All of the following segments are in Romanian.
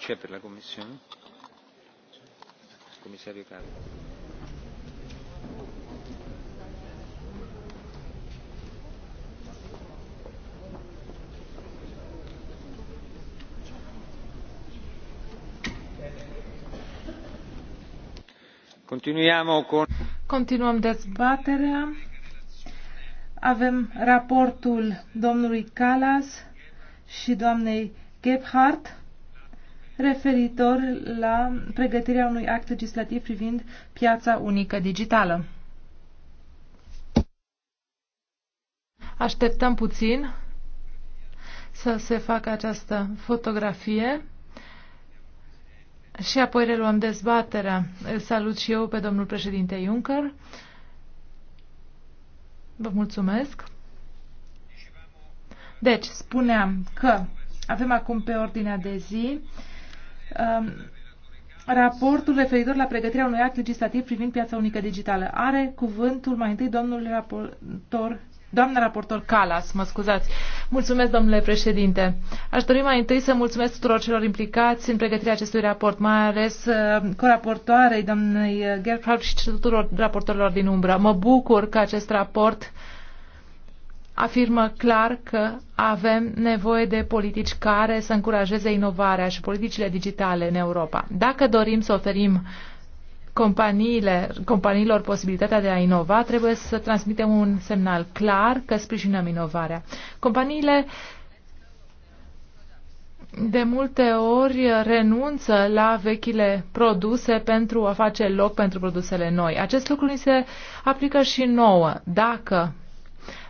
domnule președinte Continuăm, dezbaterea. Avem raportul domnului Kallas și doamnei Gebhardt referitor la pregătirea unui act legislativ privind piața unică digitală. Așteptăm puțin să se facă această fotografie și apoi reluăm dezbaterea. Îl salut și eu pe domnul președinte Juncker. Vă mulțumesc. Deci, spuneam că avem acum pe ordinea de zi Um, raportul referitor la pregătirea unui act legislativ privind piața unică digitală. Are cuvântul mai întâi domnul raportor Doamna raportor Calas, mă scuzați. Mulțumesc, domnule președinte. Aș dori mai întâi să mulțumesc tuturor celor implicați în pregătirea acestui raport, mai ales uh, coraportoarei, doamnei Gerhardt și tuturor raportorilor din umbră. Mă bucur că acest raport afirmă clar că avem nevoie de politici care să încurajeze inovarea și politicile digitale în Europa. Dacă dorim să oferim companiile, companiilor posibilitatea de a inova, trebuie să transmitem un semnal clar că sprijinăm inovarea. Companiile de multe ori renunță la vechile produse pentru a face loc pentru produsele noi. Acest lucru ni se aplică și nouă. Dacă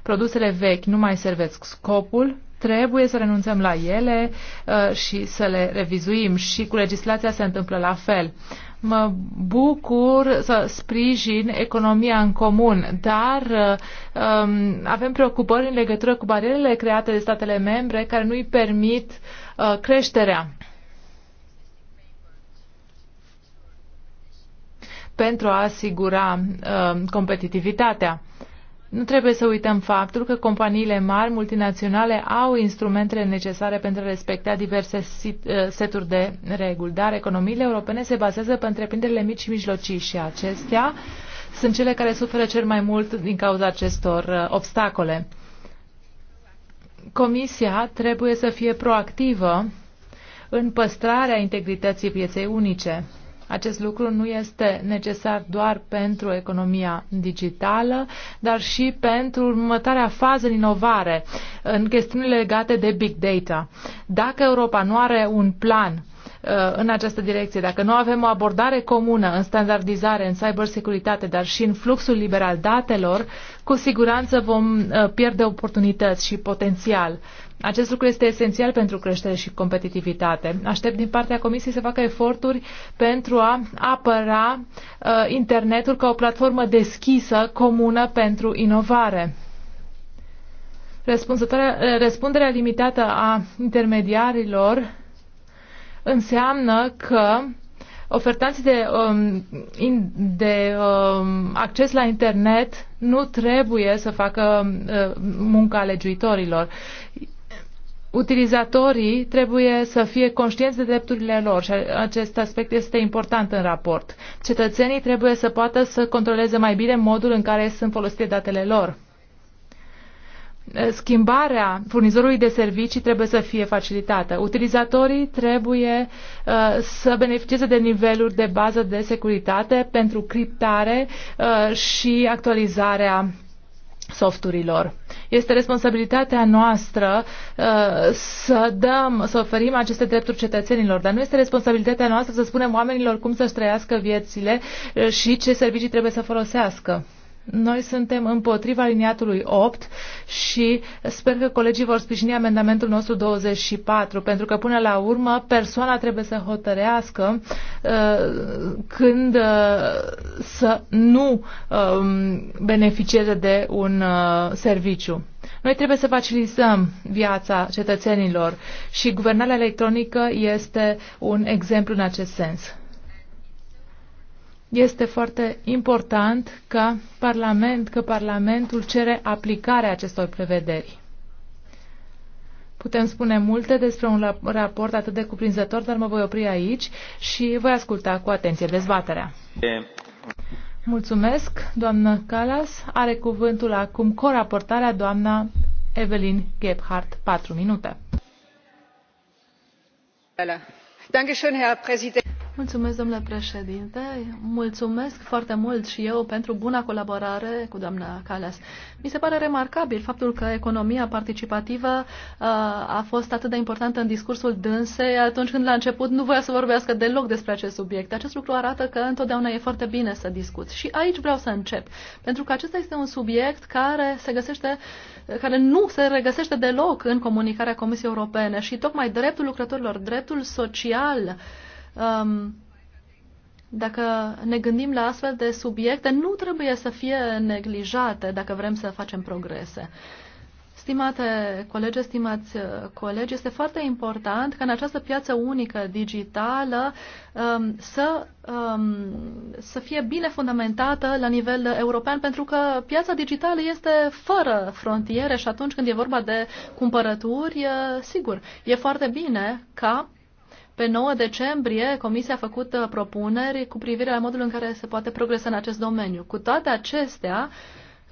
produsele vechi nu mai servesc scopul, trebuie să renunțăm la ele uh, și să le revizuim și cu legislația se întâmplă la fel. Mă bucur să sprijin economia în comun, dar uh, um, avem preocupări în legătură cu barierele create de statele membre care nu îi permit uh, creșterea. pentru a asigura uh, competitivitatea. Uh, nu trebuie să uităm faptul că companiile mari, multinaționale, au instrumentele necesare pentru a respecta diverse uh, seturi de reguli, dar economiile europene se bazează pe întreprinderile mici și mijlocii și acestea sunt cele care suferă cel mai mult din cauza acestor uh, obstacole. Comisia trebuie să fie proactivă în păstrarea integrității pieței unice. Acest lucru nu este necesar doar pentru economia digitală, dar și pentru următoarea fază în inovare, în chestiunile legate de big data. Dacă Europa nu are un plan Uh, în această direcție. Dacă nu avem o abordare comună în standardizare, în cybersecuritate, dar și în fluxul liber al datelor, cu siguranță vom uh, pierde oportunități și potențial. Acest lucru este esențial pentru creștere și competitivitate. Aștept din partea Comisiei să facă eforturi pentru a apăra uh, internetul ca o platformă deschisă, comună pentru inovare. Uh, răspunderea limitată a intermediarilor înseamnă că ofertanții de, um, in, de um, acces la internet nu trebuie să facă uh, munca legiuitorilor. Utilizatorii trebuie să fie conștienți de drepturile lor și acest aspect este important în raport. Cetățenii trebuie să poată să controleze mai bine modul în care sunt folosite datele lor. Eh, schimbarea furnizorului de servicii trebuie să fie facilitată. Utilizatorii trebuie eh, să beneficieze de niveluri de bază de securitate pentru criptare eh, și actualizarea softurilor. Este responsabilitatea noastră uh, să dăm, să oferim aceste drepturi cetățenilor, dar nu este responsabilitatea noastră să spunem oamenilor cum să-și trăiască viețile și ce servicii trebuie să folosească. Noi suntem împotriva liniatului 8 și sper că colegii vor sprijini amendamentul nostru 24, pentru că până la urmă persoana trebuie să hotărească uh, când uh, să nu uh, beneficieze de un uh, serviciu. Noi trebuie să facilităm viața cetățenilor și guvernarea electronică este un exemplu în acest sens este foarte important ca Parlament, că Parlamentul cere aplicarea acestor prevederi. Putem spune multe despre un raport atât de cuprinzător, dar mă voi opri aici și voi asculta cu atenție dezbaterea. Mulțumesc, doamnă Calas. Are cuvântul acum coraportarea doamna Evelyn Gebhardt. Patru minute. Dankeschön, Herr Präsident. Mulțumesc, domnule președinte. Mulțumesc foarte mult și eu pentru buna colaborare cu doamna Calas. Mi se pare remarcabil faptul că economia participativă uh, a fost atât de importantă în discursul dânsei atunci când la început nu voia să vorbească deloc despre acest subiect. Acest lucru arată că întotdeauna e foarte bine să discuți. Și aici vreau să încep, pentru că acesta este un subiect care se găsește care nu se regăsește deloc în comunicarea Comisiei Europene și tocmai dreptul lucrătorilor, dreptul social, uh, um, dacă ne gândim la astfel de subiecte, nu trebuie să fie neglijate dacă vrem să facem progrese. Stimate colegi, stimați uh, colegi, este foarte important ca în această piață unică digitală um, să, um, să fie bine fundamentată la nivel european, pentru că piața digitală este fără frontiere și atunci când e vorba de cumpărături, uh, sigur, e foarte bine ca pe 9 decembrie, Comisia a făcut uh, propuneri cu privire la modul în care se poate progresa în acest domeniu. Cu toate acestea,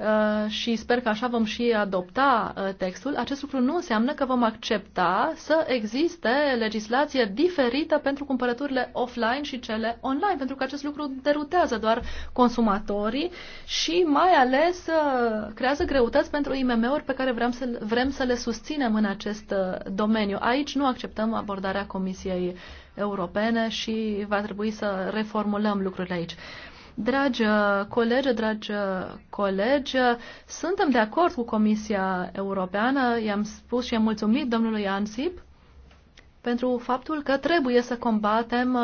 Uh, și sper că așa vom și adopta uh, textul, acest lucru nu înseamnă că vom accepta să existe legislație diferită pentru cumpărăturile offline și cele online, pentru că acest lucru derutează doar consumatorii și mai ales uh, creează greutăți pentru IMM-uri pe care vrem să, vrem să le susținem în acest domeniu. Aici nu acceptăm abordarea Comisiei Europene și va trebui să reformulăm lucrurile aici. Dragi uh, colegi, dragi uh, colegi, uh, suntem de acord cu Comisia Europeană, i-am spus și am mulțumit domnului Ansip pentru faptul că trebuie să combatem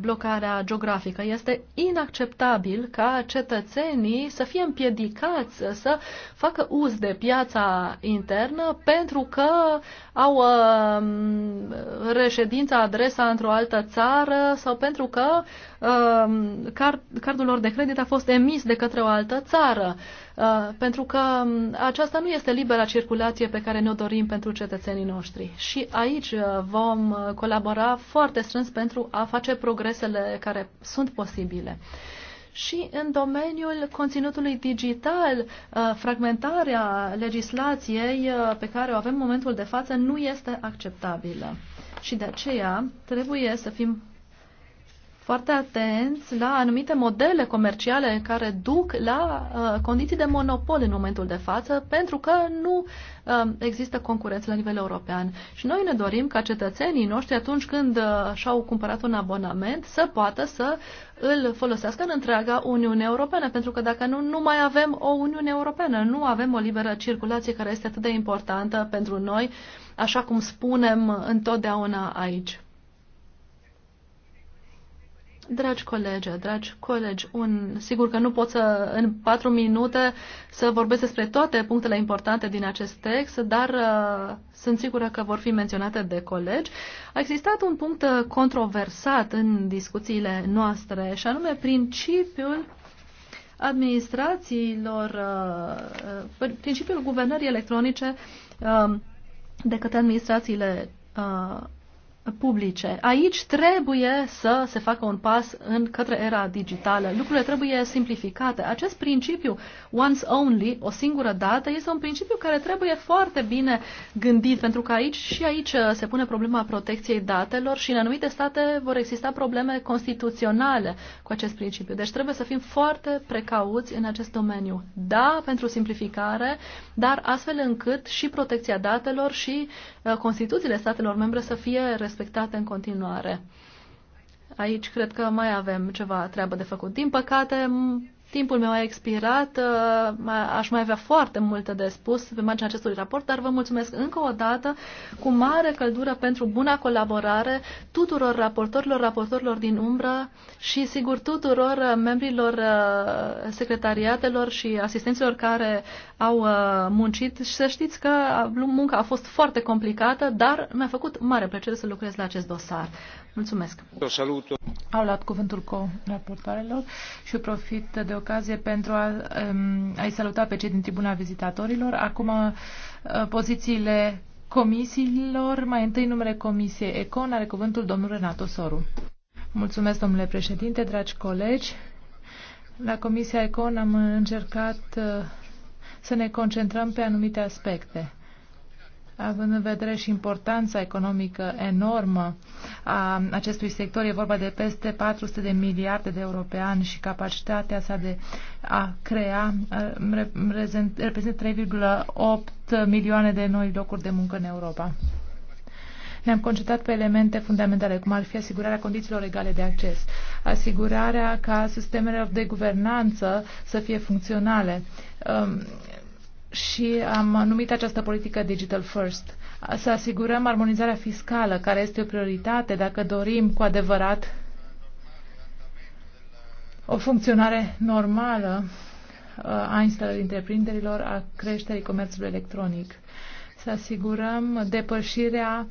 blocarea geografică. Este inacceptabil ca cetățenii să fie împiedicați să facă uz de piața internă pentru că au reședința, adresa într-o altă țară sau pentru că Ehm, cardul lor de credit a fost emis de către o altă țară, eh, pentru că mm, aceasta nu este libera circulație pe care ne-o dorim pentru cetățenii noștri. Și aici eh, vom eh, colabora foarte strâns pentru a face progresele care sunt posibile și în domeniul conținutului digital, fragmentarea legislației pe care o avem în momentul de față nu este acceptabilă. Și de aceea trebuie să fim foarte atenți la anumite modele comerciale care duc la uh, condiții de monopol în momentul de față, pentru că nu uh, există concurență la nivel european. Și noi ne dorim ca cetățenii noștri, atunci când uh, și-au cumpărat un abonament, să poată să îl folosească în întreaga Uniune Europeană, pentru că dacă nu, nu mai avem o Uniune Europeană, nu avem o liberă circulație care este atât de importantă pentru noi, așa cum spunem întotdeauna aici. Dragi colegi, dragi colegi, un, sigur că nu pot să în patru minute să vorbesc despre toate punctele importante din acest text, dar uh, sunt sigură că vor fi menționate de colegi. A existat un punct uh, controversat în discuțiile noastre, și anume principiul administrațiilor, uh, uh principiul guvernării electronice uh, de către administrațiile uh, publice. Aici trebuie să se facă un pas în către era digitală. Lucrurile trebuie simplificate. Acest principiu once only, o singură dată, este un principiu care trebuie foarte bine gândit, pentru că aici și aici se pune problema protecției datelor și în anumite state vor exista probleme constituționale cu acest principiu. Deci trebuie să fim foarte precauți în acest domeniu. Da, pentru simplificare, dar astfel încât și protecția datelor și uh, Constituțiile statelor membre să fie respectate respectate în continuare. Aici cred că mai avem ceva treabă de făcut. Din păcate, Timpul meu a expirat, uh, aș mai avea foarte multe de spus pe marginea acestui raport, dar vă mulțumesc încă o dată cu mare căldură pentru buna colaborare tuturor raportorilor, raportorilor din umbră și sigur tuturor uh, membrilor uh, secretariatelor și asistenților care au muncit și să știți că munca a fost foarte complicată, dar mi-a făcut mare plăcere să lucrez la acest dosar. Mulțumesc. salut. Au luat cuvântul co-raportoarelor și eu profit de ocazie pentru a, um, a-i saluta pe cei din tribuna vizitatorilor. Acum uh, pozițiile comisiilor, mai întâi numele Comisiei Econ, are cuvântul domnul Renato Soru. Mulțumesc, domnule președinte, dragi colegi. La Comisia Econ am încercat uh, să ne concentrăm pe anumite aspecte având în vedere și importanța economică enormă a acestui sector, e vorba de peste 400 de miliarde de euro pe an și capacitatea sa de a crea uh, reprezintă 3,8 milioane de noi locuri de muncă în Europa. Ne-am concentrat pe elemente fundamentale, cum ar fi asigurarea condițiilor legale de acces, asigurarea ca sistemele de guvernanță să fie funcționale, um, și am numit această politică Digital First. Să asigurăm armonizarea fiscală, care este o prioritate dacă dorim cu adevărat o funcționare normală uh, a instalării întreprinderilor, a creșterii comerțului electronic să asigurăm depășirea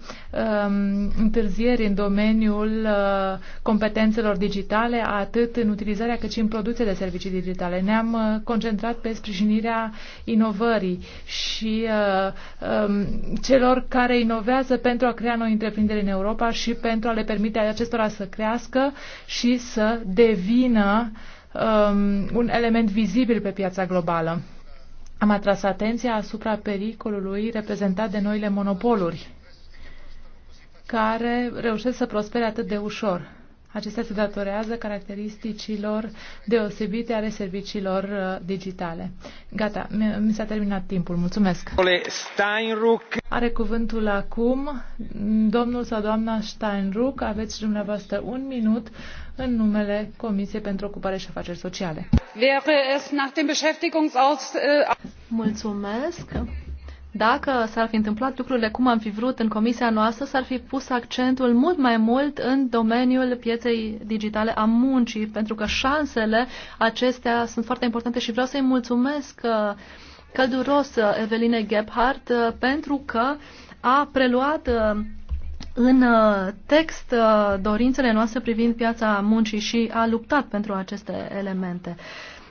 um, întârzierii în domeniul uh, competențelor digitale, atât în utilizarea cât și în producția de servicii digitale. Ne-am uh, concentrat pe sprijinirea inovării și uh, um, celor care inovează pentru a crea noi întreprinderi în Europa și pentru a le permite acestora să crească și să devină um, un element vizibil pe piața globală. Am atras atenția asupra pericolului reprezentat de noile monopoluri, care reușesc să prospere atât de ușor. Acestea se datorează caracteristicilor deosebite ale serviciilor uh, digitale. Gata, mi s-a terminat timpul. Mulțumesc. Steinruck. Are cuvântul acum domnul sau doamna Steinruck. Aveți dumneavoastră un minut în numele Comisiei pentru Ocupare și Afaceri Sociale. Äh, Mulțumesc. Dacă s-ar fi întâmplat lucrurile cum am fi vrut în comisia noastră, s-ar fi pus accentul mult mai mult în domeniul pieței digitale a muncii, pentru că șansele acestea sunt foarte importante și vreau să-i mulțumesc uh, călduros uh, Eveline Gebhardt uh, pentru că a preluat în text dorințele noastre privind piața muncii și a luptat pentru aceste elemente.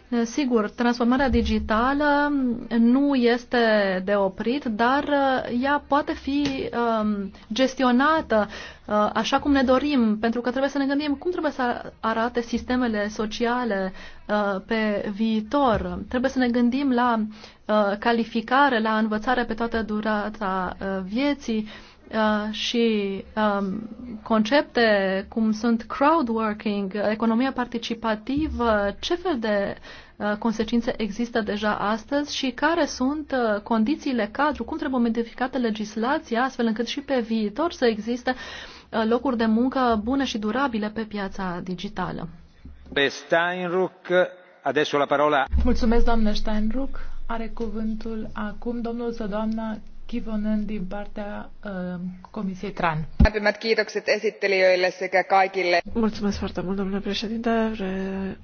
Eh, sigur, transformarea digitală nu este de oprit, dar eh, ea poate fi ehm, gestionată eh, așa cum ne dorim, pentru că trebuie să ne gândim cum trebuie să arate sistemele sociale pe viitor. Trebuie să ne gândim la calificare, la învățare pe toată durata vieții Uh, și um, concepte cum sunt crowdworking, economia participativă, ce fel de uh, consecințe există deja astăzi și care sunt uh, condițiile cadru, cum trebuie modificată legislația astfel încât și pe viitor să existe uh, locuri de muncă bune și durabile pe piața digitală. Pe adesso la parola. Mulțumesc, doamnă Steinruck. Are cuvântul acum domnul sau doamna Kivonen din partea uh, Comisiei TRAN. Lämpimät kiitokset esittelijöille sekä kaikille. Mulțumesc foarte mult, domnule președinte.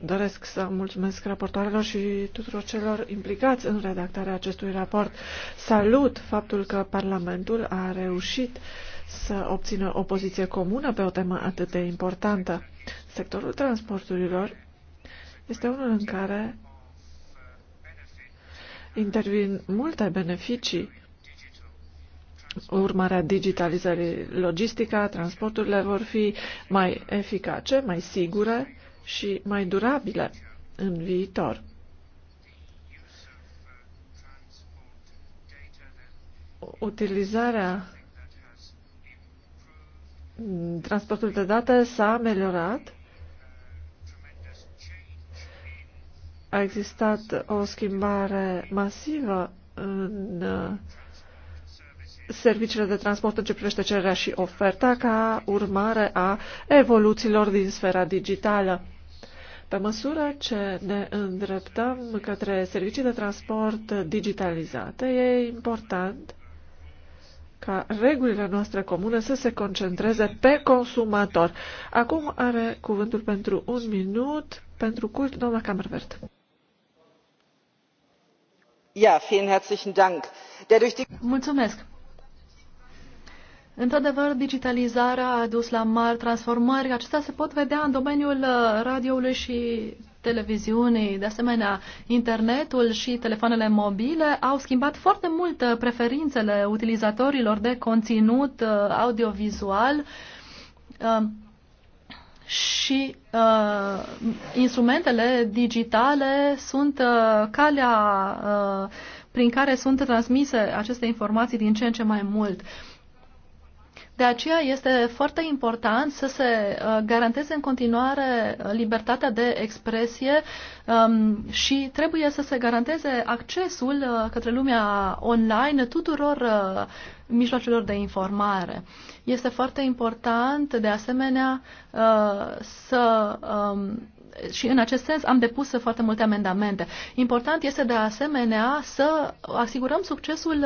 Doresc să mulțumesc raportoarelor și tuturor celor implicați în redactarea acestui raport. Salut faptul că Parlamentul a reușit să obțină o poziție comună pe o temă atât de importantă. Sectorul transporturilor este unul în care intervin multe beneficii urmarea digitalizării logistica, transporturile vor fi mai eficace, mai sigure și mai durabile în viitor. Utilizarea transportului de date s-a ameliorat. A existat o schimbare masivă în uh, serviciile de transport în ce privește cererea și oferta ca urmare a evoluțiilor din sfera digitală. Pe măsură ce ne îndreptăm către servicii de transport digitalizate, e important ca regulile noastre comune să se concentreze pe consumator. Acum are cuvântul pentru un minut pentru cult doamna Camervert. Mulțumesc. Într-adevăr, digitalizarea a dus la mari transformări. Acestea se pot vedea în domeniul uh, radioului și televiziunii. De asemenea, internetul și telefoanele mobile au schimbat foarte mult uh, preferințele utilizatorilor de conținut uh, audiovizual și uh, instrumentele digitale sunt uh, calea uh, prin care sunt transmise aceste informații din ce în ce mai mult. Uh, de aceea este foarte important să se uh, garanteze în continuare uh, libertatea de expresie um, și trebuie să se garanteze accesul uh, către lumea online tuturor mijloacelor de informare. Este foarte important, de asemenea, să um, și în acest sens am depus foarte multe amendamente. Important este de asemenea să asigurăm succesul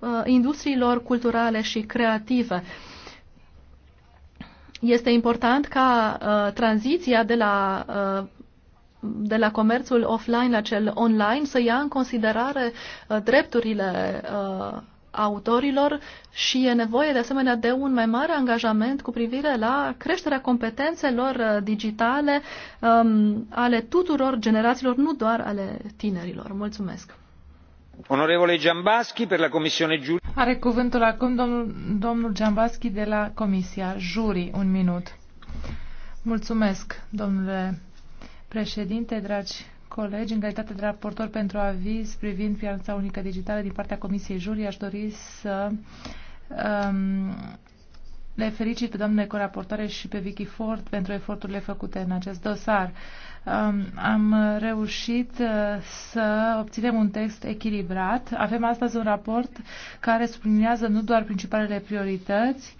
Uh, industriilor culturale și creative. Este important ca uh, tranziția de la, uh, de la comerțul offline la cel online să ia în considerare uh, drepturile uh, autorilor și e nevoie de asemenea de un mai mare angajament cu privire la creșterea competențelor uh, digitale um, ale tuturor generațiilor, nu doar ale tinerilor. Mulțumesc! de la Comisia Un minut. Mulțumesc, domnule președinte, dragi colegi, în calitate de raportor pentru aviz privind piața unică digitală din partea Comisiei Juri, aș dori să um, le felicit pe doamnele coraportoare și pe Vicky Ford pentru eforturile făcute în acest dosar am reușit uh, să obținem un text echilibrat. Avem astăzi un raport care sublinează nu doar principalele priorități,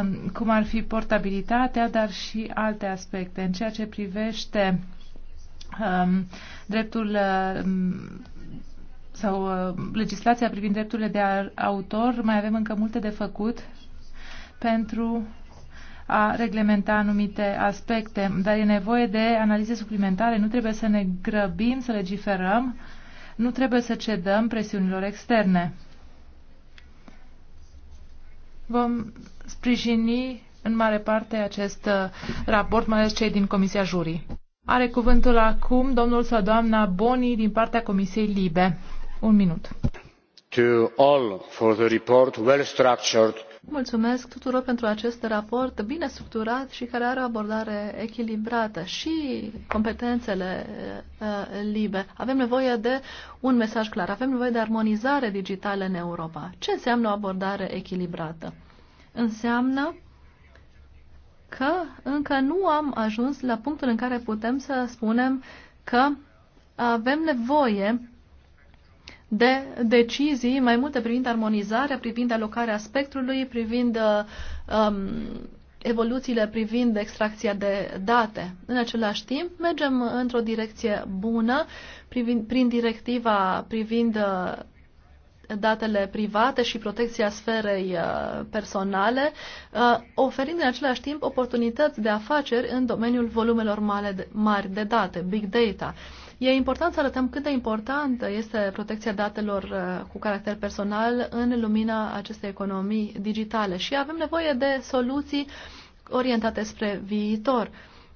um, cum ar fi portabilitatea, dar și alte aspecte. În ceea ce privește um, dreptul um, sau uh, legislația privind drepturile de autor, mai avem încă multe de făcut pentru a reglementa anumite aspecte, dar e nevoie de analize suplimentare. Nu trebuie să ne grăbim, să legiferăm, nu trebuie să cedăm presiunilor externe. Vom sprijini în mare parte acest uh, raport, mai ales cei din Comisia Jurii. Are cuvântul acum domnul sau doamna Boni din partea Comisiei Libe. Un minut. To all for the report well structured Mulțumesc tuturor pentru acest raport bine structurat și care are o abordare echilibrată și competențele uh, libe. Avem nevoie de un mesaj clar, avem nevoie de armonizare digitală în Europa. Ce înseamnă o abordare echilibrată? Înseamnă că încă nu am ajuns la punctul în care putem să spunem că avem nevoie de decizii mai multe privind armonizarea, privind alocarea spectrului, privind uh, um, evoluțiile privind extracția de date. În același timp, mergem într-o direcție bună privind, prin directiva privind uh, datele private și protecția sferei uh, personale, oferind în același timp oportunități de afaceri în domeniul volumelor mari de date, big data. E important să arătăm cât de importantă este protecția datelor uh, cu caracter personal în lumina acestei economii digitale și avem nevoie de soluții orientate spre viitor.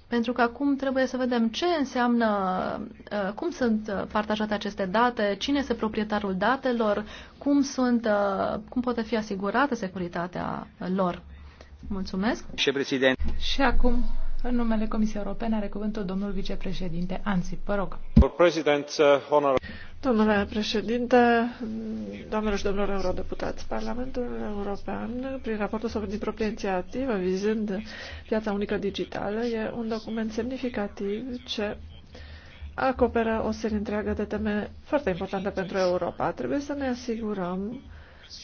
Pentru că acum trebuie să vedem ce înseamnă, uh, cum sunt uh, partajate aceste date, cine este proprietarul datelor, cum, sunt, cum poate fi asigurată securitatea lor. Mulțumesc. Și, acum în numele Comisiei Europene are cuvântul domnul vicepreședinte Ansip. Vă rog. Domnule președinte, doamnelor și domnilor eurodeputați, Parlamentul European, prin raportul său din proprie inițiativă vizând piața unică digitală, e un document semnificativ ce acoperă o serie întreagă de teme foarte importante pentru Europa. Trebuie să ne asigurăm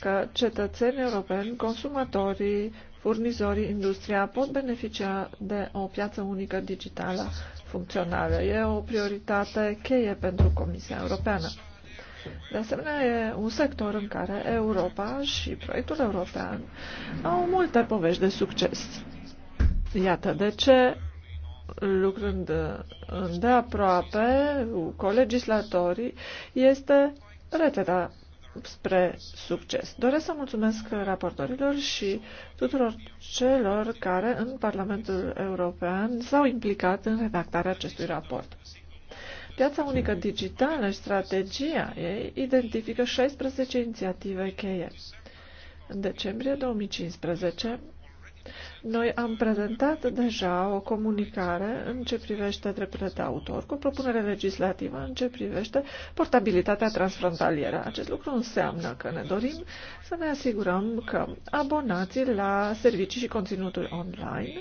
că cetățenii europeni, consumatorii, furnizorii, industria pot beneficia de o piață unică digitală funcțională. E o prioritate cheie pentru Comisia Europeană. De asemenea, e un sector în care Europa și proiectul european au multe povești de succes. Iată de ce, lucrând de aproape cu colegislatorii, este rețeta spre succes. Doresc să mulțumesc raportorilor și tuturor celor care în Parlamentul European s-au implicat în redactarea acestui raport. Piața unică digitală și strategia ei identifică 16 inițiative cheie. În decembrie 2015, noi am prezentat deja o comunicare în ce privește drepturile de autor, cu propunere legislativă în ce privește portabilitatea transfrontalieră. Acest lucru înseamnă că ne dorim să ne asigurăm că abonații la servicii și conținuturi online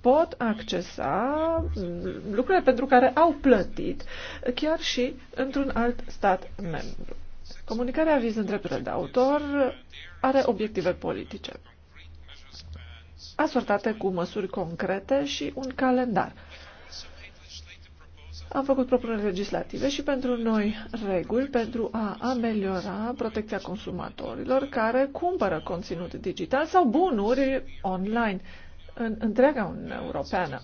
pot accesa lucrurile pentru care au plătit chiar și într-un alt stat membru. Comunicarea vizând drepturile de autor are obiective politice asortate cu măsuri concrete și un calendar. Am făcut propuneri legislative și pentru noi reguli pentru a ameliora protecția consumatorilor care cumpără conținut digital sau bunuri online în întreaga Uniune Europeană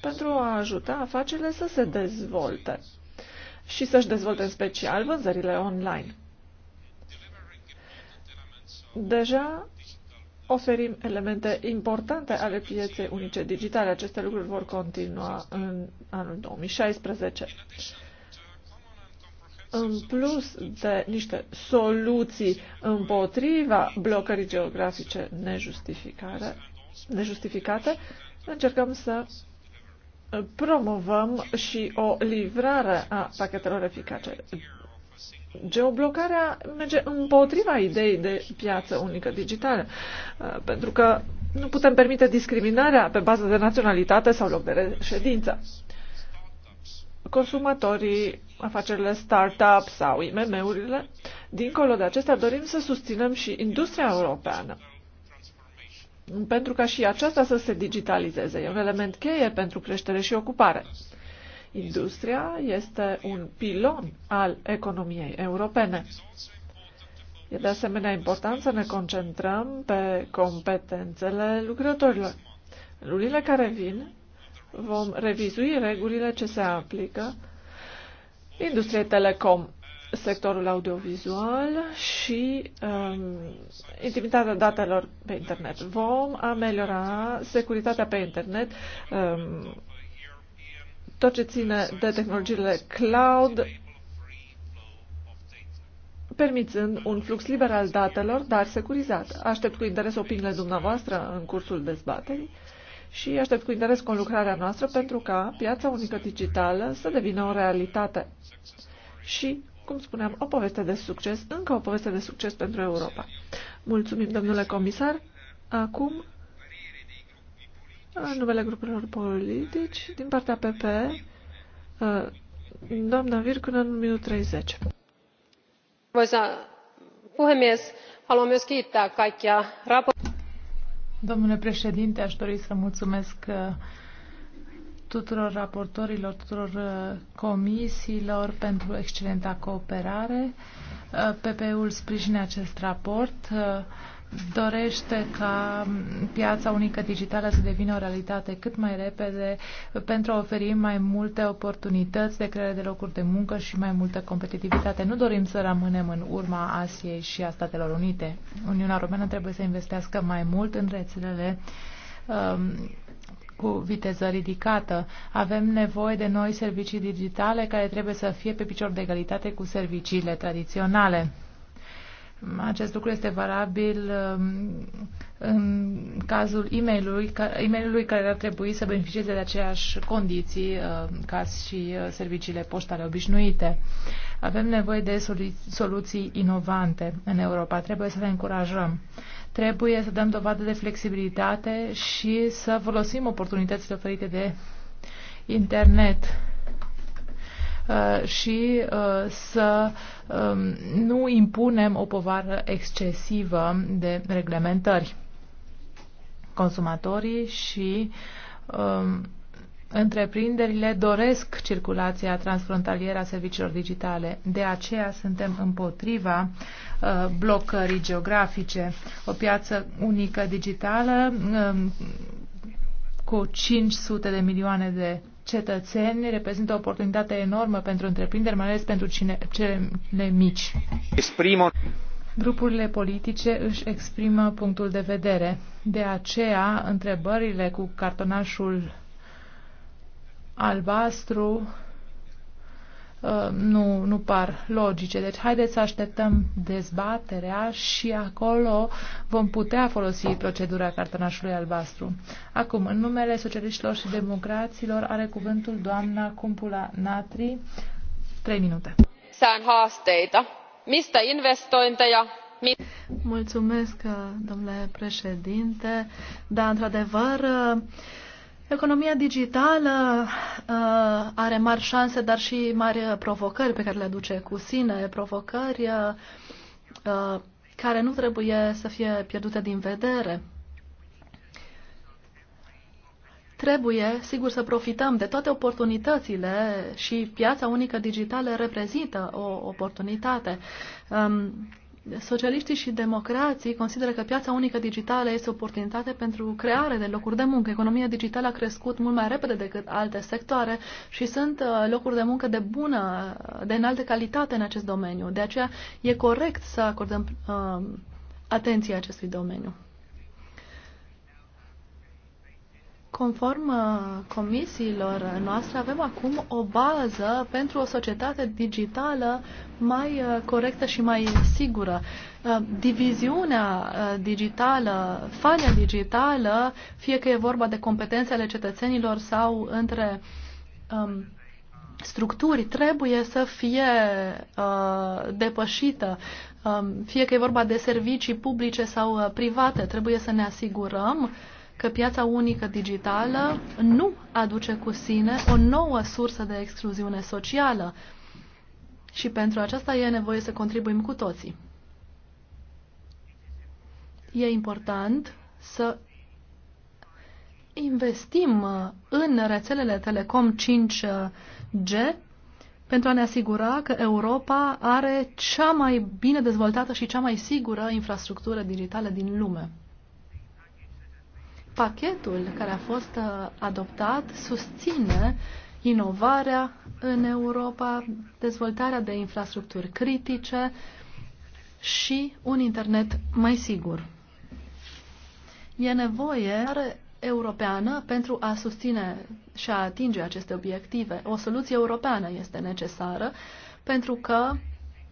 pentru a ajuta afacerile să se dezvolte și să-și dezvolte în special vânzările online. Deja oferim elemente importante ale pieței unice digitale. Aceste lucruri vor continua în anul 2016. În plus de niște soluții împotriva blocării geografice nejustificare, nejustificate, încercăm să promovăm și o livrare a pachetelor eficace Geoblocarea merge împotriva ideii de piață unică digitală, uh, pentru că nu putem permite discriminarea pe bază de naționalitate sau loc de reședință. Consumatorii, afacerile start-up sau IMM-urile, dincolo de acestea dorim să susținem și industria europeană pentru ca și aceasta să se digitalizeze. E un element cheie pentru creștere și ocupare. Industria este un pilon al economiei europene. E de asemenea important să ne concentrăm pe competențele lucrătorilor. În lunile care vin vom revizui regulile ce se aplică industriei telecom, sectorul audiovizual și um, intimitatea datelor pe internet. Vom ameliora securitatea pe internet, um, tot ce ține de tehnologiile cloud, permițând un flux liber al datelor, dar securizat. Aștept cu interes opiniile dumneavoastră în cursul dezbaterii și aștept cu interes conlucrarea noastră pentru ca piața unică digitală să devină o realitate și, cum spuneam, o poveste de succes, încă o poveste de succes pentru Europa. Mulțumim, domnule comisar. Acum în numele grupurilor politici, din partea PP, uh, doamna Virkunen, minut 30. Arvoisa puhemies, haluan myös kiittää kaikkia Domnule președinte, aș dori să mulțumesc uh, tuturor raportorilor, tuturor uh, comisiilor pentru excelenta cooperare. PP-ul sprijine acest raport dorește ca piața unică digitală să devină o realitate cât mai repede pentru a oferi mai multe oportunități de creare de locuri de muncă și mai multă competitivitate. Nu dorim să rămânem în urma Asiei și a Statelor Unite. Uniunea Europeană trebuie să investească mai mult în rețelele um, cu viteză ridicată. Avem nevoie de noi servicii digitale care trebuie să fie pe picior de egalitate cu serviciile tradiționale. Acest lucru este valabil um, în cazul e-mailului, e care ar trebui să beneficieze de aceeași condiții uh, ca și uh, serviciile poștale obișnuite. Avem nevoie de soluții inovante în Europa. Trebuie să le încurajăm. Trebuie să dăm dovadă de flexibilitate și să folosim oportunitățile oferite de internet Uh, și uh, să um, nu impunem o povară excesivă de reglementări. Consumatorii și um, întreprinderile doresc circulația transfrontalieră a serviciilor digitale. De aceea suntem împotriva uh, blocării geografice. O piață unică digitală um, cu 500 de milioane de cetățeni reprezintă o oportunitate enormă pentru întreprinderi, mai ales pentru cine, cele mici. Exprimă. Grupurile politice își exprimă punctul de vedere. De aceea, întrebările cu cartonașul albastru nu, nu par logice. Deci haideți să așteptăm dezbaterea și acolo vom putea folosi procedura cartonașului albastru. Acum, în numele socialiștilor și democraților are cuvântul doamna Cumpula Natri. Trei minute. Mulțumesc, domnule președinte. dar într-adevăr, Economia digitală uh, are mari șanse, dar și mari uh, provocări pe care le aduce cu sine, provocări uh, uh, care nu trebuie să fie pierdute din vedere. Trebuie, sigur, să profităm de toate oportunitățile și piața unică digitală reprezintă o oportunitate. Um, Socialiștii și democrații consideră că piața unică digitală este o oportunitate pentru creare de locuri de muncă. Economia digitală a crescut mult mai repede decât alte sectoare și sunt uh, locuri de muncă de bună, de înaltă calitate în acest domeniu. De aceea e corect să acordăm uh, atenție acestui domeniu. Conform uh, comisiilor noastre, avem acum o bază pentru o societate digitală mai uh, corectă și mai sigură. Uh, diviziunea digitală, falia digitală, fie că e vorba de competențe ale cetățenilor sau între um, structuri, trebuie să fie uh, depășită. Um, fie că e vorba de servicii publice sau private, trebuie să ne asigurăm uh, că piața unică digitală nu aduce cu sine o nouă sursă de excluziune socială și pentru aceasta e nevoie să contribuim cu toții. E important să investim în rețelele Telecom 5G pentru a ne asigura că Europa are cea mai bine dezvoltată și cea mai sigură infrastructură digitală din lume pachetul care a fost uh, adoptat susține inovarea în Europa, dezvoltarea de infrastructuri critice și un internet mai sigur. E nevoie europeană pentru a susține și a atinge aceste obiective. O soluție europeană este necesară pentru că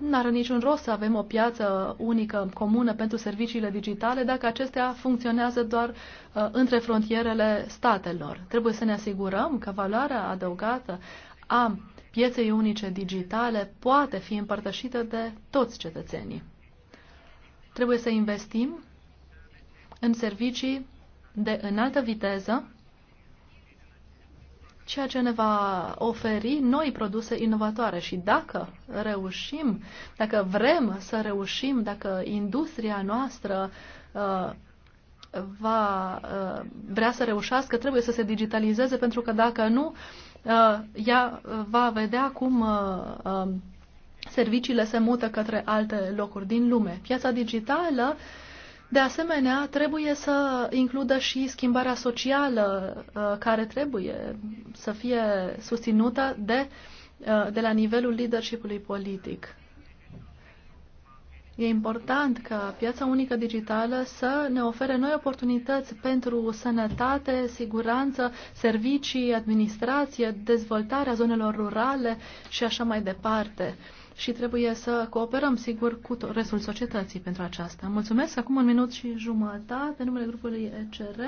nu are niciun rost să avem o piață unică comună pentru serviciile digitale dacă acestea funcționează doar uh, între frontierele statelor. Trebuie să ne asigurăm că valoarea adăugată a pieței unice digitale poate fi împărtășită de toți cetățenii. Trebuie să investim în servicii de înaltă viteză ceea ce ne va oferi noi produse inovatoare. Și dacă reușim, dacă vrem să reușim, dacă industria noastră uh, va uh, vrea să reușească, trebuie să se digitalizeze, pentru că dacă nu, uh, ea va vedea cum uh, uh, serviciile se mută către alte locuri din lume. Piața digitală uh, de asemenea, trebuie să includă și schimbarea socială uh, care trebuie să fie susținută de, uh, de la nivelul leadershipului politic. E important ca piața unică digitală să ne ofere noi oportunități pentru sănătate, siguranță, servicii, administrație, dezvoltarea zonelor rurale și așa mai departe și trebuie să cooperăm, sigur, cu restul societății pentru aceasta. Mulțumesc. Acum un minut și jumătate, numele grupului ECR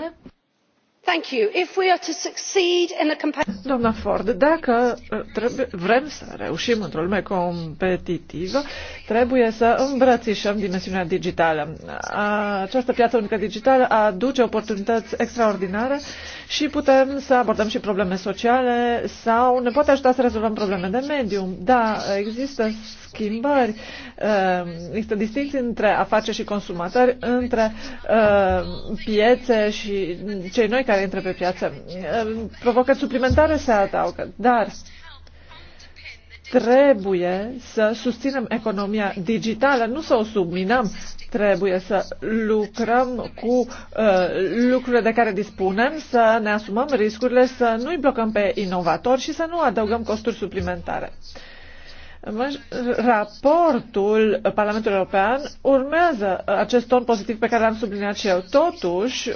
doamnă ford dacă uh, vrem să reușim într o lume competitivă trebuie să îmbrățișăm dimensiunea digitală. Uh, această piață unică digitală aduce oportunități extraordinare și putem să abordăm și probleme sociale sau ne poate ajuta să rezolvăm probleme de mediu. da există schimbări uh, există distinții între afaceri și consumatori între piețe și cei noi care care intră pe piață. Ehm, provocări suplimentare se adaugă, dar trebuie să susținem economia digitală, nu să o subminăm. Trebuie să lucrăm cu uh, lucrurile de care dispunem, să ne asumăm riscurile, să nu-i blocăm pe inovatori și să nu adăugăm costuri suplimentare. Raportul Parlamentului European urmează acest ton pozitiv pe care l-am subliniat și eu. Totuși,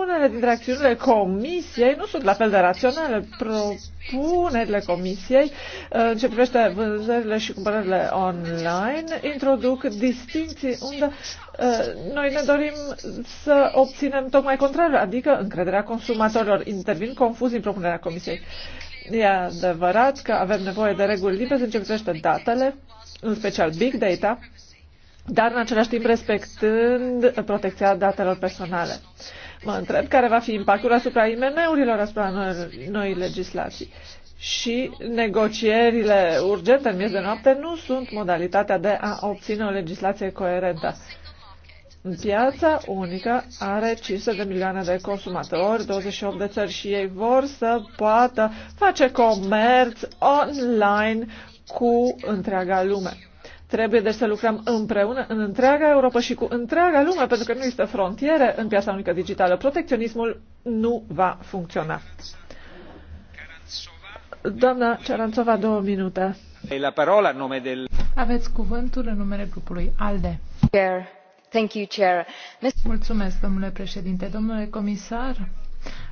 unele dintre acțiunile Comisiei nu sunt la fel de raționale. Propunerile Comisiei în ce privește vânzările și cumpărările online introduc distinții unde uh, noi ne dorim să obținem tocmai contrariul, adică încrederea consumatorilor. Intervin confuzii în propunerea Comisiei. E adevărat că avem nevoie de reguli libere în ce privește datele, în special big data, dar în același timp respectând protecția datelor personale. Mă întreb care va fi impactul asupra IMM-urilor, asupra noi, noi legislații. Și negocierile urgente în miez de noapte nu sunt modalitatea de a obține o legislație coerentă. Piața unică are 500 de milioane de consumatori, 28 de țări și ei vor să poată face comerț online cu întreaga lume. Trebuie deci să lucrăm împreună în întreaga Europa și cu întreaga lume, pentru că nu există frontiere în piața unică digitală. Protecționismul nu va funcționa. Doamna Cerantova, două minute. La parola, nume del... Aveți cuvântul în numele grupului ALDE. Care. Mulțumesc, domnule președinte domnule comisar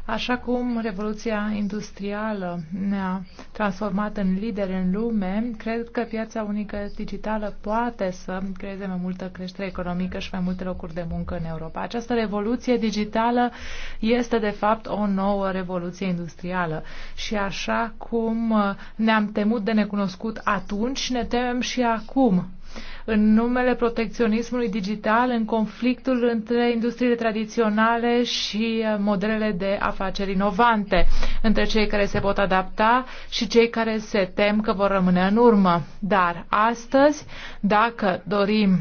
așa cum revoluția industrială ne a transformat în lideri în lume cred că piața unică digitală poate să creeze mai multă creștere economică și mai multe locuri de muncă în europa. această revoluție digitală este de fapt o nouă revoluție industrială și așa cum ne am temut de necunoscut atunci ne temem și acum în numele protecționismului digital, în conflictul între industriile tradiționale și uh, modelele de afaceri inovante, între cei care se pot adapta și cei care se tem că vor rămâne în urmă. Dar astăzi, dacă dorim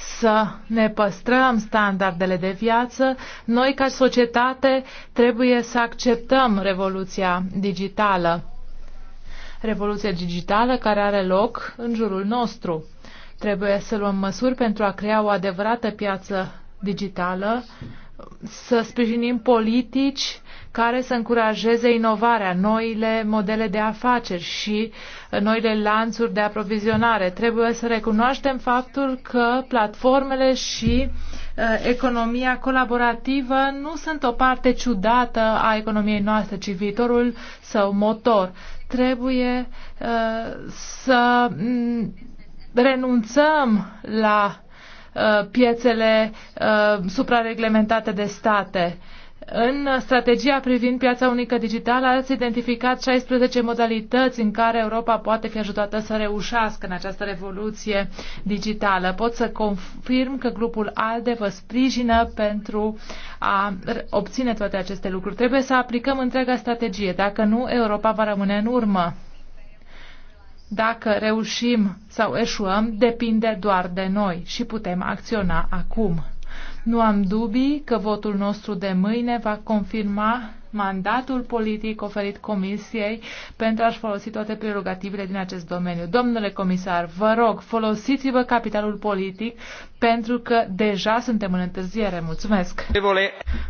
să ne păstrăm standardele de viață, noi ca societate trebuie să acceptăm revoluția digitală revoluție digitală care are loc în jurul nostru. Trebuie să luăm măsuri pentru a crea o adevărată piață digitală, să sprijinim politici care să încurajeze inovarea, noile modele de afaceri și uh, noile lanțuri de aprovizionare. Trebuie să recunoaștem faptul că platformele și uh, economia colaborativă nu sunt o parte ciudată a economiei noastre, ci viitorul său motor. Trebuie uh, să mm, renunțăm la uh, piețele uh, suprareglementate de state. Uh, în strategia privind piața unică digitală ați identificat 16 modalități în care Europa poate fi ajutată să reușească în această revoluție digitală. Pot să confirm că grupul ALDE vă sprijină pentru a obține toate aceste lucruri. Trebuie să aplicăm întreaga strategie. Dacă nu, Europa va rămâne în urmă. Dacă reușim sau eșuăm, depinde doar de noi și putem acționa acum. Nu am dubii că votul nostru de mâine va confirma mandatul politic oferit Comisiei pentru a-și folosi toate prerogativele din acest domeniu. Domnule comisar, vă rog, folosiți-vă capitalul politic pentru că deja suntem în întârziere. Mulțumesc!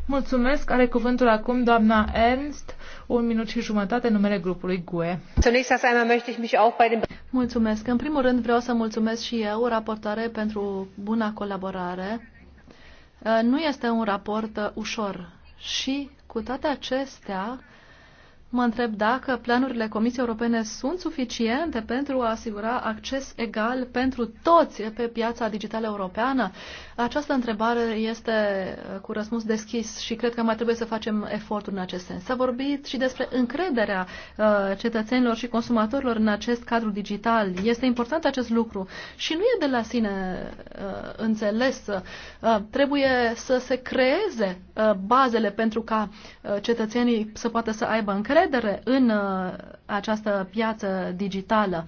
Mulțumesc! Are cuvântul acum doamna Ernst, un minut și jumătate, numele grupului GUE. Mulțumesc! În primul rând vreau să mulțumesc și eu, raportare, pentru buna colaborare nu este un raport uh, ușor și, cu toate acestea, Mă întreb dacă planurile Comisiei Europene sunt suficiente pentru a asigura acces egal pentru toți pe piața digitală europeană. Această întrebare este uh, cu răspuns deschis și cred că mai trebuie să facem eforturi în acest sens. S-a vorbit și despre încrederea uh, cetățenilor și consumatorilor în acest cadru digital. Este important acest lucru și nu e de la sine uh, înțeles. Trebuie să se creeze bazele pentru ca cetățenii să poată să aibă încredere încredere în uh, această piață digitală.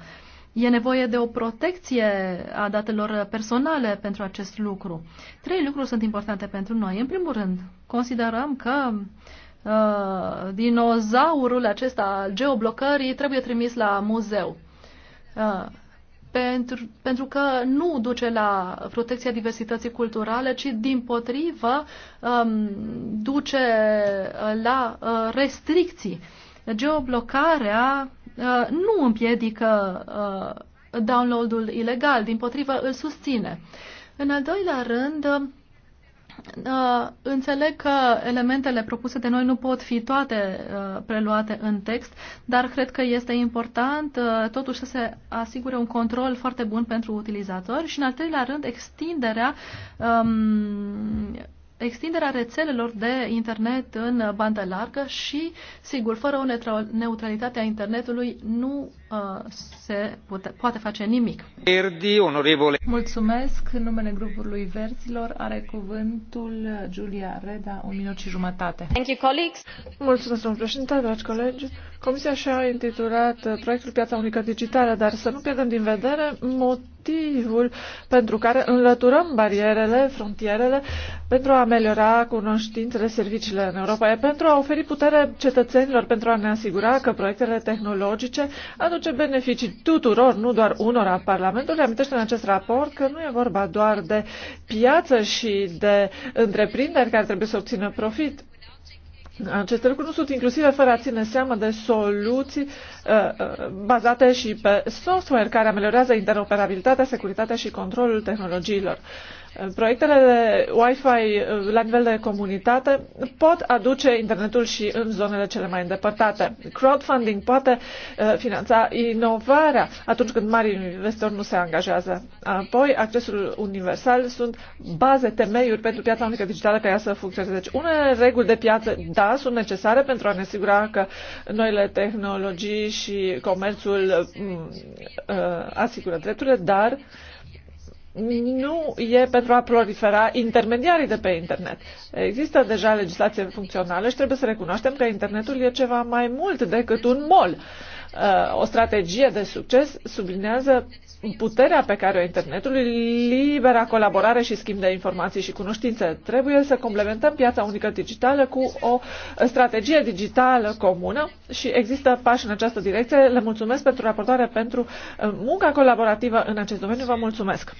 E nevoie de o protecție a datelor personale pentru acest lucru. Trei lucruri sunt importante pentru noi. În primul rând, considerăm că uh, dinozaurul acesta al geoblocării trebuie trimis la muzeu. Uh, pentru, pentru că nu duce la protecția diversității culturale, ci din potrivă um, duce uh, la uh, restricții. Geoblocarea uh, nu împiedică uh, downloadul ilegal, din potrivă îl susține. În al doilea rând, Uh, înțeleg că elementele propuse de noi nu pot fi toate uh, preluate în text, dar cred că este important uh, totuși să se asigure un control foarte bun pentru utilizatori și, în al treilea rând, extinderea um, extinderea rețelelor de internet în bandă largă și, sigur, fără o neutralitate a internetului nu uh, se pute, poate face nimic. Verdi, onorevole. Mulțumesc. În numele grupului Verzilor are cuvântul Giulia Reda, un minut și jumătate. Thank you, colleagues. Mulțumesc, domnul președinte, dragi colegi. Comisia și-a intitulat uh, proiectul Piața Unică Digitală, dar să nu pierdem din vedere motivul motivul pentru care înlăturăm barierele, frontierele, pentru a ameliora cunoștințele, serviciile în Europa, e pentru a oferi putere cetățenilor, pentru a ne asigura că proiectele tehnologice aduce beneficii tuturor, nu doar unora. Parlamentul reamintește în acest raport că nu e vorba doar de piață și de întreprinderi care trebuie să obțină profit. Aceste lucruri nu sunt inclusive fără a ține seama de soluții uh, uh bazate și pe software care ameliorează interoperabilitatea, securitatea și controlul tehnologiilor. Uh, Proiectele de Wi-Fi uh, la nivel de comunitate pot aduce internetul și în zonele cele mai îndepărtate. Crowdfunding poate uh, finanța inovarea atunci când mari investitori nu se angajează. Apoi, accesul universal sunt baze, temeiuri pentru piața unică digitală ca ea să funcționeze. Deci, unele reguli de piață, da, sunt necesare pentru a ne asigura că noile tehnologii și comerțul mm, uh, asigură drepturile, dar uh, nu e pentru a prolifera intermediarii de pe internet. Există deja legislație funcțională și trebuie să recunoaștem că internetul e ceva mai mult decât un mall o strategie de succes sublinează puterea pe care o internetului, libera colaborare și schimb de informații și cunoștințe. Trebuie să complementăm piața unică digitală cu o strategie digitală comună și există pași în această direcție. Le mulțumesc pentru raportare, pentru uh, munca colaborativă în acest domeniu. Vă mulțumesc!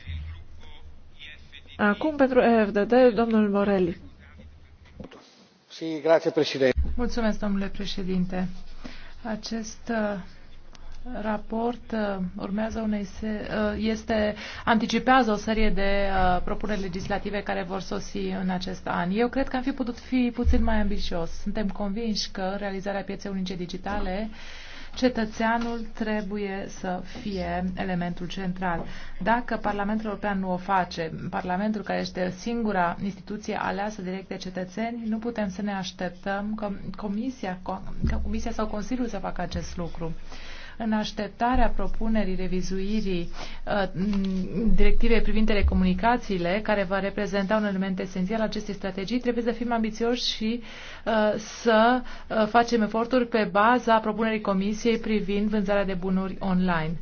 Acum pentru EFDD, domnul Morelli. Mulțumesc, domnule președinte acest uh, raport uh, urmează unei se, uh, este anticipează o serie de propuneri legislative care vor sosi în acest an. Eu cred că am fi putut fi puțin mai ambițios. Suntem convinși că realizarea pieței unice digitale cetățeanul trebuie să fie elementul central. Dacă Parlamentul European nu o face, Parlamentul care este singura instituție aleasă direct de cetățeni, nu putem să ne așteptăm că Comisia, că Comisia sau Consiliul să facă acest lucru în așteptarea propunerii revizuirii uh, directivei privind telecomunicațiile, care va reprezenta un element esențial acestei strategii, trebuie să fim ambițioși și uh, să uh, facem eforturi pe baza propunerii Comisiei privind vânzarea de bunuri online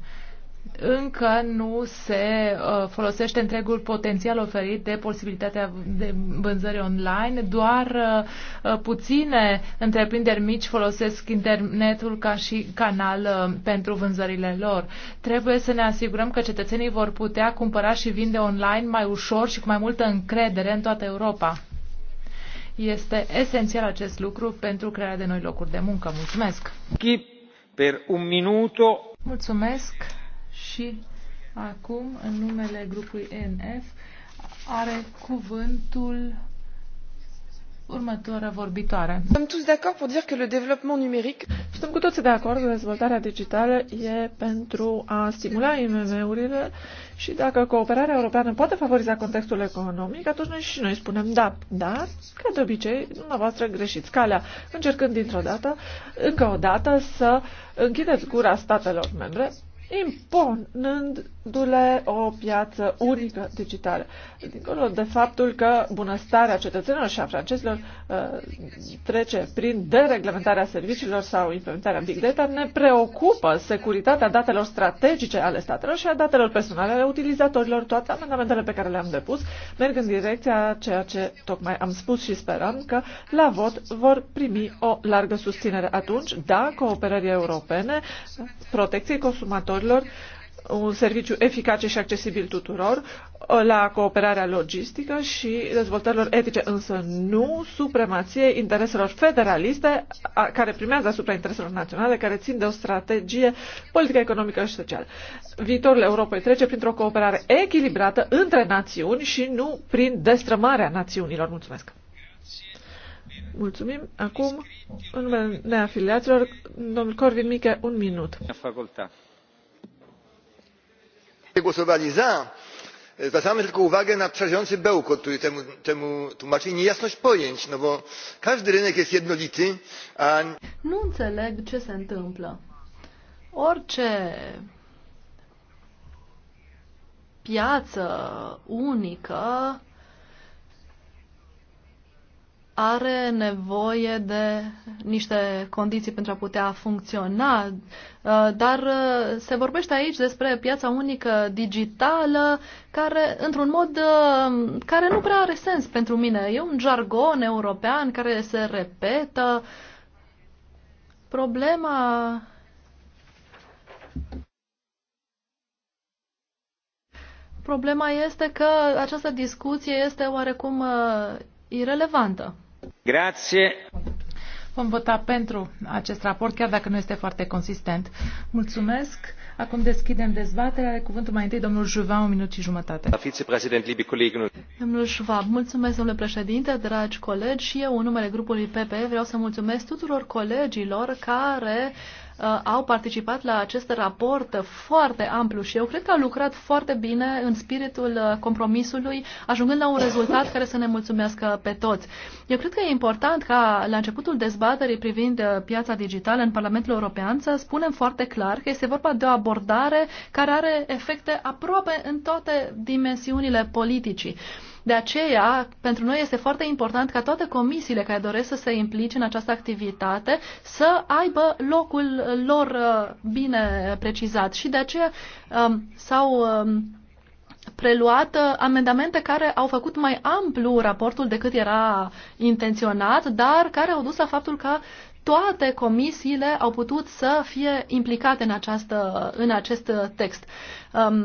încă nu se uh, folosește întregul potențial oferit de posibilitatea de vânzări online, doar uh, uh, puține întreprinderi mici folosesc internetul ca și canal pentru vânzările lor. Trebuie să ne asigurăm că cetățenii vor putea cumpăra și vinde online mai ușor și cu mai multă încredere în toată Europa. Este esențial acest lucru pentru crearea de noi locuri de muncă. Mulțumesc! Per un minuto. Mulțumesc! Și acum, în numele grupului ENF, are cuvântul următoarea vorbitoare. Suntem toți de acord pentru a que Suntem cu toții de acord că dezvoltarea digitală e pentru a stimula IMM-urile și dacă cooperarea europeană poate favoriza contextul economic, atunci noi și noi spunem da, dar, ca de obicei, dumneavoastră greșiți calea, încercând dintr-o dată, încă o dată, să închideți gura statelor membre impunându-le o piață unică digitală. Dincolo de faptul că bunăstarea cetățenilor și a francezilor uh, trece prin dereglementarea serviciilor sau implementarea Big Data, ne preocupă securitatea datelor strategice ale statelor și a datelor personale ale utilizatorilor. Toate amendamentele pe care le-am depus merg în direcția ceea ce tocmai am spus și sperăm că la vot vor primi o largă susținere atunci, da, cooperării europene, protecției consumatorilor, transporturilor, un serviciu eficace și accesibil tuturor, la cooperarea logistică și dezvoltărilor etice, însă nu supremației intereselor federaliste a, care primează asupra intereselor naționale, care țin de o strategie politică, economică și socială. Viitorul Europei trece printr-o cooperare echilibrată între națiuni și nu prin destrămarea națiunilor. Mulțumesc! Mulțumim. Acum, în numele neafiliaților, domnul Corvin Miche, un minut. Facultate głosowali za zwracamy tylko uwagę na przerażający bełkot który temu tłumaczy i niejasność pojęć no bo każdy rynek jest jednolity a Nu înțeleg ce se întâmplă. Orice piață unică are nevoie de niște condiții pentru a putea funcționa, uh, dar uh, se vorbește aici despre piața unică digitală, care, într-un mod uh, care nu prea are sens pentru mine. E un jargon european care se repetă. Problema Problema este că această discuție este oarecum irelevantă. Vom vota pentru acest raport, chiar dacă nu este foarte consistent. Mulțumesc. Acum deschidem dezbaterea. Are cuvântul mai întâi domnul Juva, un minut și jumătate. Domnul Juva, mulțumesc, domnule președinte, dragi colegi și eu, în numele grupului PP, vreau să mulțumesc tuturor colegilor care uh, Uh, au participat la acest raport foarte amplu și eu cred că au lucrat foarte bine în spiritul uh, compromisului, ajungând la un rezultat care să ne mulțumească pe toți. Eu cred că e important ca la începutul dezbaterii privind uh, piața digitală în Parlamentul European să spunem foarte clar că este vorba de o abordare care are efecte aproape în toate dimensiunile politicii. De aceea, pentru noi este foarte important ca toate comisiile care doresc să se implice în această activitate să aibă locul lor uh, bine precizat. Și de aceea um, s-au um, preluat uh, amendamente care au făcut mai amplu raportul decât era intenționat, dar care au dus la faptul că toate comisiile au putut să fie implicate în, această, în acest text. Um,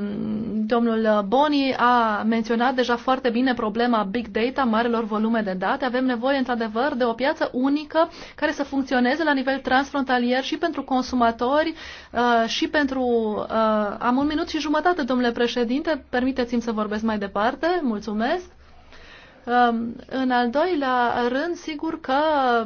domnul Boni a menționat deja foarte bine problema big data, marelor volume de date. Avem nevoie, într-adevăr, de o piață unică care să funcționeze la nivel transfrontalier și pentru consumatori uh, și pentru... Uh, am un minut și jumătate, domnule președinte. Permiteți-mi să vorbesc mai departe. Mulțumesc. Um, în al doilea rând, sigur că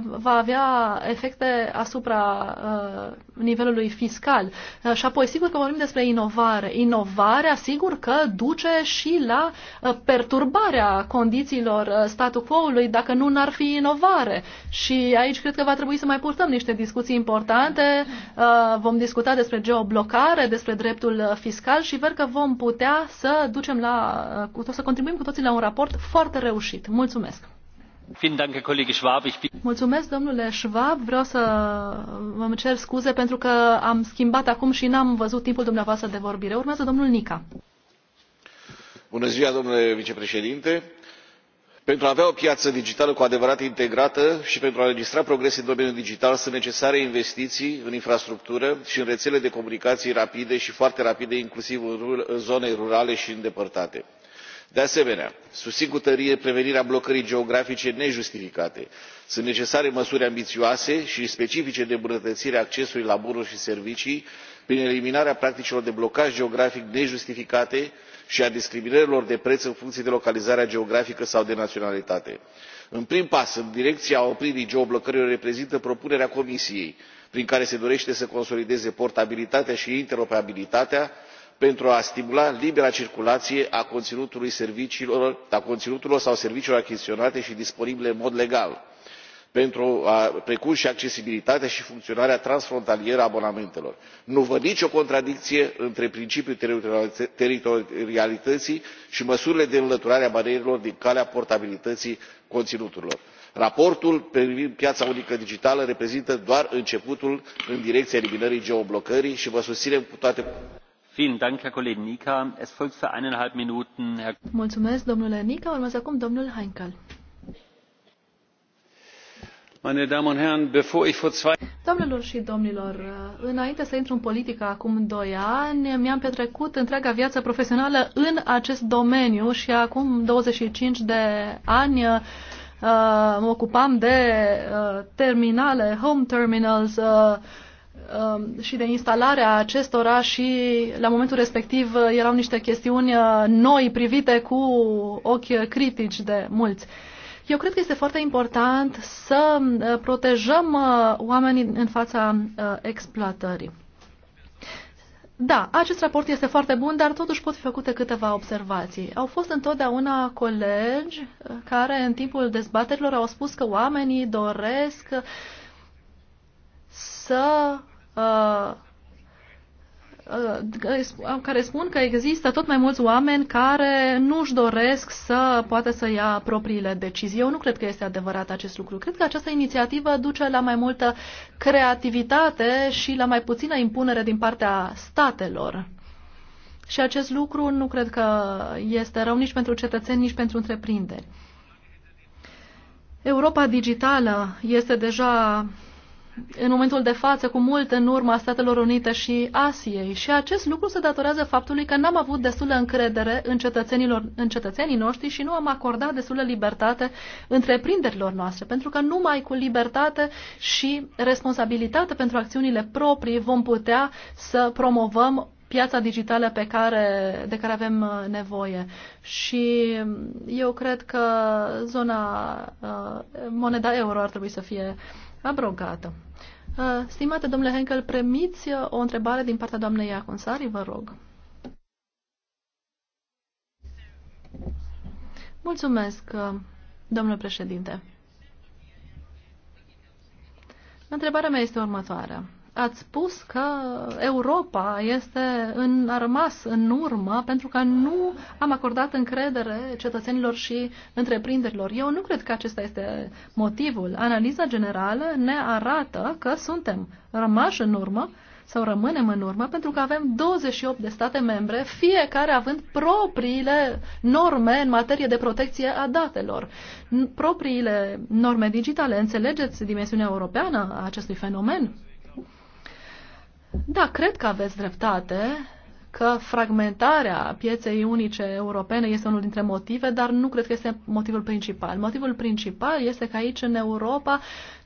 va avea efecte asupra uh, nivelului fiscal. Uh, și apoi, sigur că vorbim despre inovare. Inovarea, sigur că duce și la uh, perturbarea condițiilor statul quo-ului, dacă nu n-ar fi inovare. Și aici cred că va trebui să mai purtăm niște discuții importante. Vom discuta despre geoblocare, despre dreptul fiscal și ver că vom putea să ducem la, să contribuim cu toții la un raport foarte reușit reușit. Mulțumesc! Mulțumesc, domnule Schwab. Vreau să vă cer scuze pentru că am schimbat acum și n-am văzut timpul dumneavoastră de vorbire. Urmează domnul Nica. Bună ziua, domnule vicepreședinte! pentru a avea o piață digitală cu adevărat integrată și pentru a registra progrese în domeniul digital sunt necesare investiții în infrastructură și în rețele de comunicații rapide și foarte rapide inclusiv în zone rurale și îndepărtate de asemenea susțin cu tărie prevenirea blocării geografice nejustificate. sunt necesare măsuri ambițioase și specifice de îmbunătățire a accesului la bunuri și servicii prin eliminarea practicilor de blocaj geografic nejustificate și a discriminărilor de preț în funcție de localizarea geografică sau de naționalitate. un prim pas în direcția opririi geoblocărilor îl reprezintă propunerea comisiei prin care se dorește să consolideze portabilitatea și interoperabilitatea pentru a stimula libera circulație a conținuturilor sau serviciilor achiziționate și disponibile în mod legal precum și accesibilitatea și funcționarea transfrontalieră a abonamentelor. nu văd nicio contradicție între principiul teritorialității și măsurile de înlăturare a barierelor din calea portabilității conținuturilor. raportul privind piața unică digitală reprezintă doar începutul în direcția eliminării geoblocării și vă susținem cu toate Mulțumesc, domnule Nica. Urmează acum domnul Heinkel. Doamnelor și domnilor, înainte să intru în politică acum doi ani, mi-am petrecut întreaga viață profesională în acest domeniu și acum 25 de ani uh, mă ocupam de uh, terminale, home terminals, uh, Um, și de instalarea acestora și la momentul respectiv uh, erau niște chestiuni uh, noi privite cu ochi critici de mulți. Eu cred că este foarte important să uh, protejăm oamenii în fața exploatării. Da, acest raport este foarte bun, dar totuși pot fi făcute câteva observații. Au fost întotdeauna colegi care în timpul dezbaterilor au spus că oamenii doresc să Uh, uh, care spun că există tot mai mulți oameni care nu își doresc să poată să ia propriile decizii. Eu nu cred că este adevărat acest lucru. Cred că această inițiativă duce la mai multă creativitate și la mai puțină impunere din partea statelor. Și acest lucru nu cred că este rău nici pentru cetățeni, nici pentru întreprinderi. Europa digitală este deja în momentul de față cu mult în urma Statelor Unite și Asiei. Și acest lucru se datorează faptului că n-am avut destulă încredere în, cetățenilor, în cetățenii noștri și nu am acordat destulă libertate întreprinderilor noastre, pentru că numai cu libertate și responsabilitate pentru acțiunile proprii vom putea să promovăm piața digitală pe care, de care avem uh, nevoie. Și um, eu cred că zona uh, moneda euro ar trebui să fie abrogată. Uh, stimate domnule Henkel, premiți uh, o întrebare din partea doamnei Iaconsari, vă rog. Mulțumesc, uh, domnule președinte. Întrebarea mea este următoarea ați spus că Europa este în, a rămas în urmă pentru că nu am acordat încredere cetățenilor și întreprinderilor. Eu nu cred că acesta este motivul. Analiza generală ne arată că suntem rămași în urmă sau rămânem în urmă pentru că avem 28 de state membre, fiecare având propriile norme în materie de protecție a datelor. Propriile norme digitale, înțelegeți dimensiunea europeană a acestui fenomen? Da, cred că aveți dreptate că fragmentarea pieței unice europene este unul dintre motive, dar nu cred că este motivul principal. Motivul principal este că aici, în Europa,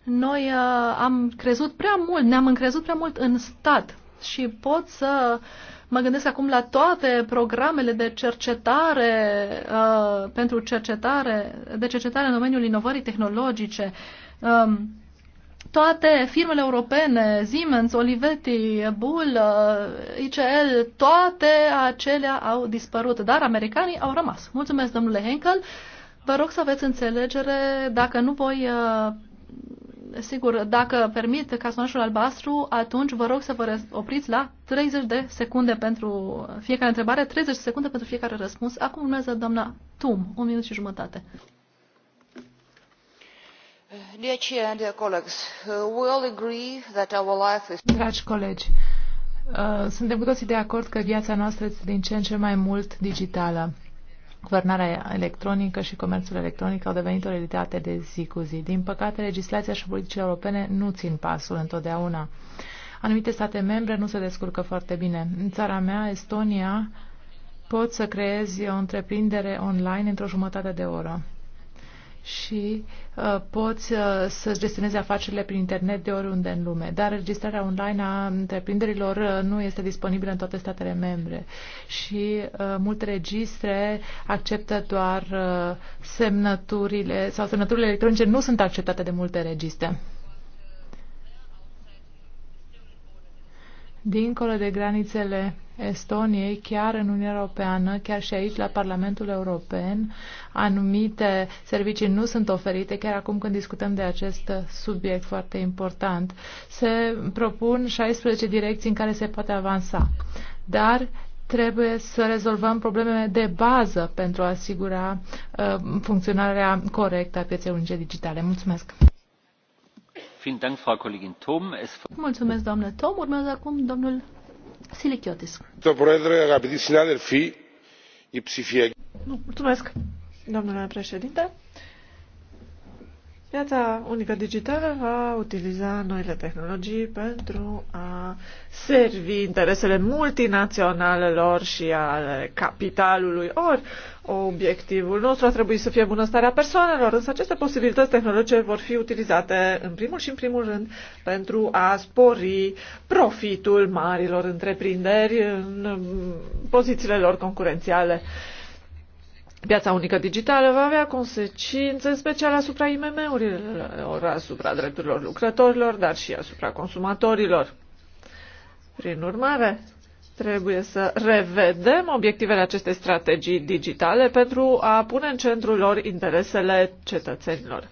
noi uh, am crezut prea mult, ne-am încrezut prea mult în stat și pot să mă gândesc acum la toate programele de cercetare uh, pentru cercetare, de cercetare în domeniul inovării tehnologice. Uh, toate firmele europene, Siemens, Olivetti, Bull, uh, ICL, toate acelea au dispărut, dar americanii au rămas. Mulțumesc, domnule Henkel. Vă rog să aveți înțelegere dacă nu voi uh, sigur, dacă permit casonașul albastru, atunci vă rog să vă opriți la 30 de secunde pentru fiecare întrebare, 30 de secunde pentru fiecare răspuns. Acum urmează doamna Tum, un minut și jumătate. Dragi colegi, uh, suntem cu toții de acord că viața noastră este din ce în ce mai mult digitală. Guvernarea electronică și comerțul electronic au devenit o realitate de zi cu zi. Din păcate, legislația și politicile europene nu țin pasul întotdeauna. Anumite state membre nu se descurcă foarte bine. În țara mea, Estonia, poți să creezi o întreprindere online într-o jumătate de oră și uh, poți uh, să gestionezi afacerile prin internet de oriunde în lume. Dar registrarea online a întreprinderilor uh, nu este disponibilă în toate statele membre și uh, multe registre acceptă doar uh, semnăturile sau semnăturile electronice nu sunt acceptate de multe registre. dincolo de granițele Estoniei, chiar în Uniunea Europeană, chiar și aici la Parlamentul European, anumite servicii nu sunt oferite, chiar acum când discutăm de acest subiect foarte important. Se propun 16 direcții în care se poate avansa, dar trebuie să rezolvăm problemele de bază pentru a asigura uh, funcționarea corectă a pieței unice digitale. Mulțumesc! Mulțumesc, doamnă Tom. Urmează acum domnul Silichiotis. domnule președinte. Piața unică digitală va utiliza noile tehnologii pentru a servi interesele multinaționalelor și ale capitalului. Ori, obiectivul nostru a trebui să fie bunăstarea persoanelor, însă aceste posibilități tehnologice vor fi utilizate în primul și în primul rând pentru a spori profitul marilor întreprinderi în pozițiile lor concurențiale. Piața unică digitală va avea consecințe în special asupra IMM-urilor, asupra drepturilor lucrătorilor, dar și asupra consumatorilor. Prin urmare, trebuie să revedem obiectivele acestei strategii digitale pentru a pune în centrul lor interesele cetățenilor.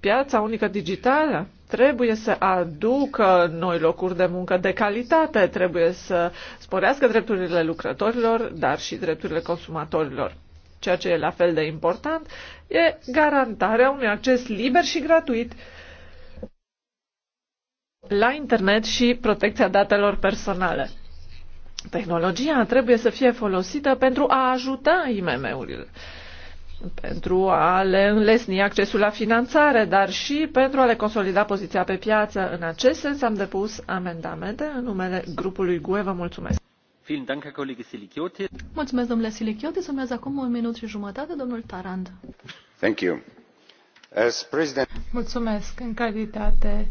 Piața unică digitală trebuie să aducă noi locuri de muncă de calitate, trebuie să sporească drepturile lucrătorilor, dar și drepturile consumatorilor. Ceea ce e la fel de important e garantarea unui acces liber și gratuit la internet și protecția datelor personale. Tehnologia trebuie să fie folosită pentru a ajuta IMM-urile pentru a le înlesni accesul la finanțare, dar și pentru a le consolida poziția pe piață. În acest sens am depus amendamente în numele grupului GUE. Vă mulțumesc! Mulțumesc, domnule Silichiotis. Urmează acum un minut și jumătate, domnul Tarand. Thank you. As president... Mulțumesc. În calitate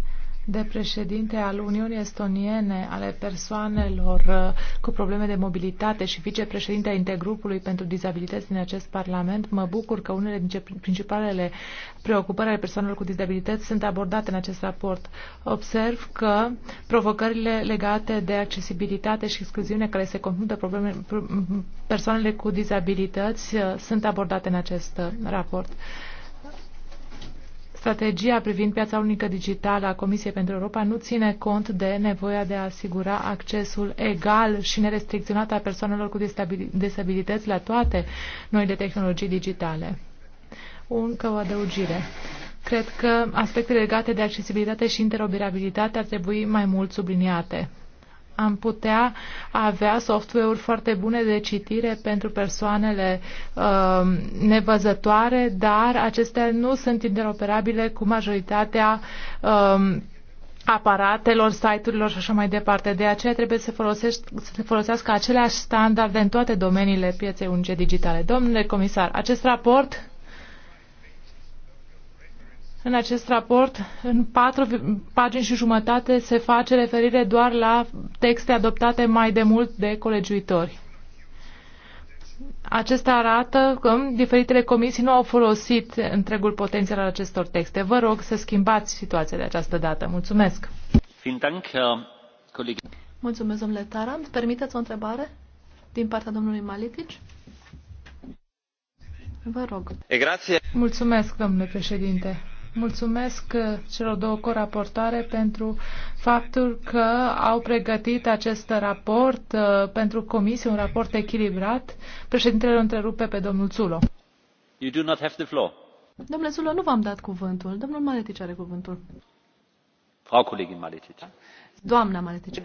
de președinte al Uniunii Estoniene ale persoanelor uh, cu probleme de mobilitate și vicepreședinte a Intergrupului pentru Dizabilități din acest Parlament, mă bucur că unele dintre principalele preocupări ale persoanelor cu dizabilități sunt abordate în acest raport. Observ că provocările legate de accesibilitate și excluziune care se confruntă probleme, persoanele cu dizabilități uh, sunt abordate în acest uh, raport. Strategia privind piața unică digitală a Comisiei pentru Europa nu ține cont de nevoia de a asigura accesul egal și nerestricționat a persoanelor cu disabilități la toate noile tehnologii digitale. Încă o adăugire. Cred că aspectele legate de accesibilitate și interoperabilitate ar trebui mai mult subliniate am putea avea software-uri foarte bune de citire pentru persoanele uh, nevăzătoare, dar acestea nu sunt interoperabile cu majoritatea uh, aparatelor, site-urilor și așa mai departe. De aceea trebuie să, să se folosească aceleași standarde în toate domeniile pieței unice digitale. Domnule comisar, acest raport în acest raport, în patru pagini și jumătate, se face referire doar la texte adoptate mai de mult de colegiuitori. Acesta arată că diferitele comisii nu au folosit întregul potențial al acestor texte. Vă rog să schimbați situația de această dată. Mulțumesc! Mulțumesc, domnule Tarant. Permiteți o întrebare din partea domnului Malitic? Vă rog. Mulțumesc, domnule președinte. Mulțumesc uh, celor două coraportoare pentru faptul că au pregătit acest raport uh, pentru comisie, un raport echilibrat. Președintele îl întrerupe pe domnul Zulo. You do not have the floor. Domnule Zulo, nu v-am dat cuvântul. Domnul Maletici are cuvântul. Frau Kollegin Maletici. Doamna Maletici.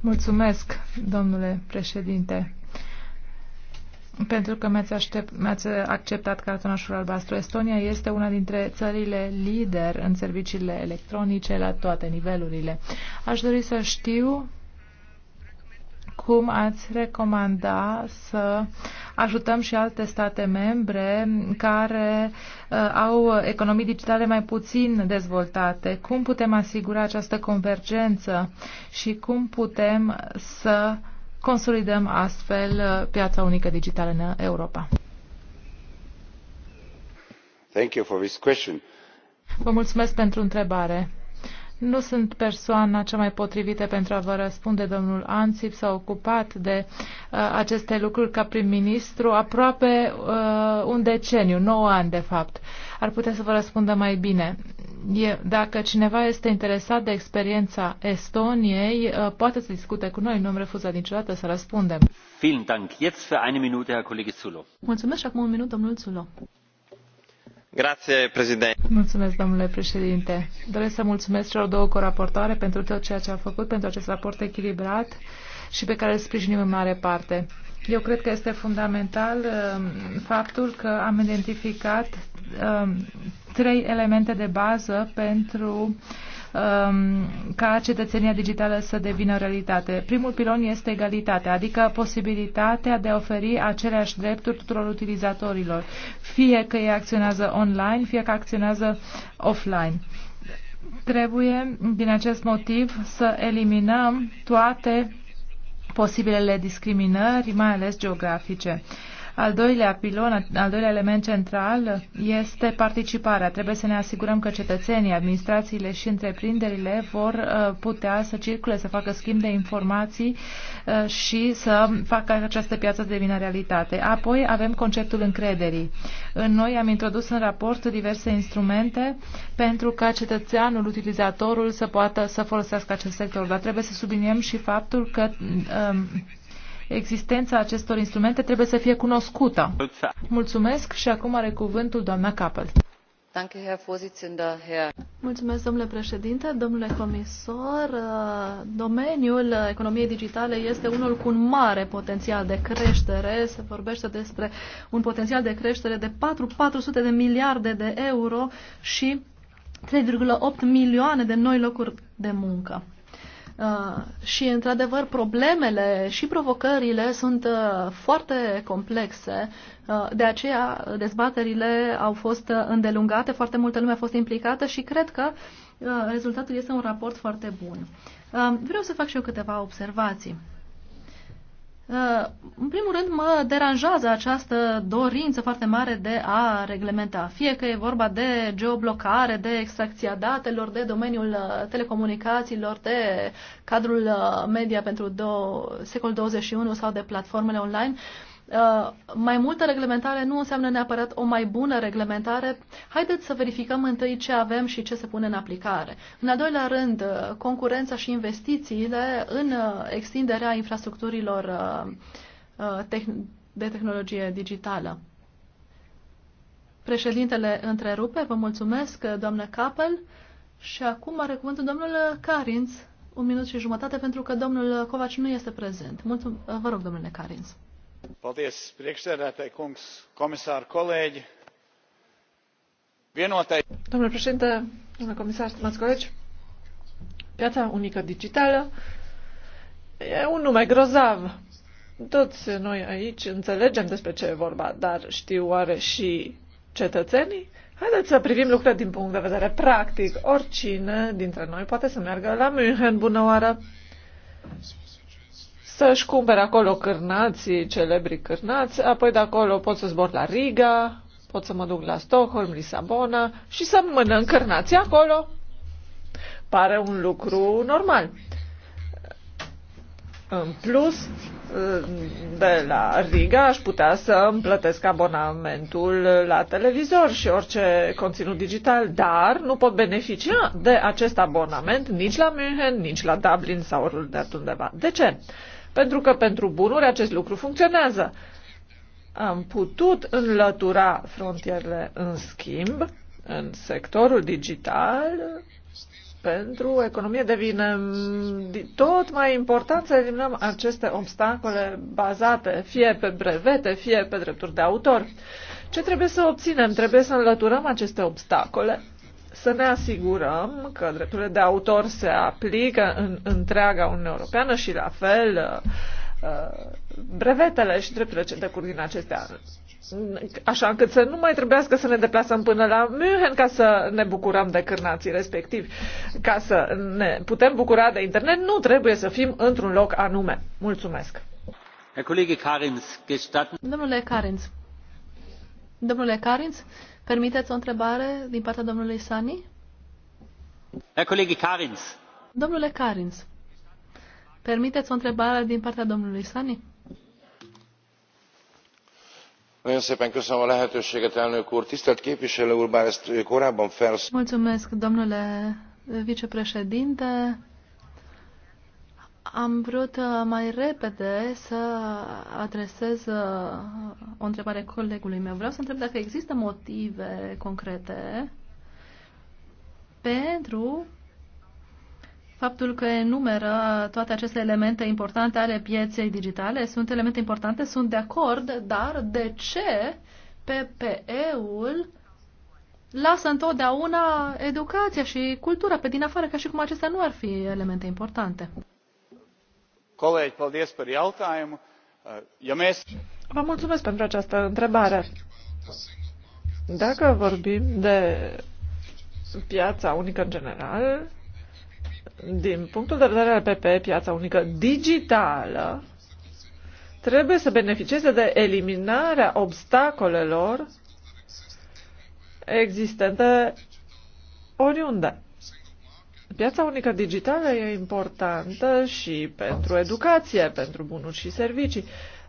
Mulțumesc, domnule președinte pentru că mi-ați, aștept, mi-ați acceptat cartonașul albastru. Estonia este una dintre țările lider în serviciile electronice la toate nivelurile. Aș dori să știu cum ați recomanda să ajutăm și alte state membre care uh, au economii digitale mai puțin dezvoltate? Cum putem asigura această convergență și cum putem să uh, Consolidăm astfel uh, piața unică digitală în Europa. Thank you for this question. Vă mulțumesc pentru întrebare. Nu sunt persoana cea mai potrivită pentru a vă răspunde, domnul Ansip s-a ocupat de uh, aceste lucruri ca prim-ministru aproape uh, un deceniu, 9 ani de fapt. Ar putea să vă răspundă mai bine. E, dacă cineva este interesat de experiența Estoniei, uh, poate să discute cu noi, nu am refuzat niciodată să răspundem. Mulțumesc și acum un minut, domnul Zulo mulțumesc, domnule președinte. Doresc să mulțumesc celor două coraportoare pentru tot ceea ce au făcut, pentru acest raport echilibrat și pe care îl sprijinim în mare parte. Eu cred că este fundamental uh, faptul că am identificat uh, trei elemente de bază pentru Um, ca cetățenia digitală să devină realitate. Primul pilon este egalitatea, adică posibilitatea de a oferi aceleași drepturi tuturor utilizatorilor, fie că ei acționează online, fie că acționează offline. Trebuie, din acest motiv, să eliminăm toate posibilele discriminări, mai ales geografice. Uh, al doilea pilon, al doilea element central este participarea. Trebuie să ne asigurăm că cetățenii, administrațiile și întreprinderile vor uh, putea să circule, să facă schimb de informații uh, și să facă această piață să devină realitate. Apoi avem conceptul încrederii. În noi am introdus în raport diverse instrumente pentru ca cetățeanul, utilizatorul să poată să folosească acest sector, dar trebuie să subliniem și faptul că um, Existența acestor instrumente trebuie să fie cunoscută. Mulțumesc și acum are cuvântul doamna Capel. Mulțumesc, domnule președinte, domnule comisar. Domeniul economiei digitale este unul cu un mare potențial de creștere. Se vorbește despre un potențial de creștere de 4, 400 de miliarde de euro și 3,8 milioane de noi locuri de muncă. Uh, și, într-adevăr, problemele și provocările sunt uh, foarte complexe. Uh, de aceea, dezbaterile au fost îndelungate, foarte multă lume a fost implicată și cred că rezultatul este un raport foarte bun. Vreau să fac și eu câteva observații. Uh, în primul rând, mă deranjează această dorință foarte mare de a reglementa. Fie că e vorba de geoblocare, de extracția datelor, de domeniul uh, telecomunicațiilor, de cadrul uh, media pentru do- secolul 21 sau de platformele online, uh, Uh, mai multă reglementare nu înseamnă neapărat o mai bună reglementare. Haideți să verificăm întâi ce avem și ce se pune în aplicare. În al doilea rând, uh, concurența și investițiile în uh, extinderea infrastructurilor de tehnologie digitală. Președintele întrerupe, vă mulțumesc, doamnă Capel. Și acum are cuvântul domnul Carins, un minut și jumătate, pentru că domnul Covaci nu este prezent. Mulțum- vă rog, domnule Carins. Paldies, priekšsēdētāji kungs, komisāri, kolēģi. Vienotai... Domnule președinte, domnule comisar, stimați colegi, piața unică digitală e un nume grozav. Toți noi aici înțelegem despre ce e vorba, dar știu oare și cetățenii? Haideți să privim lucrurile din punct de vedere practic. Oricine dintre noi poate să meargă la München, bună oară! să-și cumpere acolo cârnații, celebri cârnați, apoi de acolo pot să zbor la Riga, pot să mă duc la Stockholm, Lisabona și să mănânc cârnații acolo. Pare un lucru normal. În plus, de la Riga aș putea să îmi plătesc abonamentul la televizor și orice conținut digital, dar nu pot beneficia de acest abonament nici la München, nici la Dublin sau oriunde undeva. De ce? Pentru că pentru bunuri acest lucru funcționează. Am putut înlătura frontierele în schimb în sectorul digital pentru economie devine tot mai important să eliminăm aceste obstacole bazate fie pe brevete, fie pe drepturi de autor. Ce trebuie să obținem? Trebuie să înlăturăm aceste obstacole să ne asigurăm că drepturile de autor se aplică în întreaga Uniune Europeană și la fel uh, uh, brevetele și drepturile ce decurg din acestea. Așa încât să nu mai trebuiască să ne deplasăm până la München ca să ne bucurăm de cârnații respectivi. Ca să ne putem bucura de internet, nu trebuie să fim într-un loc anume. Mulțumesc! Domnule Karins, domnule Karins, Permiteți o întrebare din partea domnului Sani? Da, colegii Carins. Domnule Carins, permiteți o întrebare din partea domnului Sani? Mulțumesc, domnule vicepreședinte. Am vrut uh, mai repede să adresez uh, o întrebare colegului meu. Vreau să întreb dacă există motive concrete pentru faptul că enumeră toate aceste elemente importante ale pieței digitale. Sunt elemente importante, sunt de acord, dar de ce PPE-ul lasă întotdeauna educația și cultura pe din afară, ca și cum acestea nu ar fi elemente importante? Colegi, paldies par jautājumu. Eh, ja mēs... Vă mulțumesc pentru această întrebare. Dacă vorbim de piața unică în general, din punctul de vedere al PP, piața unică digitală trebuie să beneficieze de eliminarea obstacolelor existente oriunde. Piața unică digitală e importantă și pentru educație, pentru bunuri și servicii.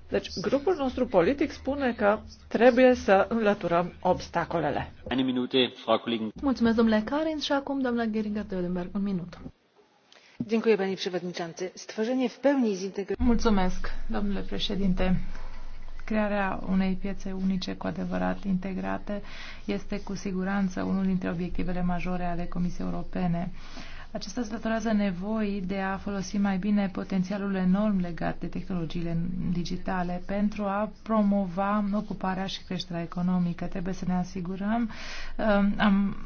Deci, grupul nostru politic spune că trebuie să înlăturăm obstacolele. Minute, Mulțumesc, domnule Karin, și acum, doamna Geringer-Deulenberg, un minut. Mulțumesc, domnule președinte. Crearea unei piețe unice cu adevărat integrate este cu siguranță unul dintre obiectivele majore ale Comisiei Europene. Uh, acesta se datorează nevoii de a folosi mai bine potențialul enorm legat de tehnologiile digitale pentru a promova ocuparea și creșterea economică. Trebuie să ne asigurăm. Um, am,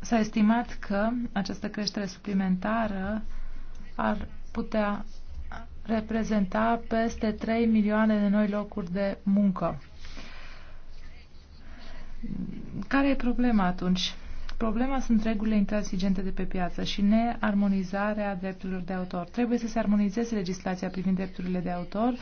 s-a estimat că această creștere suplimentară ar putea reprezenta peste 3 milioane de noi locuri de muncă. Care e problema atunci? Problema sunt regulile intransigente de pe piață și nearmonizarea drepturilor de autor. Trebuie să se armonizeze legislația privind drepturile de autor,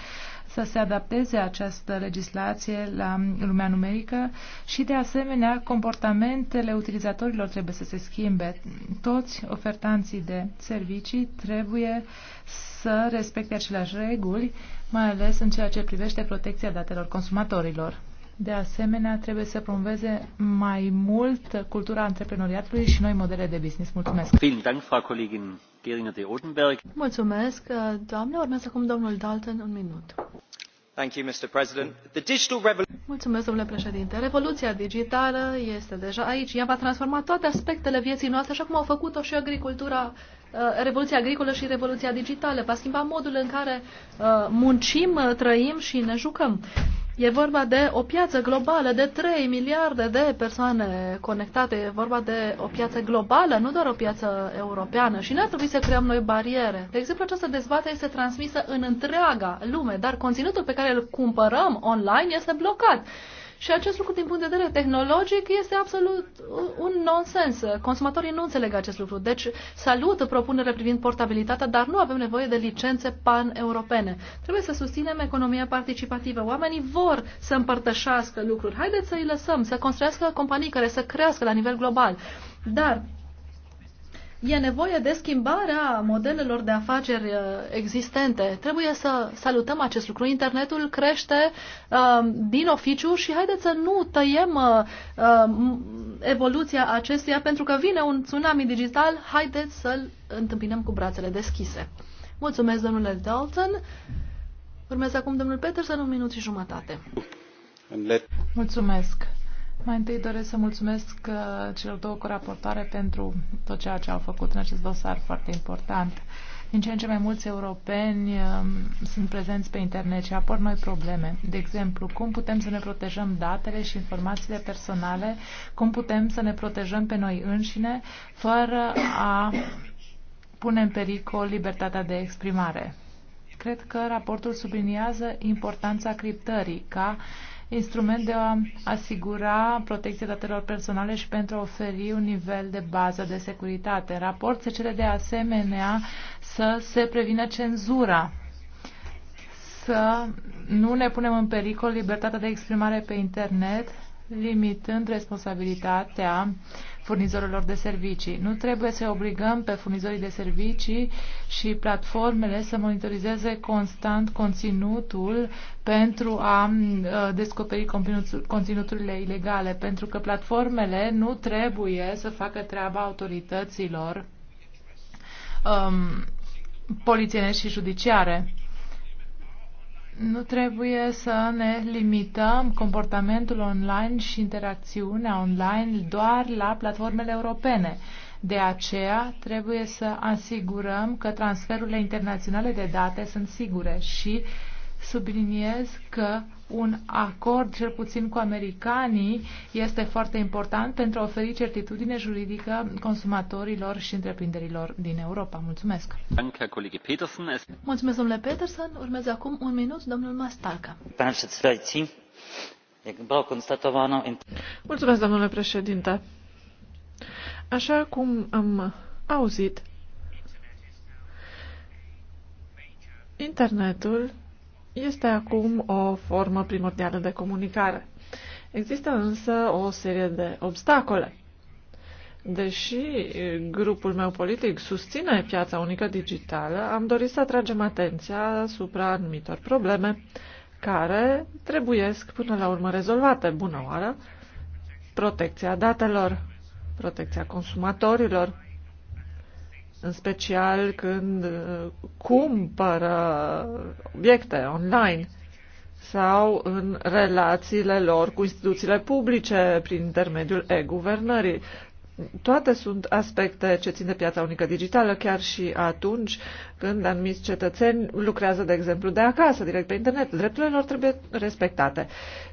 să se adapteze această legislație la lumea numerică și, de asemenea, comportamentele utilizatorilor trebuie să se schimbe. Toți ofertanții de servicii trebuie să respecte aceleași reguli, mai ales în ceea ce privește protecția datelor consumatorilor. De asemenea, trebuie să promoveze mai mult cultura antreprenoriatului și noi modele de business. Mulțumesc! Mulțumesc, uh, doamne. Urmează acum domnul Dalton, un minut. Thank you, Mr. President. The digital Mulțumesc, domnule președinte. Revoluția digitală este deja aici. Ea va transforma toate aspectele vieții noastre, așa cum au făcut-o și agricultura, uh, revoluția agricolă și revoluția digitală. Va schimba modul în care uh, muncim, trăim și ne jucăm. E vorba de o piață globală de 3 miliarde de persoane conectate. E vorba de o piață globală, nu doar o piață europeană. Și n-ar trebui să creăm noi bariere. De exemplu, această dezbatere este transmisă în întreaga lume, dar conținutul pe care îl cumpărăm online este blocat. Și acest lucru, din punct de vedere tehnologic, este absolut uh, un nonsens. Consumatorii nu înțeleg acest lucru. Deci, salut propunerea privind portabilitatea, dar nu avem nevoie de licențe pan-europene. Trebuie să susținem economia participativă. Oamenii vor să împărtășească lucruri. Haideți să îi lăsăm, să construiască companii care să crească la nivel global. Dar e nevoie de schimbarea modelelor de afaceri uh, existente. Trebuie să salutăm acest lucru. Internetul crește um, din oficiu și haideți să nu tăiem uh, um, evoluția acestuia pentru că vine un tsunami digital, haideți să-l întâmpinăm cu brațele deschise. Mulțumesc, domnule Dalton. Urmează acum domnul Peterson, un minut și jumătate. Mulțumesc. Mai întâi doresc să mulțumesc uh, celor două coraportoare pentru tot ceea ce au făcut în acest dosar foarte important. Din ce în ce mai mulți europeni uh, sunt prezenți pe internet și apar noi probleme. De exemplu, cum putem să ne protejăm datele și informațiile personale, cum putem să ne protejăm pe noi înșine fără a pune în pericol libertatea de exprimare. Cred că raportul subliniază importanța criptării ca uh, instrument de a asigura protecția datelor personale și pentru a oferi un nivel de bază de securitate. raport se cere de asemenea să se prevină cenzura să nu ne punem în pericol libertatea de exprimare pe internet limitând responsabilitatea furnizorilor de servicii. Nu trebuie să obligăm pe furnizorii de servicii și platformele să monitorizeze constant conținutul pentru a ă, descoperi conținuturile ilegale, pentru că platformele nu trebuie să facă treaba autorităților um, polițienești și judiciare. Nu trebuie să ne limităm comportamentul online și interacțiunea online doar la platformele europene. De aceea trebuie să asigurăm că transferurile internaționale de date sunt sigure și subliniez că un acord, cel puțin cu americanii, este foarte important pentru a oferi certitudine juridică consumatorilor și întreprinderilor din Europa. Mulțumesc! Mulțumesc, domnule Peterson. Urmează acum un minut, domnul Mastalca. Mulțumesc, domnule președinte. Așa cum am auzit, internetul este acum o formă primordială de comunicare. Există însă o serie de obstacole. Deși grupul meu politic susține piața unică digitală, am dorit să atragem atenția asupra anumitor probleme care trebuiesc până la urmă rezolvate, bună oară, protecția datelor, protecția consumatorilor, în special când uh, cumpără obiecte online sau în relațiile lor cu instituțiile publice prin intermediul e-guvernării toate sunt aspecte ce țin de piața unică digitală, chiar și atunci când anumiți cetățeni lucrează, de exemplu, de acasă, direct pe internet. Drepturile lor trebuie respectate.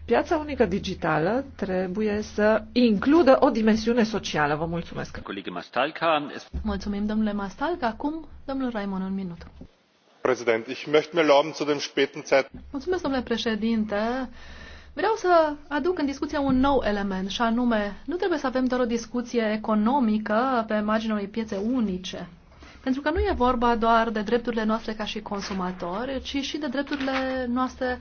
Piața unică digitală trebuie să includă o dimensiune socială. Vă mulțumesc. Mulțumim, domnule Mastalca. Acum, domnul Raimon, un minut. Mulțumesc, domnule președinte. Vreau să aduc în discuție un nou element și anume, nu trebuie să avem doar o discuție economică pe marginea unei piețe unice. Pentru că nu e vorba doar de drepturile noastre ca și consumatori, ci și de drepturile noastre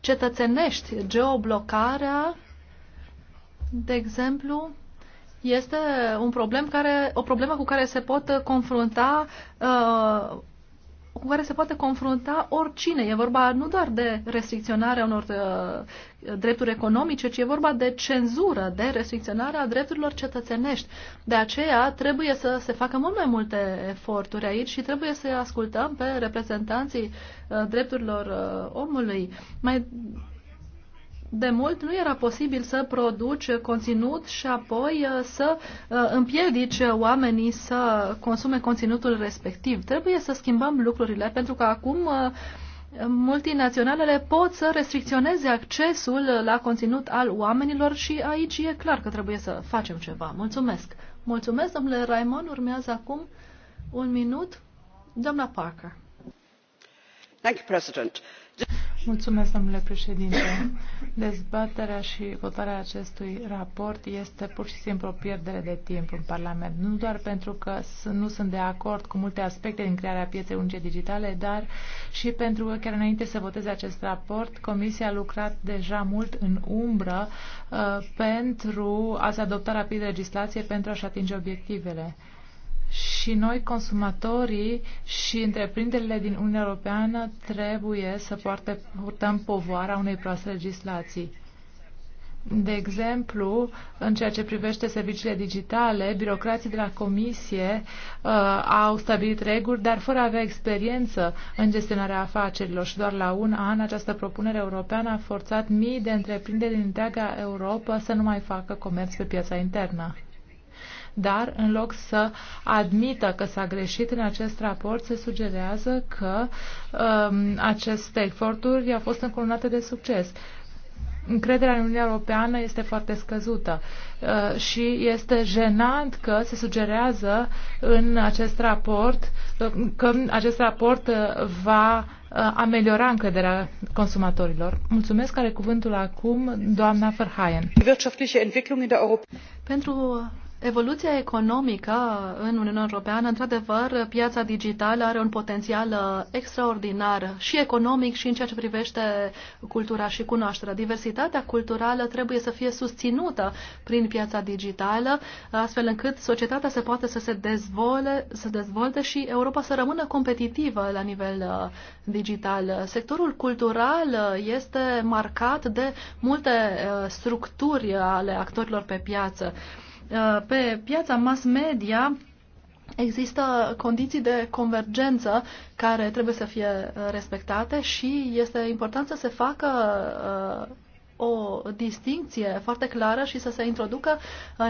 cetățenești. Geoblocarea, de exemplu, este un problem care, o problemă cu care se pot confrunta uh, cu care se poate confrunta oricine. E vorba nu doar de restricționarea unor uh, drepturi economice, ci e vorba de cenzură, de restricționarea drepturilor cetățenești. De aceea trebuie să se facă mult mai multe eforturi aici și trebuie să ascultăm pe reprezentanții uh, drepturilor uh, omului. Mai de mult nu era posibil să produci conținut și apoi uh, să uh, împiedici oamenii să consume conținutul respectiv. Trebuie să schimbăm lucrurile pentru că acum uh, multinaționalele pot să restricționeze accesul la conținut al oamenilor și aici e clar că trebuie să facem ceva. Mulțumesc! Mulțumesc, domnule Raimond. Urmează acum un minut doamna Parker. Thank you, President. Mulțumesc, domnule președinte. Dezbaterea și votarea acestui raport este pur și simplu o pierdere de timp în Parlament. Nu doar pentru că nu sunt de acord cu multe aspecte din crearea pieței unice digitale, dar și pentru că chiar înainte să voteze acest raport, Comisia a lucrat deja mult în umbră uh, pentru a se adopta rapid legislație pentru a-și atinge obiectivele și noi, consumatorii și întreprinderile din Uniunea Europeană, trebuie să poarte, purtăm povoara unei proaste legislații. De exemplu, în ceea ce privește serviciile digitale, birocrații de la Comisie uh, au stabilit reguli, dar fără a avea experiență în gestionarea afacerilor și doar la un an această propunere europeană a forțat mii de întreprinderi din întreaga Europa să nu mai facă comerț pe piața internă dar în loc să admită că s-a greșit în acest raport, se sugerează că um, aceste eforturi au fost încoronate de succes încrederea în Uniunea Europeană este foarte scăzută uh, și este jenant că se sugerează în acest raport uh, că acest raport uh, va ameliora încrederea consumatorilor. Mulțumesc, are cuvântul acum doamna Verheyen. Pentru evoluția economică în Uniunea Europeană, într-adevăr, piața digitală are un potențial uh, extraordinar și economic și în ceea ce privește cultura și cunoașterea. Diversitatea culturală trebuie să fie susținută prin piața digitală, astfel încât societatea se poate să se dezvolte, să dezvolte și Europa să rămână competitivă la nivel uh, digital. Sectorul cultural uh, este marcat de multe structuri ale actorilor pe piață. Uh, pe piața mass media există condiții de convergență care trebuie să fie uh, respectate și este important să se facă uh, o distinție foarte clară și să se introducă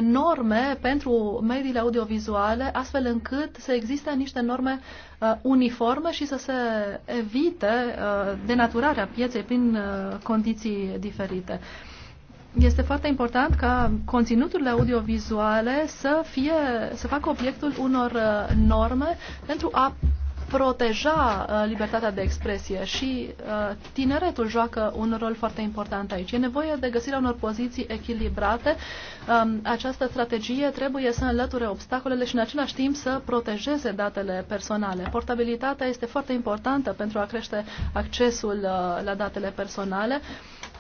norme pentru mediile audiovizuale, astfel încât să existe niște norme uniforme și să se evite denaturarea pieței prin condiții diferite este foarte important ca conținuturile audiovizuale să, fie, să facă obiectul unor uh, norme pentru a proteja uh, libertatea de expresie și uh, tineretul joacă un rol foarte important aici. E nevoie de găsirea unor poziții echilibrate. Um, această strategie trebuie să înlăture obstacolele și în același timp să protejeze datele personale. Portabilitatea este foarte importantă pentru a crește accesul la datele personale.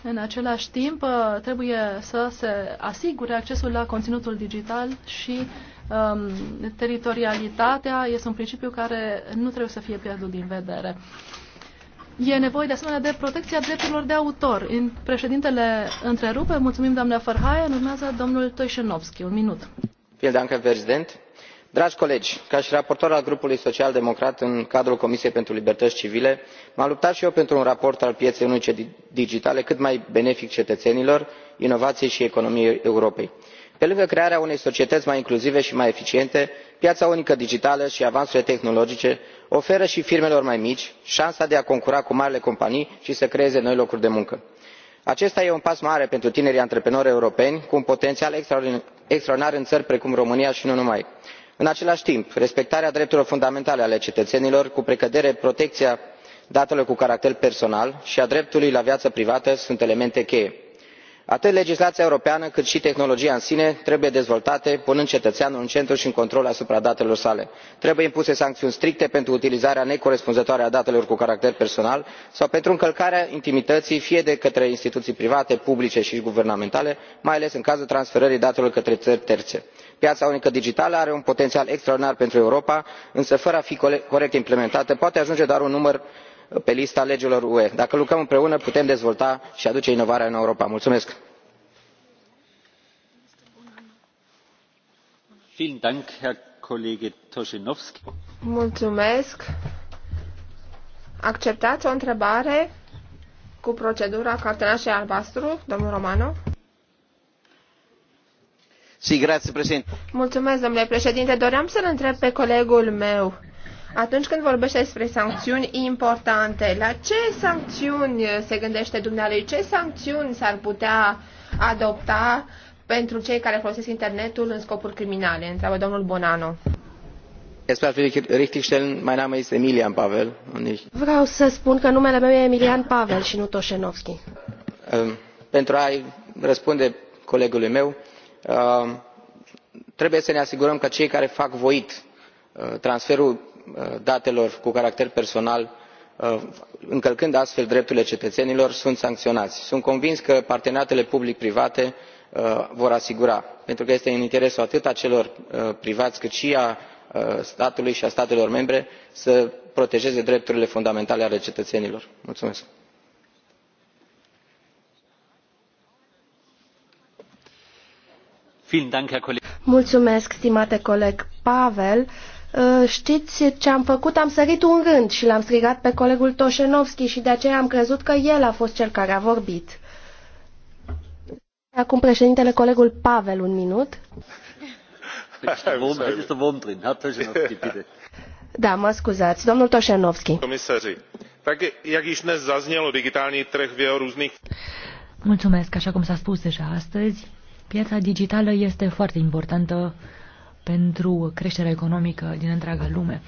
În același timp, uh, trebuie să se asigure accesul la conținutul digital și um, teritorialitatea este un principiu care nu trebuie să fie pierdut din vedere. E nevoie de asemenea de protecția drepturilor de autor. În președintele întrerupe, mulțumim doamna Farhaia, urmează domnul Toișenovski. Un minut. Vielen Dank, Herr Präsident dragi colegi ca și raportor al grupului social democrat în cadrul comisiei pentru libertăți civile m am luptat și eu pentru un raport al pieței unice digitale cât mai benefic cetățenilor inovației și economiei europei. pe lângă crearea unei societăți mai incluzive și mai eficiente piața unică digitală și avansurile tehnologice oferă și firmelor mai mici șansa de a concura cu marile companii și să creeze noi locuri de muncă. acesta e un pas mare pentru tinerii antreprenori europeni cu un potențial extraordinar în țări precum românia și nu numai în același timp respectarea drepturilor fundamentale ale cetățenilor cu precădere protecția datelor cu caracter personal și a dreptului la viață privată sunt elemente cheie. atât legislația europeană cât și tehnologia în sine trebuie dezvoltate punând cetățeanul în centru și în control asupra datelor sale. trebuie impuse sancțiuni stricte pentru utilizarea necorespunzătoare a datelor cu caracter personal sau pentru încălcarea intimității fie de către instituții private publice și guvernamentale mai ales în cazul transferării datelor către țări terțe piața unică digitală are un potențial extraordinar pentru europa însă fără a fi corect implementată poate ajunge doar un număr pe lista legilor ue. dacă lucrăm împreună putem dezvolta și aduce inovarea în europa. mulțumesc. mulțumesc. acceptați o întrebare cu procedura cartonașului albastru domnul romano? Mulțumesc, domnule președinte. Doream să-l întreb pe colegul meu. Atunci când vorbește despre sancțiuni importante, la ce sancțiuni se gândește dumnealui? Ce sancțiuni s-ar putea adopta pentru cei care folosesc internetul în scopuri criminale? Întreabă domnul Bonano. Vreau să spun că numele meu e Emilian Pavel și nu Toșenovski. Um, pentru a răspunde colegului meu, Um, trebuie să ne asigurăm că cei care fac voit uh, transferul uh, datelor cu caracter personal uh, încălcând astfel drepturile cetățenilor sunt sancționați. sunt convins că parteneriatele public private vor asigura pentru că este în interesul atât al celor privați cât și al statului și al statelor membre să protejeze drepturile fundamentale ale cetățenilor. mulțumesc. Mulțumesc, stimate coleg Pavel. Ă, știți ce am făcut? Am sărit un rând și l-am strigat pe colegul Toșenovski și de aceea am crezut că el a fost cel care a vorbit. Acum președintele colegul Pavel, un minut. Da, mă scuzați. Domnul Toșenovski. Comisarii, tak jak již dnes zaznělo, digitální trh v jeho Mulțumesc, așa cum s-a spus deja astăzi, Piața digitală este foarte importantă pentru creșterea economică din întreaga lume.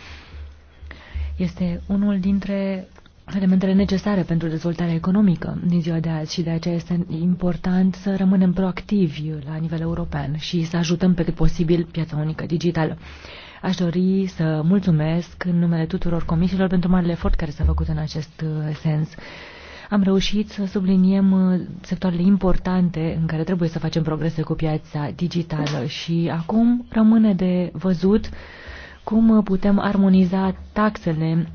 Este unul dintre elementele necesare pentru dezvoltarea economică din ziua de azi și de aceea este important să rămânem proactivi la nivel european și să ajutăm pe cât posibil piața unică digitală. Aș dori să mulțumesc în numele tuturor comisiilor pentru marele efort care s-a făcut în acest uh, sens. Am reușit să subliniem uh, sectoarele importante în care trebuie să facem progrese cu piața digitală și acum rămâne de văzut cum putem armoniza taxele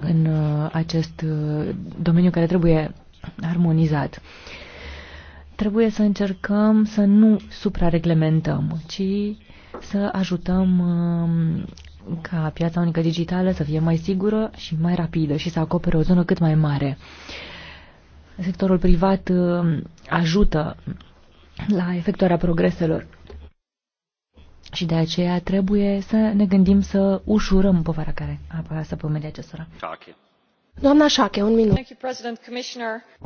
în uh, acest uh, domeniu care trebuie armonizat. Trebuie să încercăm să nu suprareglementăm, ci să ajutăm um, ca piața unică digitală să fie mai sigură și mai rapidă și să acopere o zonă cât mai mare. Sectorul privat uh, ajută la efectuarea progreselor și de aceea trebuie să ne gândim să ușurăm povara care apasă pe media acestora. Okay. Doamna Șache, un minut.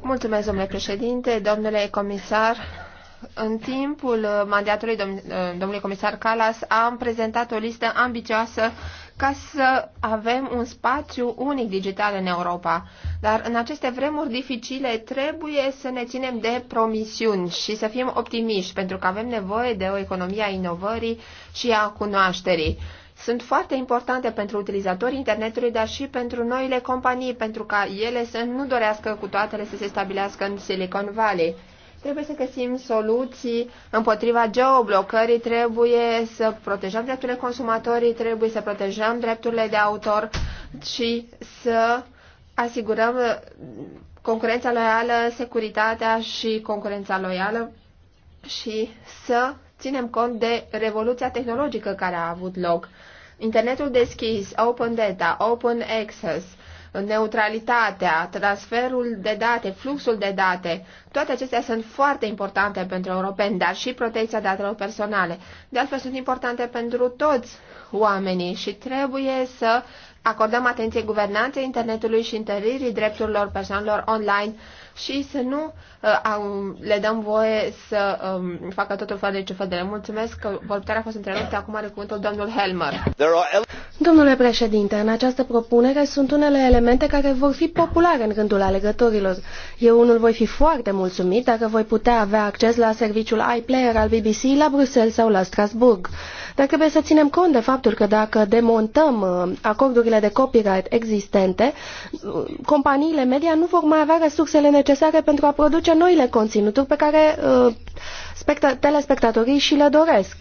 Mulțumesc, domnule președinte, domnule comisar. În timpul uh, mandatului uh, domnului comisar Calas am prezentat o listă ambicioasă ca să avem un spațiu unic digital în Europa. Dar în aceste vremuri dificile trebuie să ne ținem de promisiuni și să fim optimiști, pentru că avem nevoie de o economie a inovării și a cunoașterii sunt foarte importante pentru utilizatorii internetului, dar și pentru noile companii, pentru ca ele să nu dorească cu toatele să se stabilească în Silicon Valley. Trebuie să găsim soluții împotriva geoblocării, trebuie să protejăm drepturile consumatorii, trebuie să protejăm drepturile de autor și să asigurăm concurența loială, securitatea și concurența loială și să ținem cont de revoluția tehnologică care a avut loc. Internetul deschis, Open Data, Open Access – neutralitatea, transferul de date, fluxul de date, toate acestea sunt foarte importante pentru europeni, dar și protecția datelor personale. De altfel, sunt importante pentru toți oamenii și trebuie să acordăm atenție guvernanței internetului și întăririi drepturilor persoanelor online și să nu uh, le dăm voie să um, facă totul fără de ce fădele. Mulțumesc că vorbitoarea a fost întreruptă. Acum are cuvântul domnul Helmer. Domnule președinte, în această propunere sunt unele elemente care vor fi populare în rândul alegătorilor. Eu unul voi fi foarte mulțumit dacă voi putea avea acces la serviciul iPlayer al BBC la Bruxelles sau la Strasburg. Dar trebuie să ținem cont de faptul că dacă demontăm uh, acordurile de copyright existente, uh, companiile media nu vor mai avea resursele necesare pentru a produce noile conținuturi pe care uh, telespectatorii și le doresc.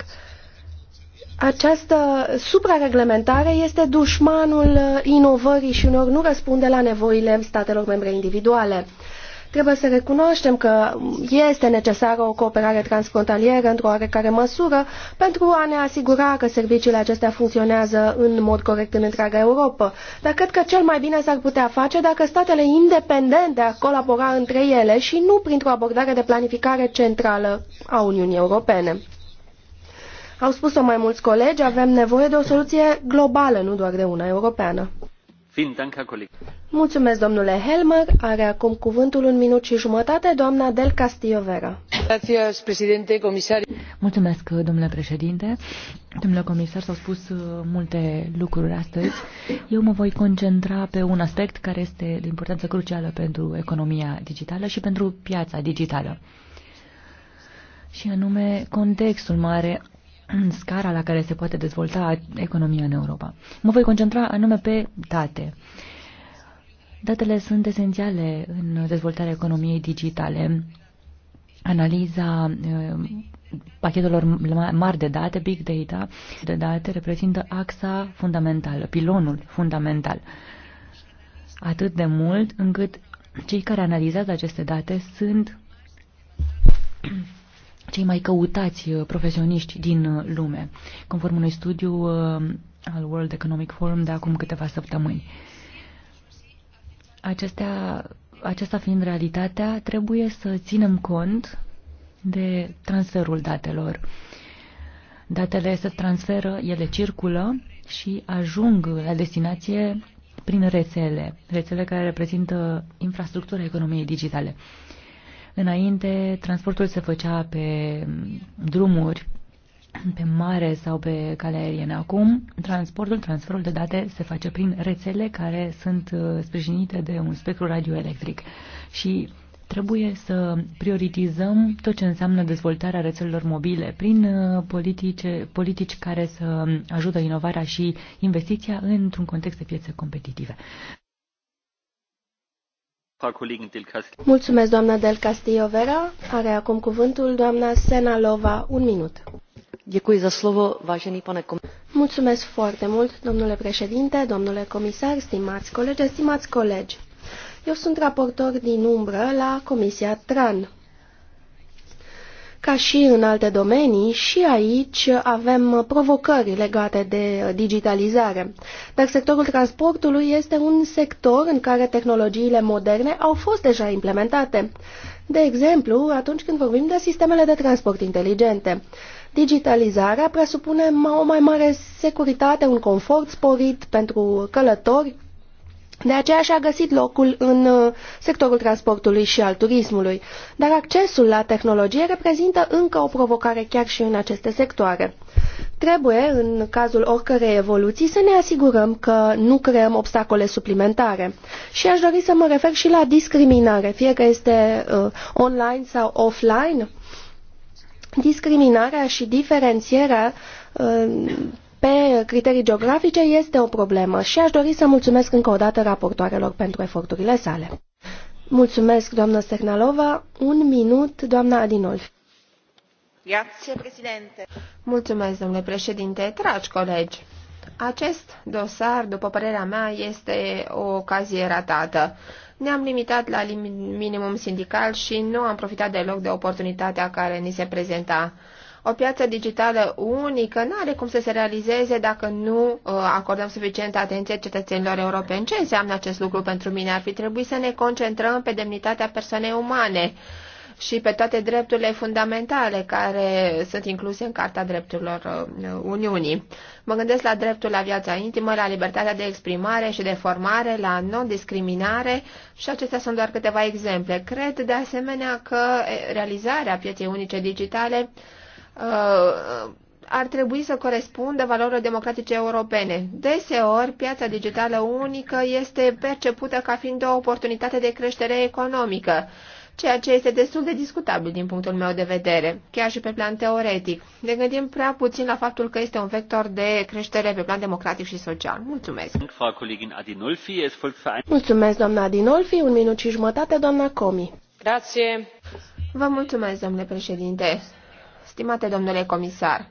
Această suprareglementare este dușmanul inovării și unor nu răspunde la nevoile statelor membre individuale. Trebuie să recunoaștem că este necesară o cooperare transfrontalieră într-o oarecare măsură pentru a ne asigura că serviciile acestea funcționează în mod corect în întreaga Europa. Dar cred că cel mai bine s-ar putea face dacă statele independente ar colabora între ele și nu printr-o abordare de planificare centrală a Uniunii Europene. Au spus-o mai mulți colegi, avem nevoie de o soluție globală, nu doar de una europeană. Mulțumesc, domnule Helmer. Are acum cuvântul un minut și jumătate, doamna Del Castillo Vera. Mulțumesc, domnule președinte. Domnule comisar, s-au spus uh, multe lucruri astăzi. Eu mă voi concentra pe un aspect care este de importanță crucială pentru economia digitală și pentru piața digitală și anume contextul mare scara la care se poate dezvolta economia în Europa. Mă voi concentra anume pe date. Datele sunt esențiale în dezvoltarea economiei digitale. Analiza eh, pachetelor mari de date, big data, de date reprezintă axa fundamentală, pilonul fundamental. Atât de mult încât cei care analizează aceste date sunt cei mai căutați uh, profesioniști din uh, lume, conform unui studiu uh, al World Economic Forum de acum câteva săptămâni. Acestea, acesta fiind realitatea, trebuie să ținem cont de transferul datelor. Datele se transferă, ele circulă și ajung la destinație prin rețele, rețele care reprezintă infrastructura economiei digitale. Înainte, transportul se făcea pe drumuri, pe mare sau pe cale aeriene. Acum, transportul, transferul de date se face prin rețele care sunt uh, sprijinite de un spectru radioelectric și trebuie să prioritizăm tot ce înseamnă dezvoltarea rețelelor mobile prin uh, politice, politici care să ajută inovarea și investiția într-un context de piețe competitive. Mulțumesc, doamna Del Castillo Vera. Are acum cuvântul doamna Senalova. Un minut. Děkuji za slovo, vážený pane Mulțumesc foarte mult, domnule președinte, domnule comisar, stimați colegi, stimați colegi. Eu sunt raportor din umbră la Comisia TRAN. Ca și în alte domenii, și aici avem provocări legate de digitalizare. Dar sectorul transportului este un sector în care tehnologiile moderne au fost deja implementate. De exemplu, atunci când vorbim de sistemele de transport inteligente. Digitalizarea presupune o mai mare securitate, un confort sporit pentru călători, de aceea și-a găsit locul în uh, sectorul transportului și al turismului, dar accesul la tehnologie reprezintă încă o provocare chiar și în aceste sectoare. Trebuie, în cazul oricărei evoluții, să ne asigurăm că nu creăm obstacole suplimentare. Și aș dori să mă refer și la discriminare, fie că este uh, online sau offline. Discriminarea și diferențierea uh, pe criterii geografice este o problemă și aș dori să mulțumesc încă o dată raportoarelor pentru eforturile sale. Mulțumesc, doamnă Sernalova. Un minut, doamna Adinolfi. Mulțumesc, domnule președinte, dragi colegi. Acest dosar, după părerea mea, este o ocazie ratată. Ne-am limitat la minimum sindical și nu am profitat deloc de oportunitatea care ni se prezenta. O piață digitală unică nu are cum să se realizeze dacă nu uh, acordăm suficientă atenție cetățenilor europeni. Ce înseamnă acest lucru pentru mine? Ar fi trebuit să ne concentrăm pe demnitatea persoanei umane și pe toate drepturile fundamentale care sunt incluse în Carta Drepturilor uh, Uniunii. Mă gândesc la dreptul la viața intimă, la libertatea de exprimare și de formare, la non-discriminare și acestea sunt doar câteva exemple. Cred de asemenea că realizarea pieței unice digitale Uh, ar trebui să corespundă valorilor democratice europene. Deseori, piața digitală unică este percepută ca fiind o oportunitate de creștere economică, ceea ce este destul de discutabil din punctul meu de vedere, chiar și pe plan teoretic. Ne gândim prea puțin la faptul că este un vector de creștere pe plan democratic și social. Mulțumesc! Mulțumesc, doamna Adinolfi. Un minut și jumătate, doamna Comi. Grație! Vă mulțumesc, domnule președinte. Stimate domnule comisar,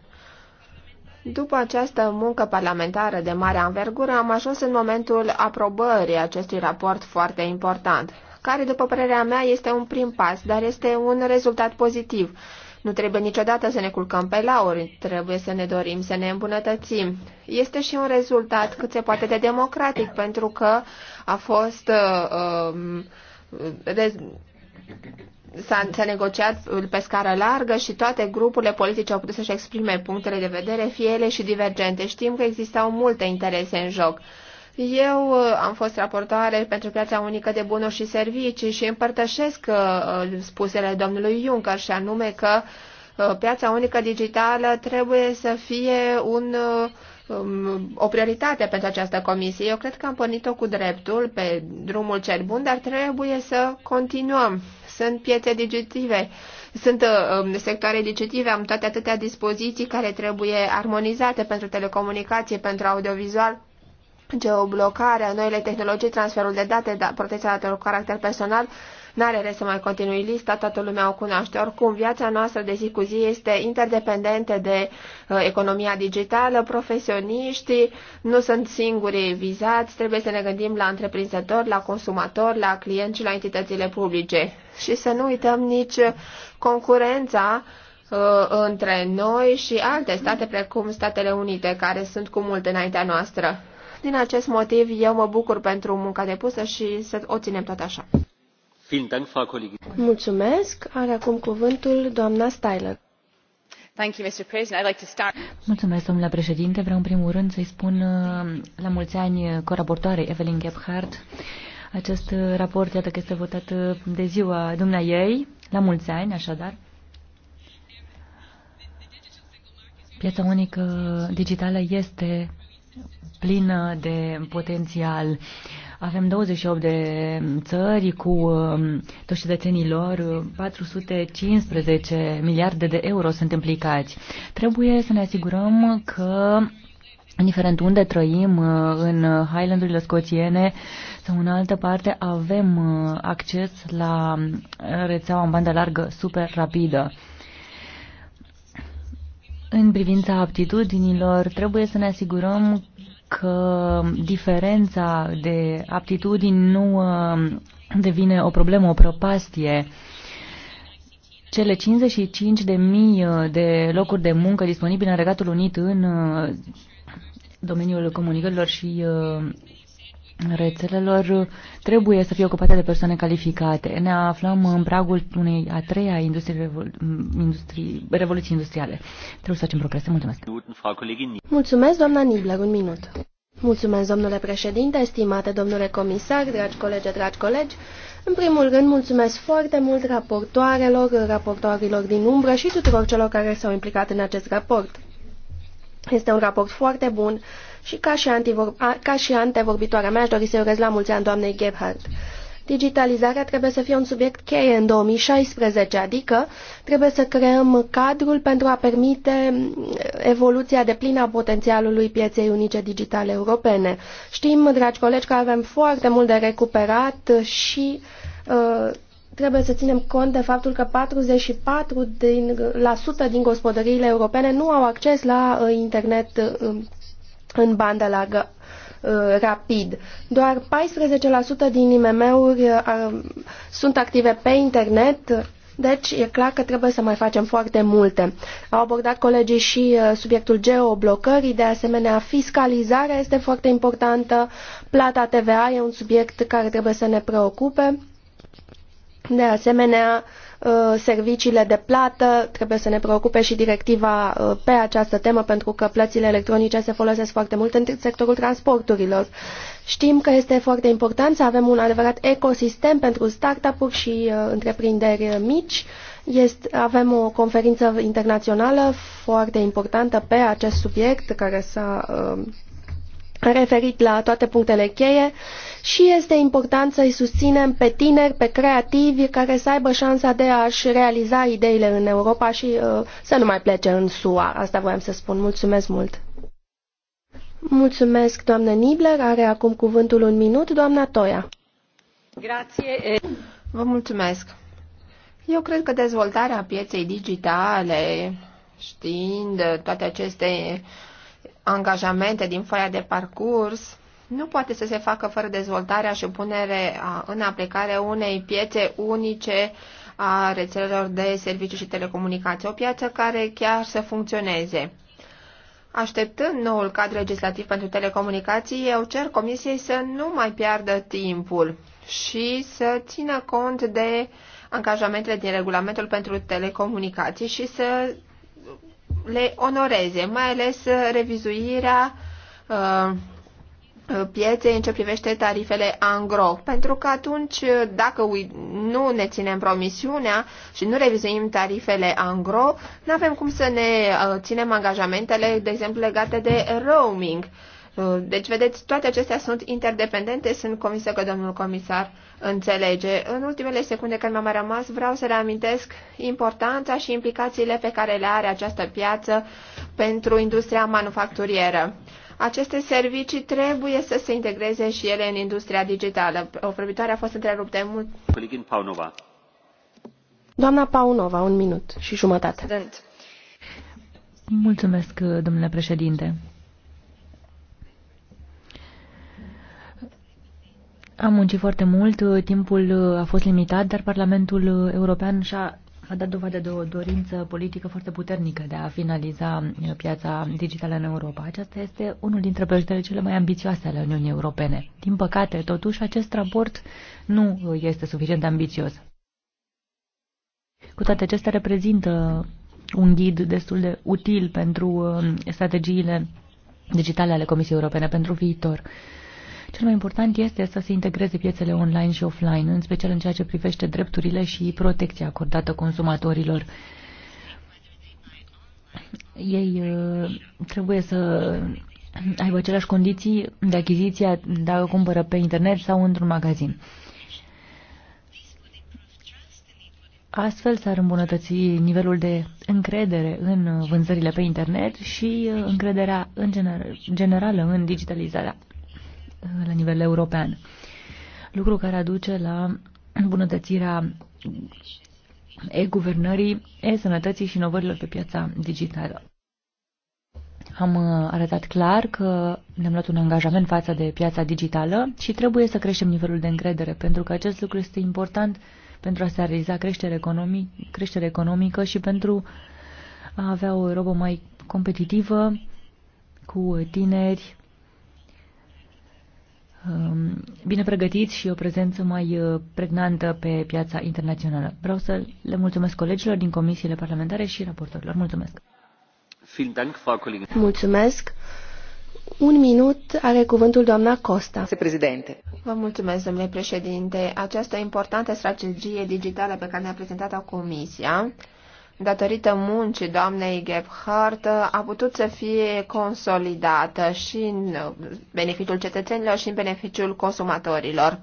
după această muncă parlamentară de mare anvergură, am ajuns în momentul aprobării acestui raport foarte important, care, după părerea mea, este un prim pas, dar este un rezultat pozitiv. Nu trebuie niciodată să ne culcăm pe lauri, trebuie să ne dorim să ne îmbunătățim. Este și un rezultat cât se poate de democratic, pentru că a fost uh, uh, s-a negociat pe scară largă și toate grupurile politice au putut să-și exprime punctele de vedere, fie ele și divergente. Știm că existau multe interese în joc. Eu uh, am fost raportoare pentru piața unică de bunuri și servicii și împărtășesc uh, uh, spusele domnului Juncker și anume că piața unică digitală trebuie să fie un um, o prioritate pentru această comisie. Eu cred că am pornit-o cu dreptul pe drumul cel bun, dar trebuie să continuăm sunt piețe digitive, sunt uh, sectoare digitive, am toate atâtea dispoziții care trebuie armonizate pentru telecomunicație, pentru audiovizual, geoblocarea, noile tehnologii, transferul de date, da, protecția datelor cu caracter personal, N-are rest să mai continui lista, toată lumea o cunoaște. Oricum, viața noastră de zi cu zi este interdependentă de uh, economia digitală, profesioniștii nu sunt singuri vizați, trebuie să ne gândim la întreprinzători, la consumatori, la clienți și la entitățile publice. Și să nu uităm nici concurența uh, între noi și alte state precum Statele Unite, care sunt cu mult înaintea noastră. Din acest motiv, eu mă bucur pentru munca depusă și să o ținem tot așa. Mulțumesc. Are acum cuvântul doamna Styler. Mulțumesc, domnule președinte. Vreau în primul rând să-i spun uh, la mulți ani uh, coraportoarei Evelyn Gebhardt. Acest uh, raport, iată că este votat de ziua dumnea ei, la mulți ani, așadar. Piața unică digitală este plină de potențial. Uh, avem 28 de mm, țări cu mm, toți cetățenii lor, 415 miliarde de euro sunt implicați. Trebuie să ne asigurăm că indiferent unde trăim, mm, în Highlandurile scoțiene sau în altă parte, avem acces la rețeaua în bandă largă super rapidă. În privința aptitudinilor, trebuie să ne asigurăm că diferența de aptitudini nu um, devine o problemă, o prăpastie. Cele 55 de mii uh, de locuri de muncă disponibile în Regatul Unit în uh, domeniul comunicărilor și uh, rețelelor trebuie să fie ocupate de persoane calificate. Ne aflăm în pragul unei a treia industrie, industrie, revoluții industriale. Trebuie să facem progrese. Mulțumesc. Mulțumesc, doamna Nibler. Un minut. Mulțumesc, domnule președinte, estimate domnule comisar, dragi colegi, dragi colegi. În primul rând, mulțumesc foarte mult raportoarelor, raportoarilor din umbră și tuturor celor care s-au implicat în acest raport. Este un raport foarte bun și ca și, ca și antevorbitoarea mea, aș dori să-i urez la mulți ani doamnei Gebhardt. Digitalizarea trebuie să fie un subiect cheie în 2016, adică trebuie să creăm cadrul pentru a permite mm, evoluția de plină a potențialului pieței unice digitale europene. Știm, dragi colegi, că avem foarte mult de recuperat și uh, trebuie să ținem cont de faptul că 44% din, la sută din gospodăriile europene nu au acces la uh, internet uh, în bandă largă uh, rapid. Doar 14% din IMM-uri uh, sunt active pe internet, deci e clar că trebuie să mai facem foarte multe. Au abordat colegii și uh, subiectul geoblocării, de asemenea fiscalizarea este foarte importantă, plata TVA e un subiect care trebuie să ne preocupe, de asemenea Uh, serviciile de plată, trebuie să ne preocupe și directiva uh, pe această temă pentru că plățile electronice se folosesc foarte mult în sectorul transporturilor. Știm că este foarte important să avem un adevărat ecosistem pentru startup-uri și uh, întreprinderi mici. Este, avem o conferință internațională foarte importantă pe acest subiect care s-a referit la toate punctele cheie și este important să-i susținem pe tineri, pe creativi care să aibă șansa de a-și realiza ideile în Europa și uh, să nu mai plece în SUA. Asta voiam să spun. Mulțumesc mult! Mulțumesc, doamnă Nibler. Are acum cuvântul un minut, doamna Toia. Grație. Vă mulțumesc. Eu cred că dezvoltarea pieței digitale, știind toate aceste angajamente din foaia de parcurs, nu poate să se facă fără dezvoltarea și punere în aplicare unei piețe unice a rețelelor de servicii și telecomunicații, o piață care chiar să funcționeze. Așteptând noul cadru legislativ pentru telecomunicații, eu cer Comisiei să nu mai piardă timpul și să țină cont de angajamentele din regulamentul pentru telecomunicații și să le onoreze, mai ales revizuirea uh, Uh, pieței în ce privește tarifele angro, pentru că atunci, uh, dacă nu ne ținem promisiunea și nu revizuim tarifele angro, nu avem cum să ne uh, ținem angajamentele, de exemplu, legate de roaming. Deci, vedeți, toate acestea sunt interdependente, sunt convinsă că domnul comisar înțelege. În ultimele secunde când m-am mai rămas, vreau să reamintesc importanța și implicațiile pe care le are această piață pentru industria manufacturieră. Aceste servicii trebuie să se integreze și ele în industria digitală. O vorbitoare a fost întreruptă. Mult... Paunova. Doamna Paunova, un minut și jumătate. President. Mulțumesc, domnule președinte. Am muncit foarte mult, timpul a fost limitat, dar Parlamentul European și-a a dat dovadă de o dorință politică foarte puternică de a finaliza eh, piața digitală în Europa. Aceasta este unul dintre proiectele cele mai ambițioase ale Uniunii Europene. Din păcate, totuși, acest raport nu eh, este suficient de ambițios. Cu toate acestea, reprezintă un ghid destul de util pentru eh, strategiile digitale ale Comisiei Europene pentru viitor. Cel mai important este să se integreze piețele online și offline, în special în ceea ce privește drepturile și protecția acordată consumatorilor. Ei uh, trebuie să aibă aceleași condiții de achiziție dacă cumpără pe internet sau într-un magazin. Astfel s-ar îmbunătăți nivelul de încredere în vânzările pe internet și uh, încrederea în generală în digitalizarea la nivel european. Lucru care aduce la îmbunătățirea e-guvernării, e-sănătății și inovărilor pe piața digitală. Am uh, arătat clar că ne-am luat un angajament față de piața digitală și trebuie să creștem nivelul de încredere, pentru că acest lucru este important pentru a se realiza creștere, economic, creștere economică și pentru a avea o Europa mai competitivă, cu tineri Um, bine pregătiți și o prezență mai uh, pregnantă pe piața internațională. Vreau să le mulțumesc colegilor din comisiile parlamentare și raportorilor. Mulțumesc! Mulțumesc! Un minut are cuvântul doamna Costa. Președinte. Vă mulțumesc, domnule președinte. Această importantă strategie digitală pe care ne-a prezentat-o Comisia datorită muncii doamnei Gebhardt, a putut să fie consolidată și în beneficiul cetățenilor și în beneficiul consumatorilor.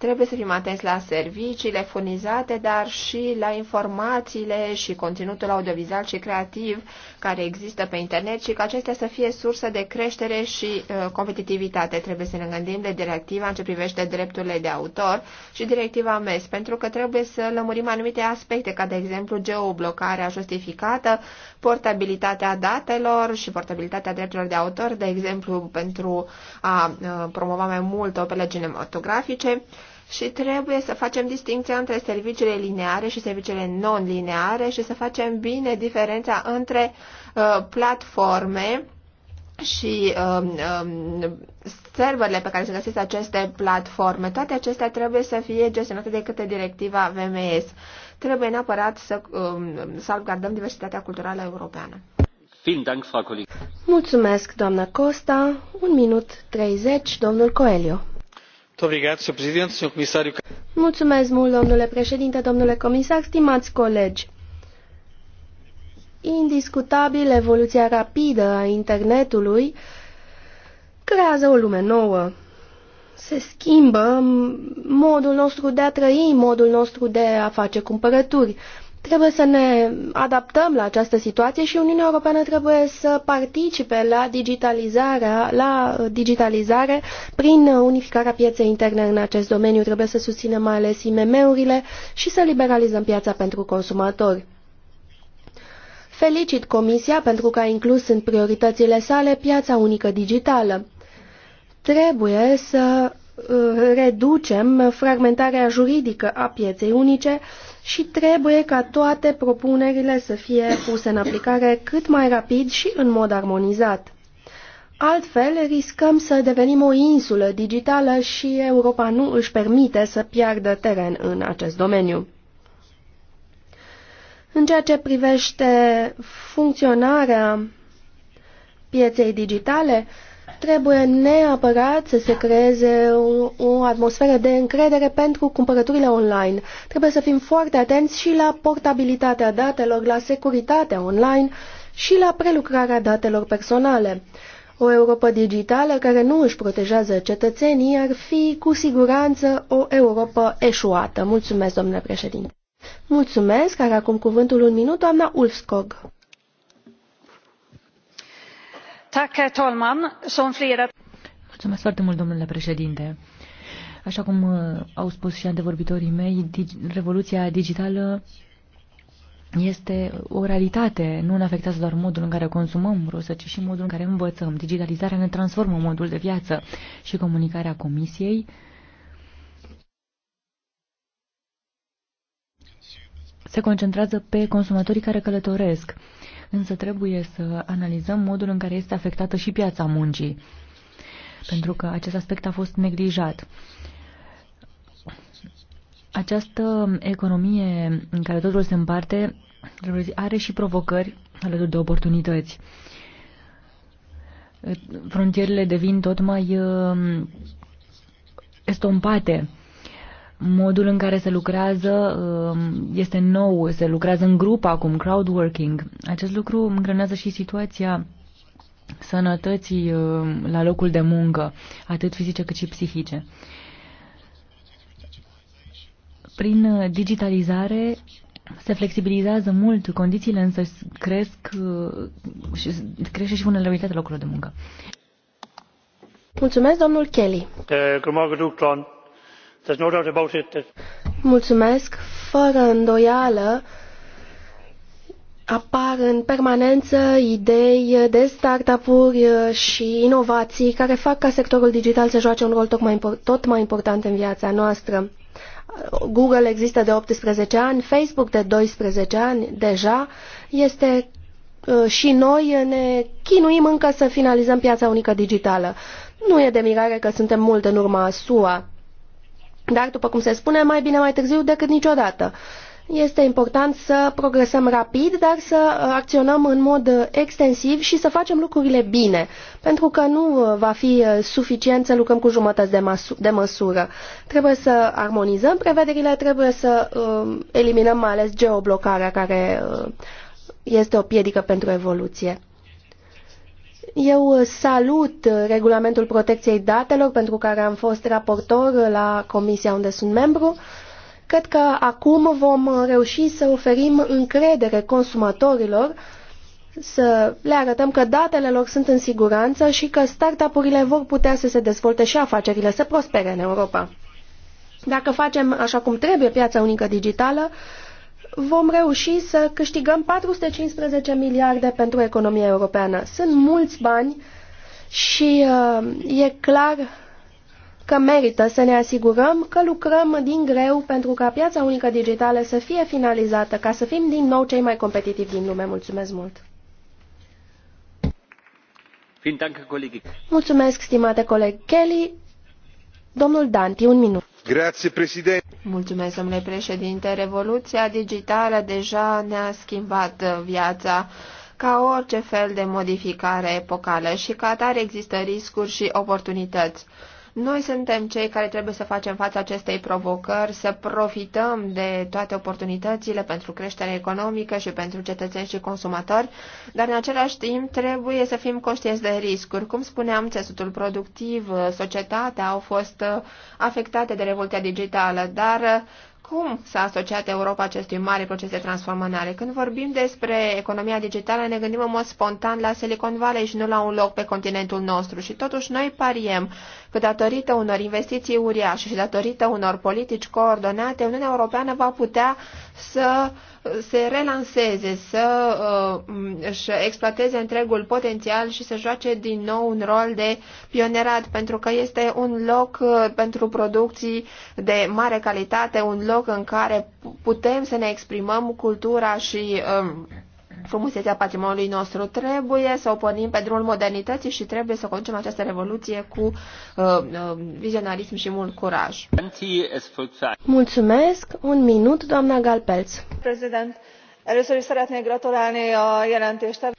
Trebuie să fim atenți la serviciile furnizate, dar și la informațiile și conținutul audiovizual și creativ care există pe internet și că acestea să fie sursă de creștere și uh, competitivitate. Trebuie să ne gândim de directiva în ce privește drepturile de autor și directiva MES, pentru că trebuie să lămurim anumite aspecte, ca de exemplu geoblocarea justificată, portabilitatea datelor și portabilitatea drepturilor de autor, de exemplu pentru a uh, promova mai mult opere cinematografice, și trebuie să facem distinția între serviciile lineare și serviciile non-lineare și să facem bine diferența între uh, platforme și um, um, serverele pe care se găsesc aceste platforme. Toate acestea trebuie să fie gestionate de către directiva VMS. Trebuie neapărat să um, salvgardăm diversitatea culturală europeană. Mulțumesc, doamna Costa. Un minut 30, domnul Coelio. Mulțumesc mult, domnule președinte, domnule comisar, stimați colegi. Indiscutabil, evoluția rapidă a internetului creează o lume nouă. Se schimbă modul nostru de a trăi, modul nostru de a face cumpărături. Trebuie să ne adaptăm la această situație și Uniunea Europeană trebuie să participe la digitalizarea, la digitalizare prin unificarea pieței interne în acest domeniu. Trebuie să susținem mai ales IMM-urile și să liberalizăm piața pentru consumatori. Felicit Comisia pentru că a inclus în prioritățile sale piața unică digitală. Trebuie să uh, reducem fragmentarea juridică a pieței unice și trebuie ca toate propunerile să fie puse în aplicare cât mai rapid și în mod armonizat. Altfel, riscăm să devenim o insulă digitală și Europa nu își permite să piardă teren în acest domeniu. În ceea ce privește funcționarea pieței digitale, Trebuie neapărat să se creeze o, o atmosferă de încredere pentru cumpărăturile online. Trebuie să fim foarte atenți și la portabilitatea datelor, la securitatea online și la prelucrarea datelor personale. O Europa digitală care nu își protejează cetățenii ar fi cu siguranță o Europa eșuată. Mulțumesc, domnule președinte. Mulțumesc, are acum cuvântul un minut, doamna Ulfskog. Mulțumesc foarte mult, domnule președinte. Așa cum uh, au spus și antevorbitorii mei, revoluția digitală este o realitate, nu ne afectează doar modul în care consumăm rusă, ci și modul în care învățăm. Digitalizarea ne transformă modul de viață și comunicarea comisiei se concentrează pe consumatorii care călătoresc însă trebuie să analizăm modul în care este afectată și piața muncii, pentru că acest aspect a fost neglijat. Această economie în care totul se împarte are și provocări alături de oportunități. Frontierele devin tot mai uh, estompate modul în care se lucrează um, este nou, se lucrează în grup acum, crowdworking. Acest lucru îngrănează și situația sănătății um, la locul de muncă, atât fizice cât și psihice. Prin digitalizare se flexibilizează mult condițiile, însă cresc uh, și crește și vulnerabilitatea locurilor de muncă. Mulțumesc, domnul Kelly. Uh, fără îndoială, apar în permanență idei de startup-uri și inovații care fac ca sectorul digital să joace un rol tot mai, tot mai important în viața noastră. Google există de 18 ani, Facebook de 12 ani deja, este uh, și noi ne chinuim încă să finalizăm piața unică digitală. Nu e de mirare că suntem mult în urma SUA. Dar, după cum se spune, mai bine mai târziu decât niciodată. Este important să progresăm rapid, dar să uh, acționăm în mod uh, extensiv și să facem lucrurile bine, pentru că nu uh, va fi suficient să lucrăm cu jumătăți de, de măsură. Trebuie să armonizăm prevederile, trebuie să uh, eliminăm mai ales geoblocarea, care uh, este o piedică pentru evoluție. Eu uh, salut uh, regulamentul protecției datelor pentru care am fost raportor la comisia unde sunt membru. Cred că acum vom uh, reuși să oferim încredere consumatorilor, să le arătăm că datele lor sunt în siguranță și că startup-urile vor putea să se dezvolte și afacerile să prospere în Europa. Dacă facem așa cum trebuie piața unică digitală, vom reuși să câștigăm 415 miliarde pentru economia europeană. Sunt mulți bani și uh, e clar că merită să ne asigurăm că lucrăm din greu pentru ca piața unică digitală să fie finalizată, ca să fim din nou cei mai competitivi din lume. Mulțumesc mult! Mulțumesc, stimate coleg Kelly. Domnul Danti, un minut. Mulțumesc, domnule președinte. Revoluția digitală deja ne-a schimbat viața ca orice fel de modificare epocală și ca atare există riscuri și oportunități. Noi suntem cei care trebuie să facem față acestei provocări, să profităm de toate oportunitățile pentru creștere economică și pentru cetățeni și consumatori, dar în același timp trebuie să fim conștienți de riscuri. Cum spuneam, țesutul productiv, societatea au fost afectate de revoluția digitală, dar cum s-a asociat Europa acestui mare proces de transformare? Când vorbim despre economia digitală, ne gândim în mod spontan la Silicon Valley și nu la un loc pe continentul nostru. Și totuși noi pariem că datorită unor investiții uriașe și datorită unor politici coordonate, Uniunea Europeană va putea să uh, se relanseze, să uh, își exploateze întregul potențial și să joace din nou un rol de pionerat, pentru că este un loc uh, pentru producții de mare calitate, un loc în care putem să ne exprimăm cultura și uh, frumusețea patrimoniului nostru. Trebuie să o pornim pe drumul modernității și trebuie să conducem această revoluție cu uh, uh, vizionarism și mult curaj. Mulțumesc. Un minut, doamna Galpelț. Prezident, először is szeretnék gratulálni a uh, jelentéstevő.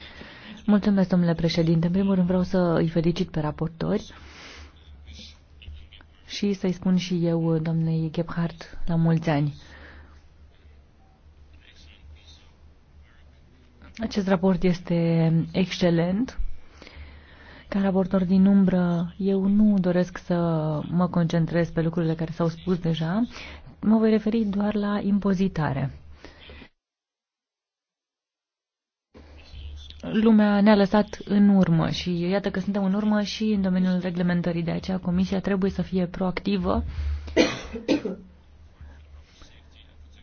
Mulțumesc, domnule președinte. În primul rând vreau să îi felicit pe raportori și să-i spun și eu, doamnei Gebhardt, la mulți ani. Acest raport este excelent. Ca raportor din umbră, eu nu doresc să mă concentrez pe lucrurile care s-au spus deja. Mă voi referi doar la impozitare. Lumea ne-a lăsat în urmă și iată că suntem în urmă și în domeniul reglementării. De aceea Comisia trebuie să fie proactivă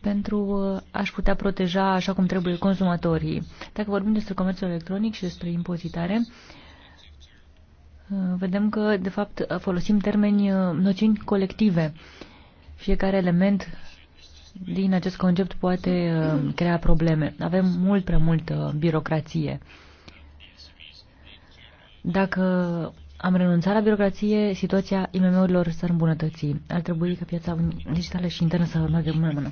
pentru uh, a-și putea proteja așa cum trebuie consumatorii. Dacă vorbim despre comerțul electronic și despre impozitare, uh, vedem că, de fapt, folosim termeni, uh, noțiuni colective. Fiecare element din acest concept poate crea probleme. Avem mult prea multă birocrație. Dacă am renunțat la birocrație, situația IMM-urilor s-ar îmbunătăți. Ar trebui ca piața digitală și internă să meargă mână mână.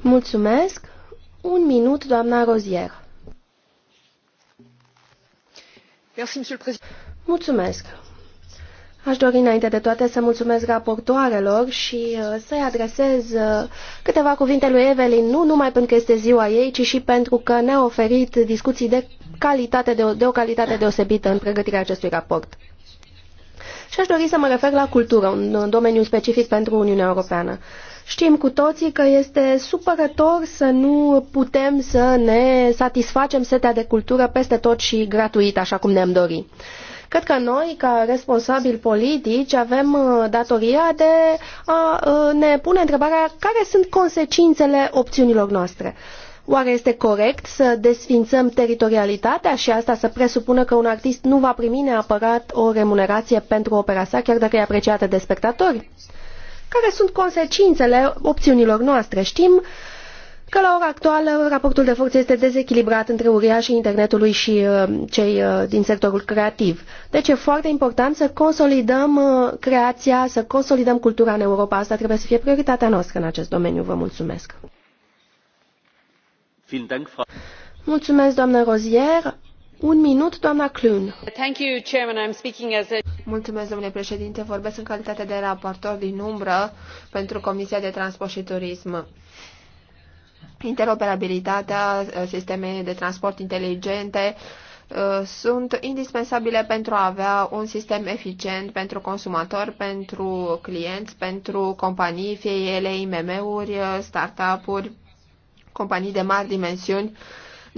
Mulțumesc. Un minut, doamna Rozier. Mulțumesc. Aș dori înainte de toate să mulțumesc raportoarelor și uh, să-i adresez uh, câteva cuvinte lui Evelyn, nu numai pentru că este ziua ei, ci și pentru că ne-a oferit discuții de, calitate, de, o, de o calitate deosebită în pregătirea acestui raport. Și aș dori să mă refer la cultură, un domeniu specific pentru Uniunea Europeană. Știm cu toții că este supărător să nu putem să ne satisfacem setea de cultură peste tot și gratuit, așa cum ne-am dorit. Cred că noi, ca responsabili politici, avem uh, datoria de a uh, ne pune întrebarea care sunt consecințele opțiunilor noastre. Oare este corect să desfințăm teritorialitatea și asta să presupună că un artist nu va primi neapărat o remunerație pentru opera sa, chiar dacă e apreciată de spectatori? Care sunt consecințele opțiunilor noastre? Știm că la ora actuală raportul de forță este dezechilibrat între uriașii internetului și uh, cei uh, din sectorul creativ. Deci e foarte important să consolidăm uh, creația, să consolidăm cultura în Europa. Asta trebuie să fie prioritatea noastră în acest domeniu. Vă mulțumesc. Mulțumesc, doamnă Rozier. Un minut, doamna Clun. Mulțumesc, domnule președinte. Vorbesc în calitate de raportor din umbră pentru Comisia de Transport și Turism interoperabilitatea, uh, sisteme de transport inteligente uh, sunt indispensabile pentru a avea un sistem eficient pentru consumatori, pentru clienți, pentru companii, fie ele IMM-uri, uh, startup-uri, companii de mari dimensiuni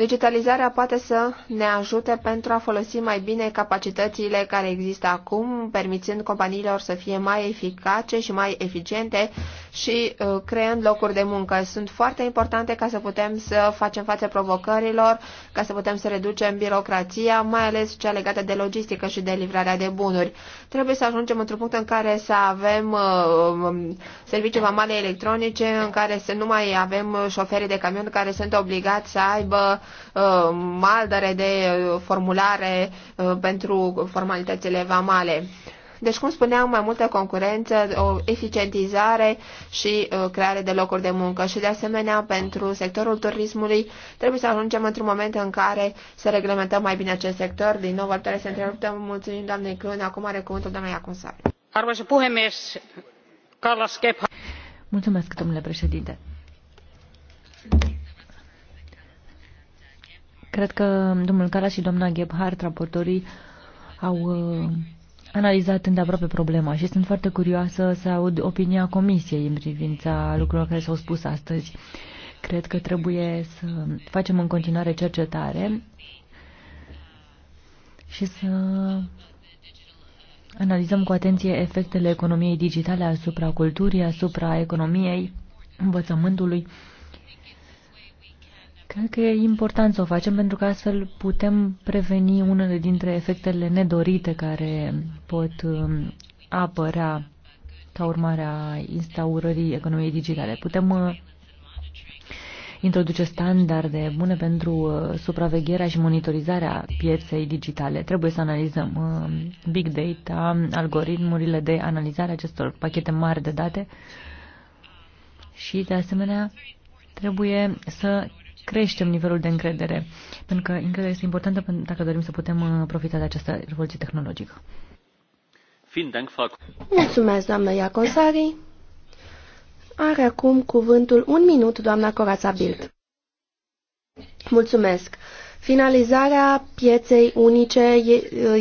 Digitalizarea poate să ne ajute pentru a folosi mai bine capacitățile care există acum, permițând companiilor să fie mai eficace și mai eficiente și uh, creând locuri de muncă. Sunt foarte importante ca să putem să facem față provocărilor, ca să putem să reducem birocrația, mai ales cea legată de logistică și de livrarea de bunuri. Trebuie să ajungem într-un punct în care să avem uh, um, servicii vamale electronice, în care să nu mai avem șoferi de camion care sunt obligați să aibă Uh, maldere de uh, formulare uh, pentru formalitățile vamale. Deci, cum spuneam, mai multă concurență, o eficientizare și uh, creare de locuri de muncă. Și, de asemenea, pentru sectorul turismului trebuie să ajungem într-un moment în care să reglementăm mai bine acest sector. Din nou, vorbitoare se întreruptă. Mulțumim, doamnei Cluni. Acum are cuvântul doamna Iacunsar. Arvoisa puhemies, Carlos Mulțumesc, domnule președinte. Cred că domnul Cala și doamna Gebhardt, raportorii, au uh, analizat îndeaproape problema și sunt foarte curioasă să aud opinia Comisiei în privința lucrurilor care s-au spus astăzi. Cred că trebuie să facem în continuare cercetare și să analizăm cu atenție efectele economiei digitale asupra culturii, asupra economiei, învățământului Cred că e important să o facem pentru că astfel putem preveni unele dintre efectele nedorite care pot um, apărea ca urmare a instaurării economiei digitale. Putem uh, introduce standarde bune pentru uh, supravegherea și monitorizarea pieței digitale. Trebuie să analizăm uh, big data, algoritmurile de analizare acestor pachete mari de date și, de asemenea, trebuie să creștem nivelul de încredere, pentru că încrederea este importantă dacă dorim să putem uh, profita de această revoluție tehnologică. Mulțumesc, doamnă Iaconsari. Are acum cuvântul un minut, doamna Corața Bild. Mulțumesc. Finalizarea pieței unice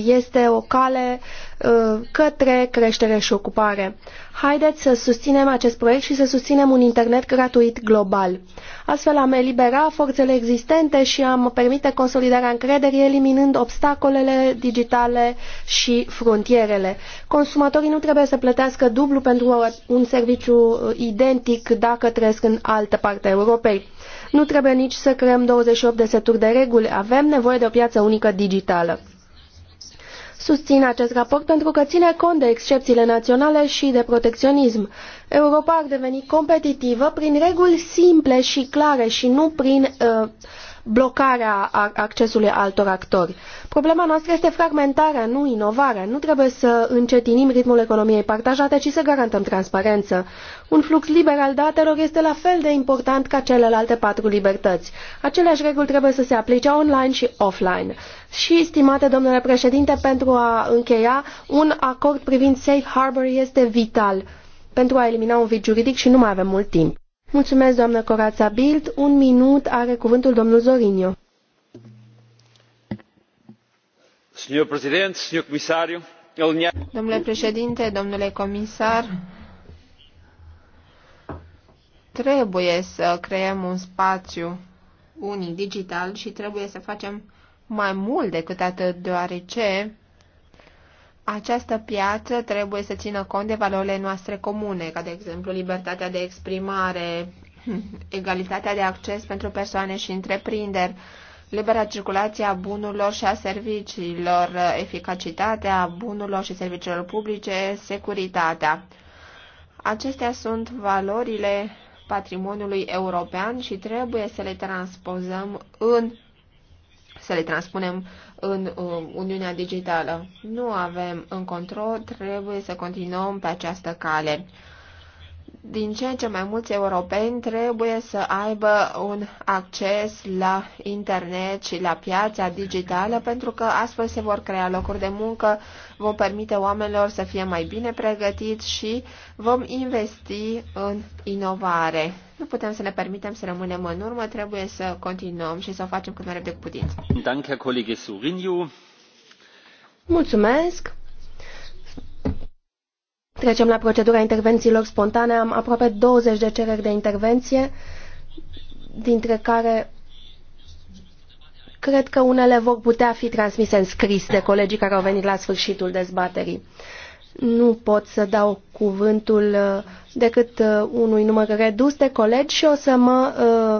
este o cale ă, către creștere și ocupare. Haideți să susținem acest proiect și să susținem un internet gratuit global. Astfel am eliberat forțele existente și am permite consolidarea încrederii, eliminând obstacolele digitale și frontierele. Consumatorii nu trebuie să plătească dublu pentru un serviciu ă, identic dacă trăiesc în altă parte a Europei. Nu trebuie nici să creăm 28 de seturi de reguli, avem nevoie de o piață unică digitală. Susțin acest raport pentru că ține cont de excepțiile naționale și de protecționism. Europa ar deveni competitivă prin reguli simple și clare și nu prin uh, blocarea accesului altor actori. Problema noastră este fragmentarea, nu inovarea. Nu trebuie să încetinim ritmul economiei partajate, ci să garantăm transparență. Un flux liber al datelor este la fel de important ca celelalte patru libertăți. Aceleași reguli trebuie să se aplice online și offline. Și, stimate domnule președinte, pentru a încheia, un acord privind Safe Harbor este vital pentru a elimina un vid juridic și nu mai avem mult timp. Mulțumesc, doamnă Corața Bild. Un minut are cuvântul domnul Zorinio. Domnule președinte, domnule comisar, Trebuie să creăm un spațiu unic digital și trebuie să facem mai mult decât atât, deoarece această piață trebuie să țină cont de valorile noastre comune, ca de exemplu libertatea de exprimare, egalitatea de acces pentru persoane și întreprinderi, libera circulație a bunurilor și a serviciilor, eficacitatea bunurilor și serviciilor publice, securitatea. Acestea sunt valorile patrimoniului european și trebuie să le transpozăm în să le transpunem în uh, Uniunea Digitală. Nu avem în control, trebuie să continuăm pe această cale din ce în ce mai mulți europeni trebuie să aibă un acces la internet și la piața digitală, pentru că astfel se vor crea locuri de muncă, vom permite oamenilor să fie mai bine pregătiți și vom investi în inovare. Nu putem să ne permitem să rămânem în urmă, trebuie să continuăm și să o facem cât mai repede cu putință. Mulțumesc! Trecem la procedura intervențiilor spontane. Am aproape 20 de cereri de intervenție, dintre care cred că unele vor putea fi transmise în scris de colegii care au venit la sfârșitul dezbaterii. Nu pot să dau cuvântul uh, decât uh, unui număr redus de colegi și o să mă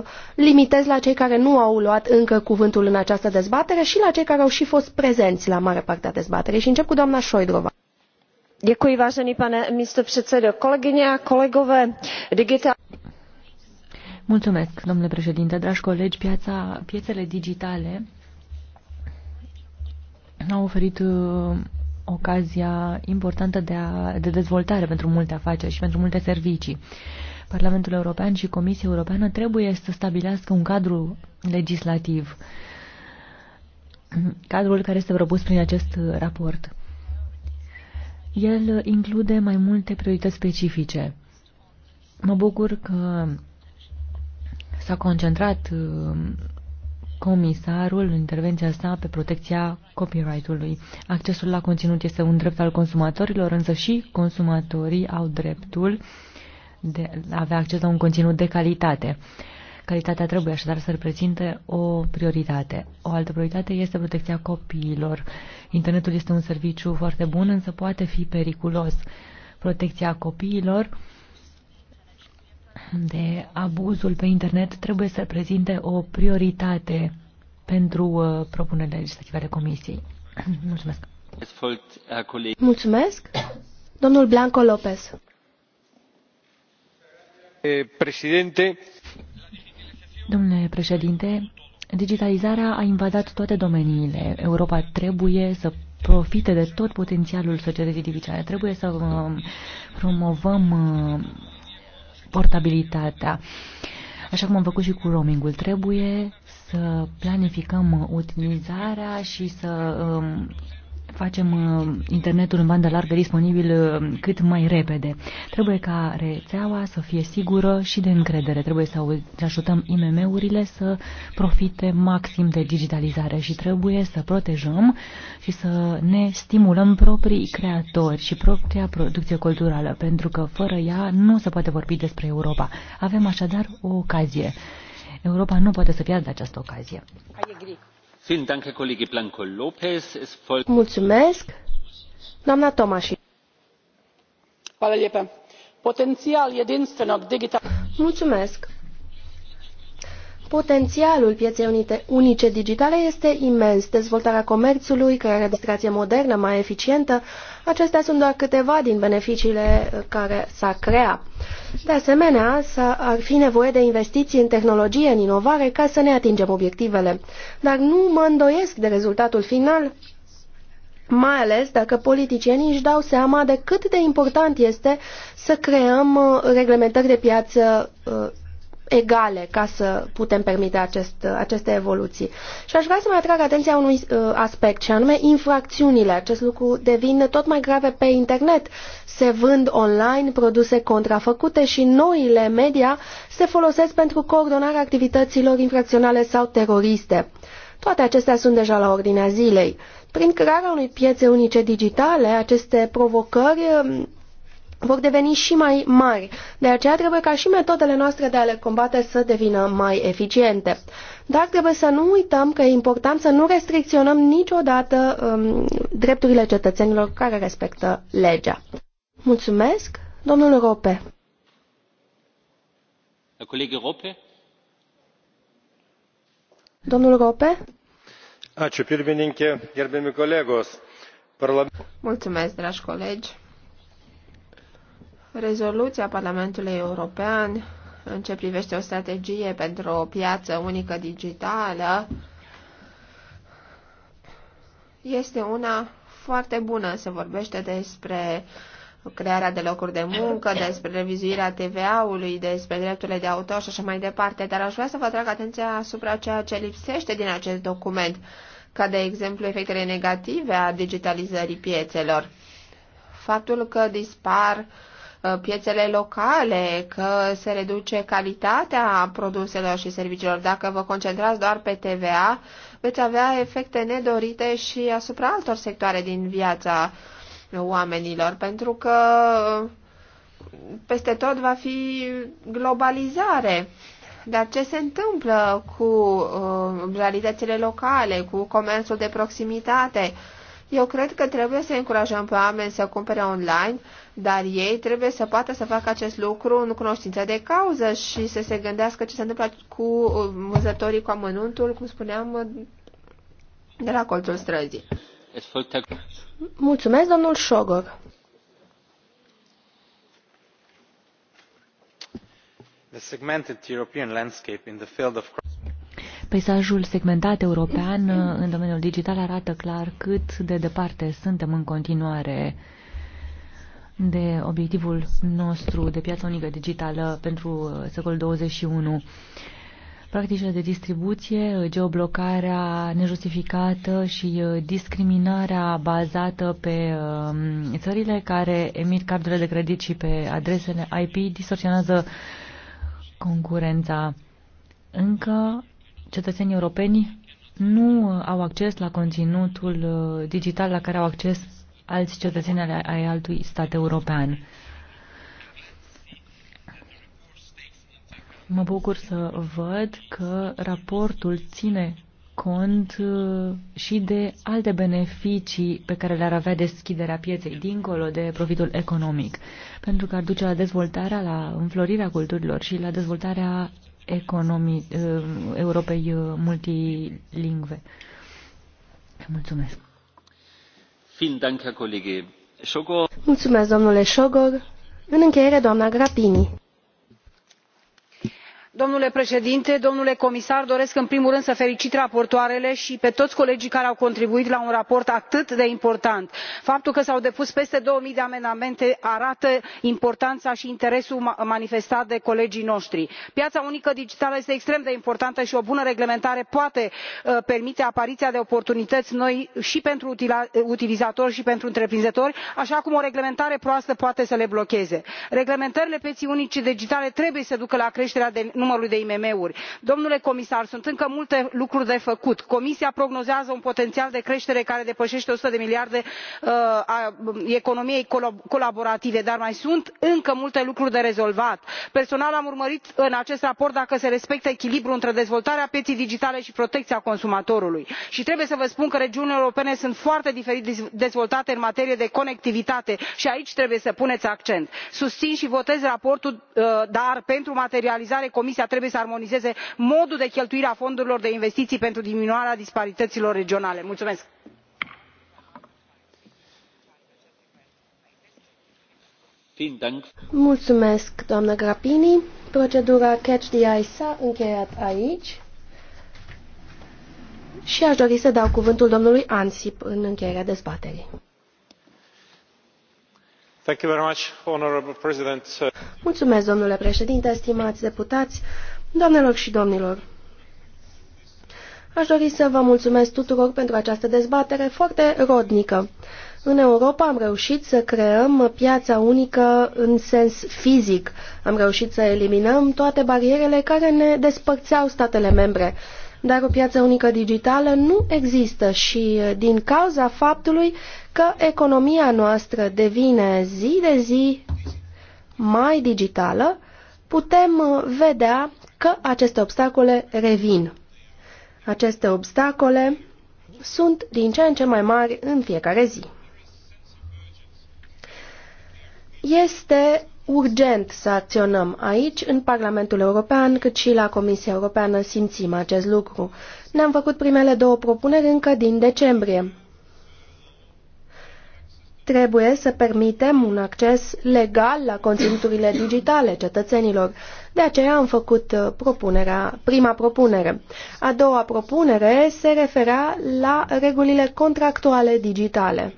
uh, limitez la cei care nu au luat încă cuvântul în această dezbatere și la cei care au și fost prezenți la mare parte a dezbaterii. Și încep cu doamna Șoidrova pane Mulțumesc, domnule președinte dragi colegi piețele digitale au oferit uh, ocazia importantă de, de dezvoltare pentru multe afaceri și pentru multe servicii. Parlamentul European și Comisia Europeană trebuie să stabilească un cadru legislativ, cadrul care este propus prin acest raport el include mai multe priorități specifice. Mă bucur că s-a concentrat uh, comisarul în intervenția sa pe protecția copyright-ului. Accesul la conținut este un drept al consumatorilor, însă și consumatorii au dreptul de a avea acces la un conținut de calitate. Uh, Calitatea trebuie așadar să reprezinte o prioritate. O altă prioritate este protecția copiilor. Internetul este un serviciu foarte bun, însă poate fi periculos. Protecția copiilor de abuzul pe internet trebuie să reprezinte o prioritate pentru uh, propunerile legislative ale Comisiei. Mulțumesc. Mulțumesc. Domnul Blanco Lopez. Eh, Președinte, Domnule președinte, digitalizarea a invadat toate domeniile. Europa trebuie să profite de tot potențialul societății digitale. Trebuie să um, promovăm uh, portabilitatea. Așa cum am făcut și cu roamingul, trebuie să planificăm utilizarea și să um, facem uh, internetul în bandă largă disponibil uh, cât mai repede. Trebuie ca rețeaua să fie sigură și de încredere. Trebuie să ajutăm IMM-urile să profite maxim de digitalizare și trebuie să protejăm și să ne stimulăm proprii creatori și propria producție culturală, pentru că fără ea nu se poate vorbi despre Europa. Avem așadar o ocazie. Europa nu poate să piardă această ocazie. e gric doamnă președintă potențial jedinstvenog digitalnog tržišta uniunii potrivit cifrelor statistice Potențialul pieței unite, unice digitale este imens. Dezvoltarea comerțului, crearea de administrație modernă, mai eficientă, acestea sunt doar câteva din beneficiile uh, care s-ar crea. De asemenea, ar fi nevoie de investiții în tehnologie, în inovare, ca să ne atingem obiectivele. Dar nu mă îndoiesc de rezultatul final, mai ales dacă politicienii își dau seama de cât de important este să creăm uh, reglementări de piață uh, egale ca să putem permite acest, aceste evoluții. Și aș vrea să mai atrag atenția unui uh, aspect, și anume infracțiunile. Acest lucru devine tot mai grave pe internet. Se vând online produse contrafăcute și noile media se folosesc pentru coordonarea activităților infracționale sau teroriste. Toate acestea sunt deja la ordinea zilei. Prin crearea unei piețe unice digitale, aceste provocări um, vor deveni și mai mari. De aceea trebuie ca și metodele noastre de a le combate să devină mai eficiente. Dar trebuie să nu uităm că e important să nu restricționăm niciodată um, drepturile cetățenilor care respectă legea. Mulțumesc, domnul Rope. Colegul Rope? Domnul Rope? Ačiū pirmininkė, gerbiami kolegos. Mulțumesc, dragi colegi. Rezoluția Parlamentului European în ce privește o strategie pentru o piață unică digitală este una foarte bună. Se vorbește despre crearea de locuri de muncă, despre revizuirea TVA-ului, despre drepturile de autor și așa mai departe, dar aș vrea să vă atrag atenția asupra ceea ce lipsește din acest document, ca de exemplu efectele negative a digitalizării piețelor. Faptul că dispar uh, Uh, piețele locale, că se reduce calitatea produselor și serviciilor. Dacă vă concentrați doar pe TVA, veți avea efecte nedorite și asupra altor sectoare din viața oamenilor, pentru că uh, peste tot va fi globalizare. Dar ce se întâmplă cu uh, realitățile locale, cu comerțul de proximitate? Eu cred că trebuie să încurajăm pe oameni să cumpere online, dar ei trebuie să poată să facă acest lucru în cunoștință de cauză și să se gândească ce se întâmplă cu uh, vânzătorii cu amănuntul, cum spuneam, uh, de la colțul străzii. Mulțumesc, domnul Șogor. The segmented European landscape in the field of Peisajul segmentat european uh, în domeniul digital arată clar cât de departe suntem în continuare uh, de obiectivul nostru de piața unică digitală pentru uh, secolul 21. Practicile de distribuție, geoblocarea nejustificată și uh, discriminarea bazată pe uh, țările care emit cardurile de credit și pe adresele IP distorsionează concurența. Încă cetățenii europeni nu au acces la conținutul digital la care au acces alți cetățeni ai altui stat european. Mă bucur să văd că raportul ține cont uh, și de alte beneficii pe care le-ar avea deschiderea pieței, dincolo de profitul economic, pentru că ar duce la dezvoltarea, la înflorirea culturilor și la dezvoltarea economii, uh, Europei uh, multilingve. Mulțumesc! Mulțumesc, domnule Șogor. În încheiere, doamna Grapini domnule președinte domnule comisar doresc în primul rând să felicit raportoarele și pe toți colegii care au contribuit la un raport atât de important. faptul că s au depus peste doi zero de amendamente arată importanța și interesul manifestat de colegii noștri. piața unică digitală este extrem de importantă și o bună reglementare poate uh, permite apariția de oportunități noi și pentru uh, utilizatori și pentru întreprinzători așa cum o reglementare proastă poate să le blocheze. reglementările pieței unice digitale trebuie să ducă la creșterea numărului numărului de imm uri. domnule comisar sunt încă multe lucruri de făcut comisia prognozează un potențial de creștere care depășește o sută de miliarde uh, a um, economiei colaborative dar mai sunt încă multe lucruri de rezolvat. personal am urmărit în acest raport dacă se respectă echilibrul între dezvoltarea pieței digitale și protecția consumatorului și trebuie să vă spun că regiunile europene sunt foarte diferit dezvoltate în materie de conectivitate și aici trebuie să puneți accent. susțin și votez raportul uh, dar pentru materializare comisia trebuie să și cu propuneri concrete comisia trebuie să armonizeze modul de cheltuire a fondurilor de investiții pentru diminuarea disparităților regionale. mulțumesc. Mulțumesc, Grapini. Procedura Catch the a încheiat aici. Și aș dori să dau cuvântul domnului Ansip în încheierea Mulțumesc, domnule președinte, stimați deputați, doamnelor și domnilor. Aș dori să vă mulțumesc tuturor pentru această dezbatere foarte rodnică. În Europa am reușit să creăm piața unică în sens fizic. Am reușit să eliminăm toate barierele care ne despărțeau statele membre dar o piață unică digitală nu există și din cauza faptului că economia noastră devine zi de zi mai digitală, putem vedea că aceste obstacole revin. Aceste obstacole sunt din ce în ce mai mari în fiecare zi. Este urgent să acționăm aici, în Parlamentul European, cât și la Comisia Europeană simțim acest lucru. Ne-am făcut primele două propuneri încă din decembrie. Trebuie să permitem un acces legal la conținuturile digitale cetățenilor. De aceea am făcut uh, propunerea, prima propunere. A doua propunere se referea la regulile contractuale digitale.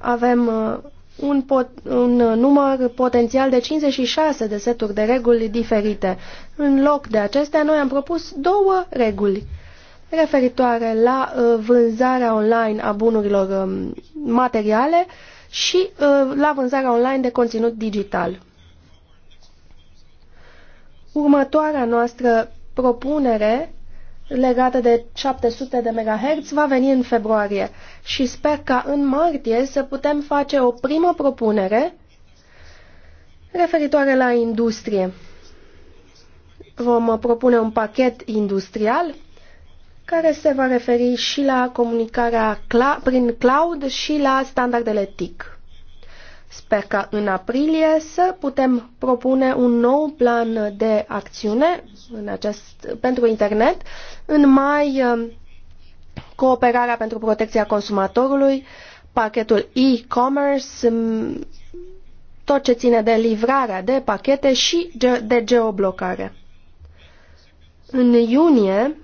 Avem uh, un, pot, un uh, număr potențial de 56 de seturi de reguli diferite. În loc de acestea, noi am propus două reguli referitoare la uh, vânzarea online a bunurilor um, materiale și uh, la vânzarea online de conținut digital. Următoarea noastră propunere legată de 700 de MHz va veni în februarie și sper ca în martie să putem face o primă propunere referitoare la industrie. Vom propune un pachet industrial care se va referi și la comunicarea cl prin cloud și la standardele TIC. Sper ca în aprilie să putem propune un nou plan de acțiune în acest, pentru internet. În mai, um, cooperarea pentru protecția consumatorului, pachetul e-commerce, um, tot ce ține de livrarea de pachete și de geoblocare. În iunie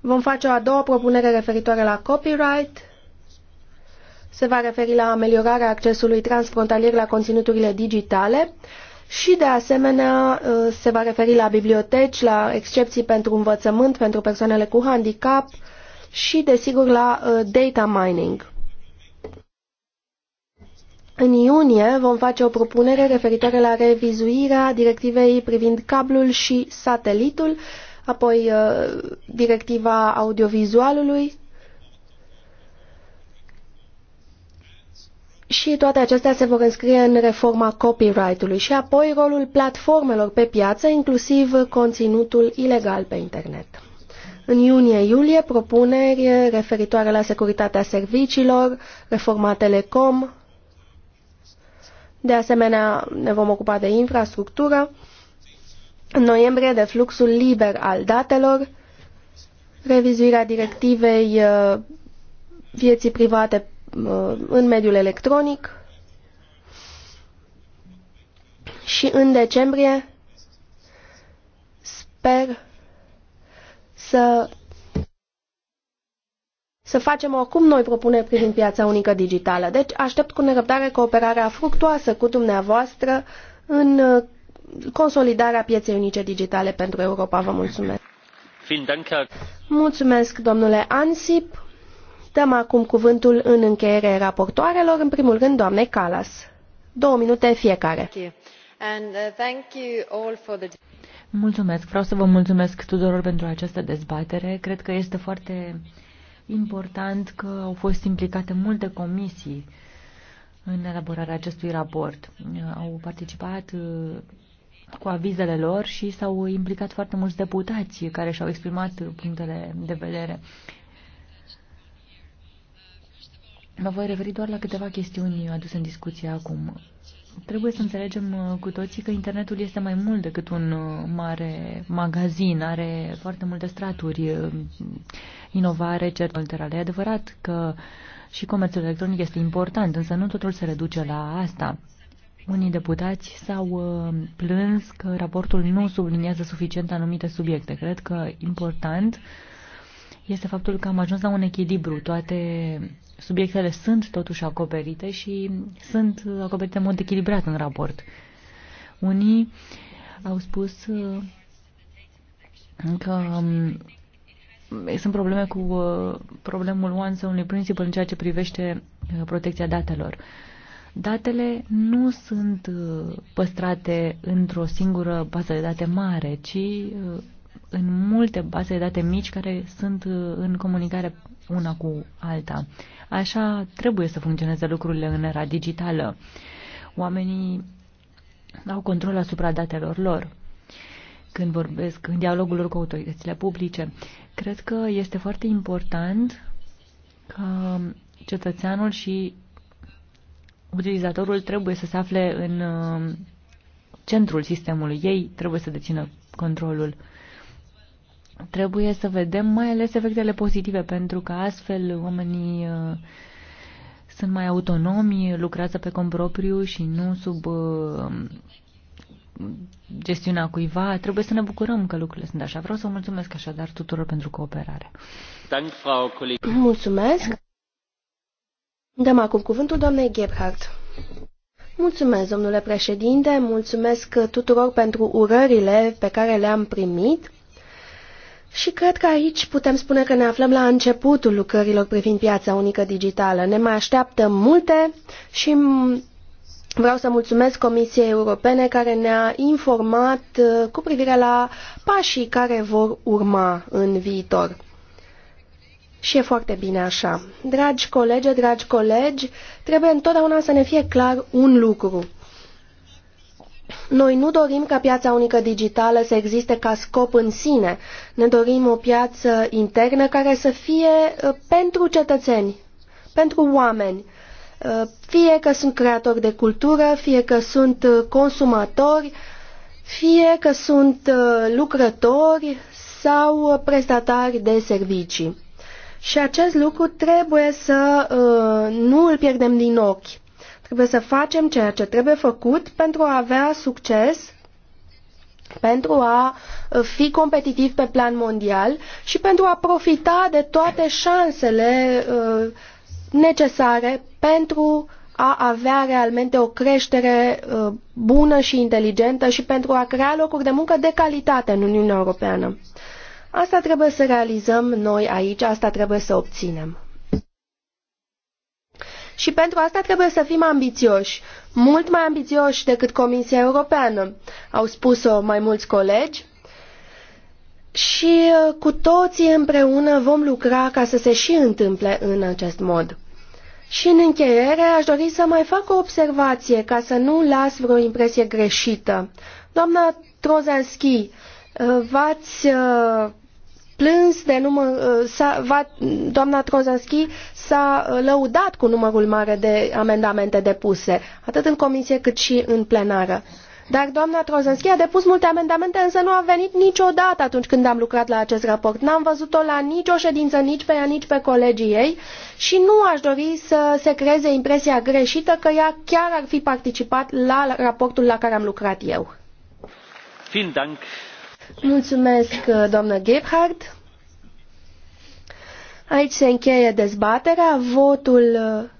vom face o a doua propunere referitoare la copyright se va referi la ameliorarea accesului transfrontalier la conținuturile digitale și, de asemenea, uh, se va referi la biblioteci, la excepții pentru învățământ, pentru persoanele cu handicap și, desigur, la uh, data mining. În iunie vom face o propunere referitoare la revizuirea directivei privind cablul și satelitul, apoi uh, directiva audiovizualului, Și toate acestea se vor înscrie în reforma copyright-ului și apoi rolul platformelor pe piață, inclusiv conținutul ilegal pe internet. În iunie-iulie, propuneri referitoare la securitatea serviciilor, reforma telecom, de asemenea ne vom ocupa de infrastructură, în noiembrie de fluxul liber al datelor, revizuirea directivei uh, vieții private Uh, în mediul electronic și în decembrie sper să să facem oricum noi propuneri prin piața unică digitală. Deci aștept cu nerăbdare cooperarea fructuoasă cu dumneavoastră în uh, consolidarea pieței unice digitale pentru Europa. Vă mulțumesc! Mulțumesc, domnule Ansip! Dăm acum cuvântul în încheiere raportoarelor, în primul rând doamnei Calas. Două minute fiecare. Uh, mulțumesc. Vreau să vă mulțumesc tuturor pentru această dezbatere. Cred că este foarte important că au fost implicate multe comisii în elaborarea acestui raport. Uh, au participat uh, cu avizele lor și s-au implicat foarte mulți deputați care și-au exprimat punctele de vedere. Mă voi referi doar la câteva chestiuni aduse în discuție acum. Trebuie să înțelegem uh, cu toții că internetul este mai mult decât un uh, mare magazin, are foarte multe straturi, uh, inovare, alterale. E adevărat că și comerțul electronic este important, însă nu totul se reduce la asta. Unii deputați s-au plâns că raportul nu subliniază suficient anumite subiecte. Cred că important este faptul că am ajuns la un echilibru. Toate subiectele sunt totuși acoperite și sunt acoperite în mod echilibrat în raport. Unii au spus uh, că um, sunt probleme cu uh, problemul once only principle în ceea ce privește uh, protecția datelor. Datele nu sunt păstrate într-o singură bază de date mare, ci în multe baze de date mici care sunt uh, în comunicare una cu alta. Așa trebuie să funcționeze lucrurile în era digitală. Oamenii au control asupra datelor lor când vorbesc în dialogul lor cu autoritățile publice. Cred că este foarte important că cetățeanul și utilizatorul trebuie să se afle în uh, centrul sistemului. Ei trebuie să dețină controlul. Trebuie să vedem mai ales efectele pozitive, pentru că astfel oamenii uh, sunt mai autonomi, lucrează pe propriu și nu sub uh, gestiunea cuiva. Trebuie să ne bucurăm că lucrurile sunt așa. Vreau să mulțumesc așadar tuturor pentru cooperare. Mulțumesc. Dăm acum cuvântul doamnei Gebhardt. Mulțumesc, domnule președinte, mulțumesc tuturor pentru urările pe care le-am primit. Și cred că aici putem spune că ne aflăm la începutul lucrărilor privind piața unică digitală. Ne mai așteaptă multe și vreau să mulțumesc Comisiei Europene care ne-a informat uh, cu privire la pașii care vor urma în viitor. Și e foarte bine așa. Dragi colegi, dragi colegi, trebuie întotdeauna să ne fie clar un lucru. Noi nu dorim ca piața unică digitală să existe ca scop în sine. Ne dorim o piață internă care să fie uh, pentru cetățeni, pentru oameni. Uh, fie că sunt creatori de cultură, fie că sunt uh, consumatori, fie că sunt lucrători sau prestatari de servicii. Și acest lucru trebuie să nu îl pierdem din ochi Trebuie să facem ceea ce trebuie făcut pentru a avea succes pentru a uh, fi competitiv pe plan mondial și pentru a profita de toate șansele uh, necesare pentru a avea realmente o creștere uh, bună și inteligentă și pentru a crea locuri de muncă de calitate în Uniunea Europeană. Asta trebuie să realizăm noi aici, asta trebuie să obținem. Și pentru asta trebuie să fim ambițioși, mult mai ambițioși decât Comisia Europeană, au spus-o mai mulți colegi. Și uh, cu toții împreună vom lucra ca să se și întâmple în acest mod. Și în încheiere aș dori să mai fac o observație ca să nu las vreo impresie greșită. Doamna Trozanski, uh, v-ați uh, plâns de număr, uh, s-a, va, doamna Trozanski s-a uh, lăudat cu numărul mare de amendamente depuse, atât în comisie cât și în plenară. Dar doamna Trozanski a depus multe amendamente, însă nu a venit niciodată atunci când am lucrat la acest raport. N-am văzut-o la nicio ședință, nici pe ea, nici pe colegii ei și nu aș dori să se creeze impresia greșită că ea chiar ar fi participat la raportul la care am lucrat eu. Vielen Dank. Mulțumesc, uh, doamnă Gebhardt. Aici se încheie dezbaterea. Votul uh,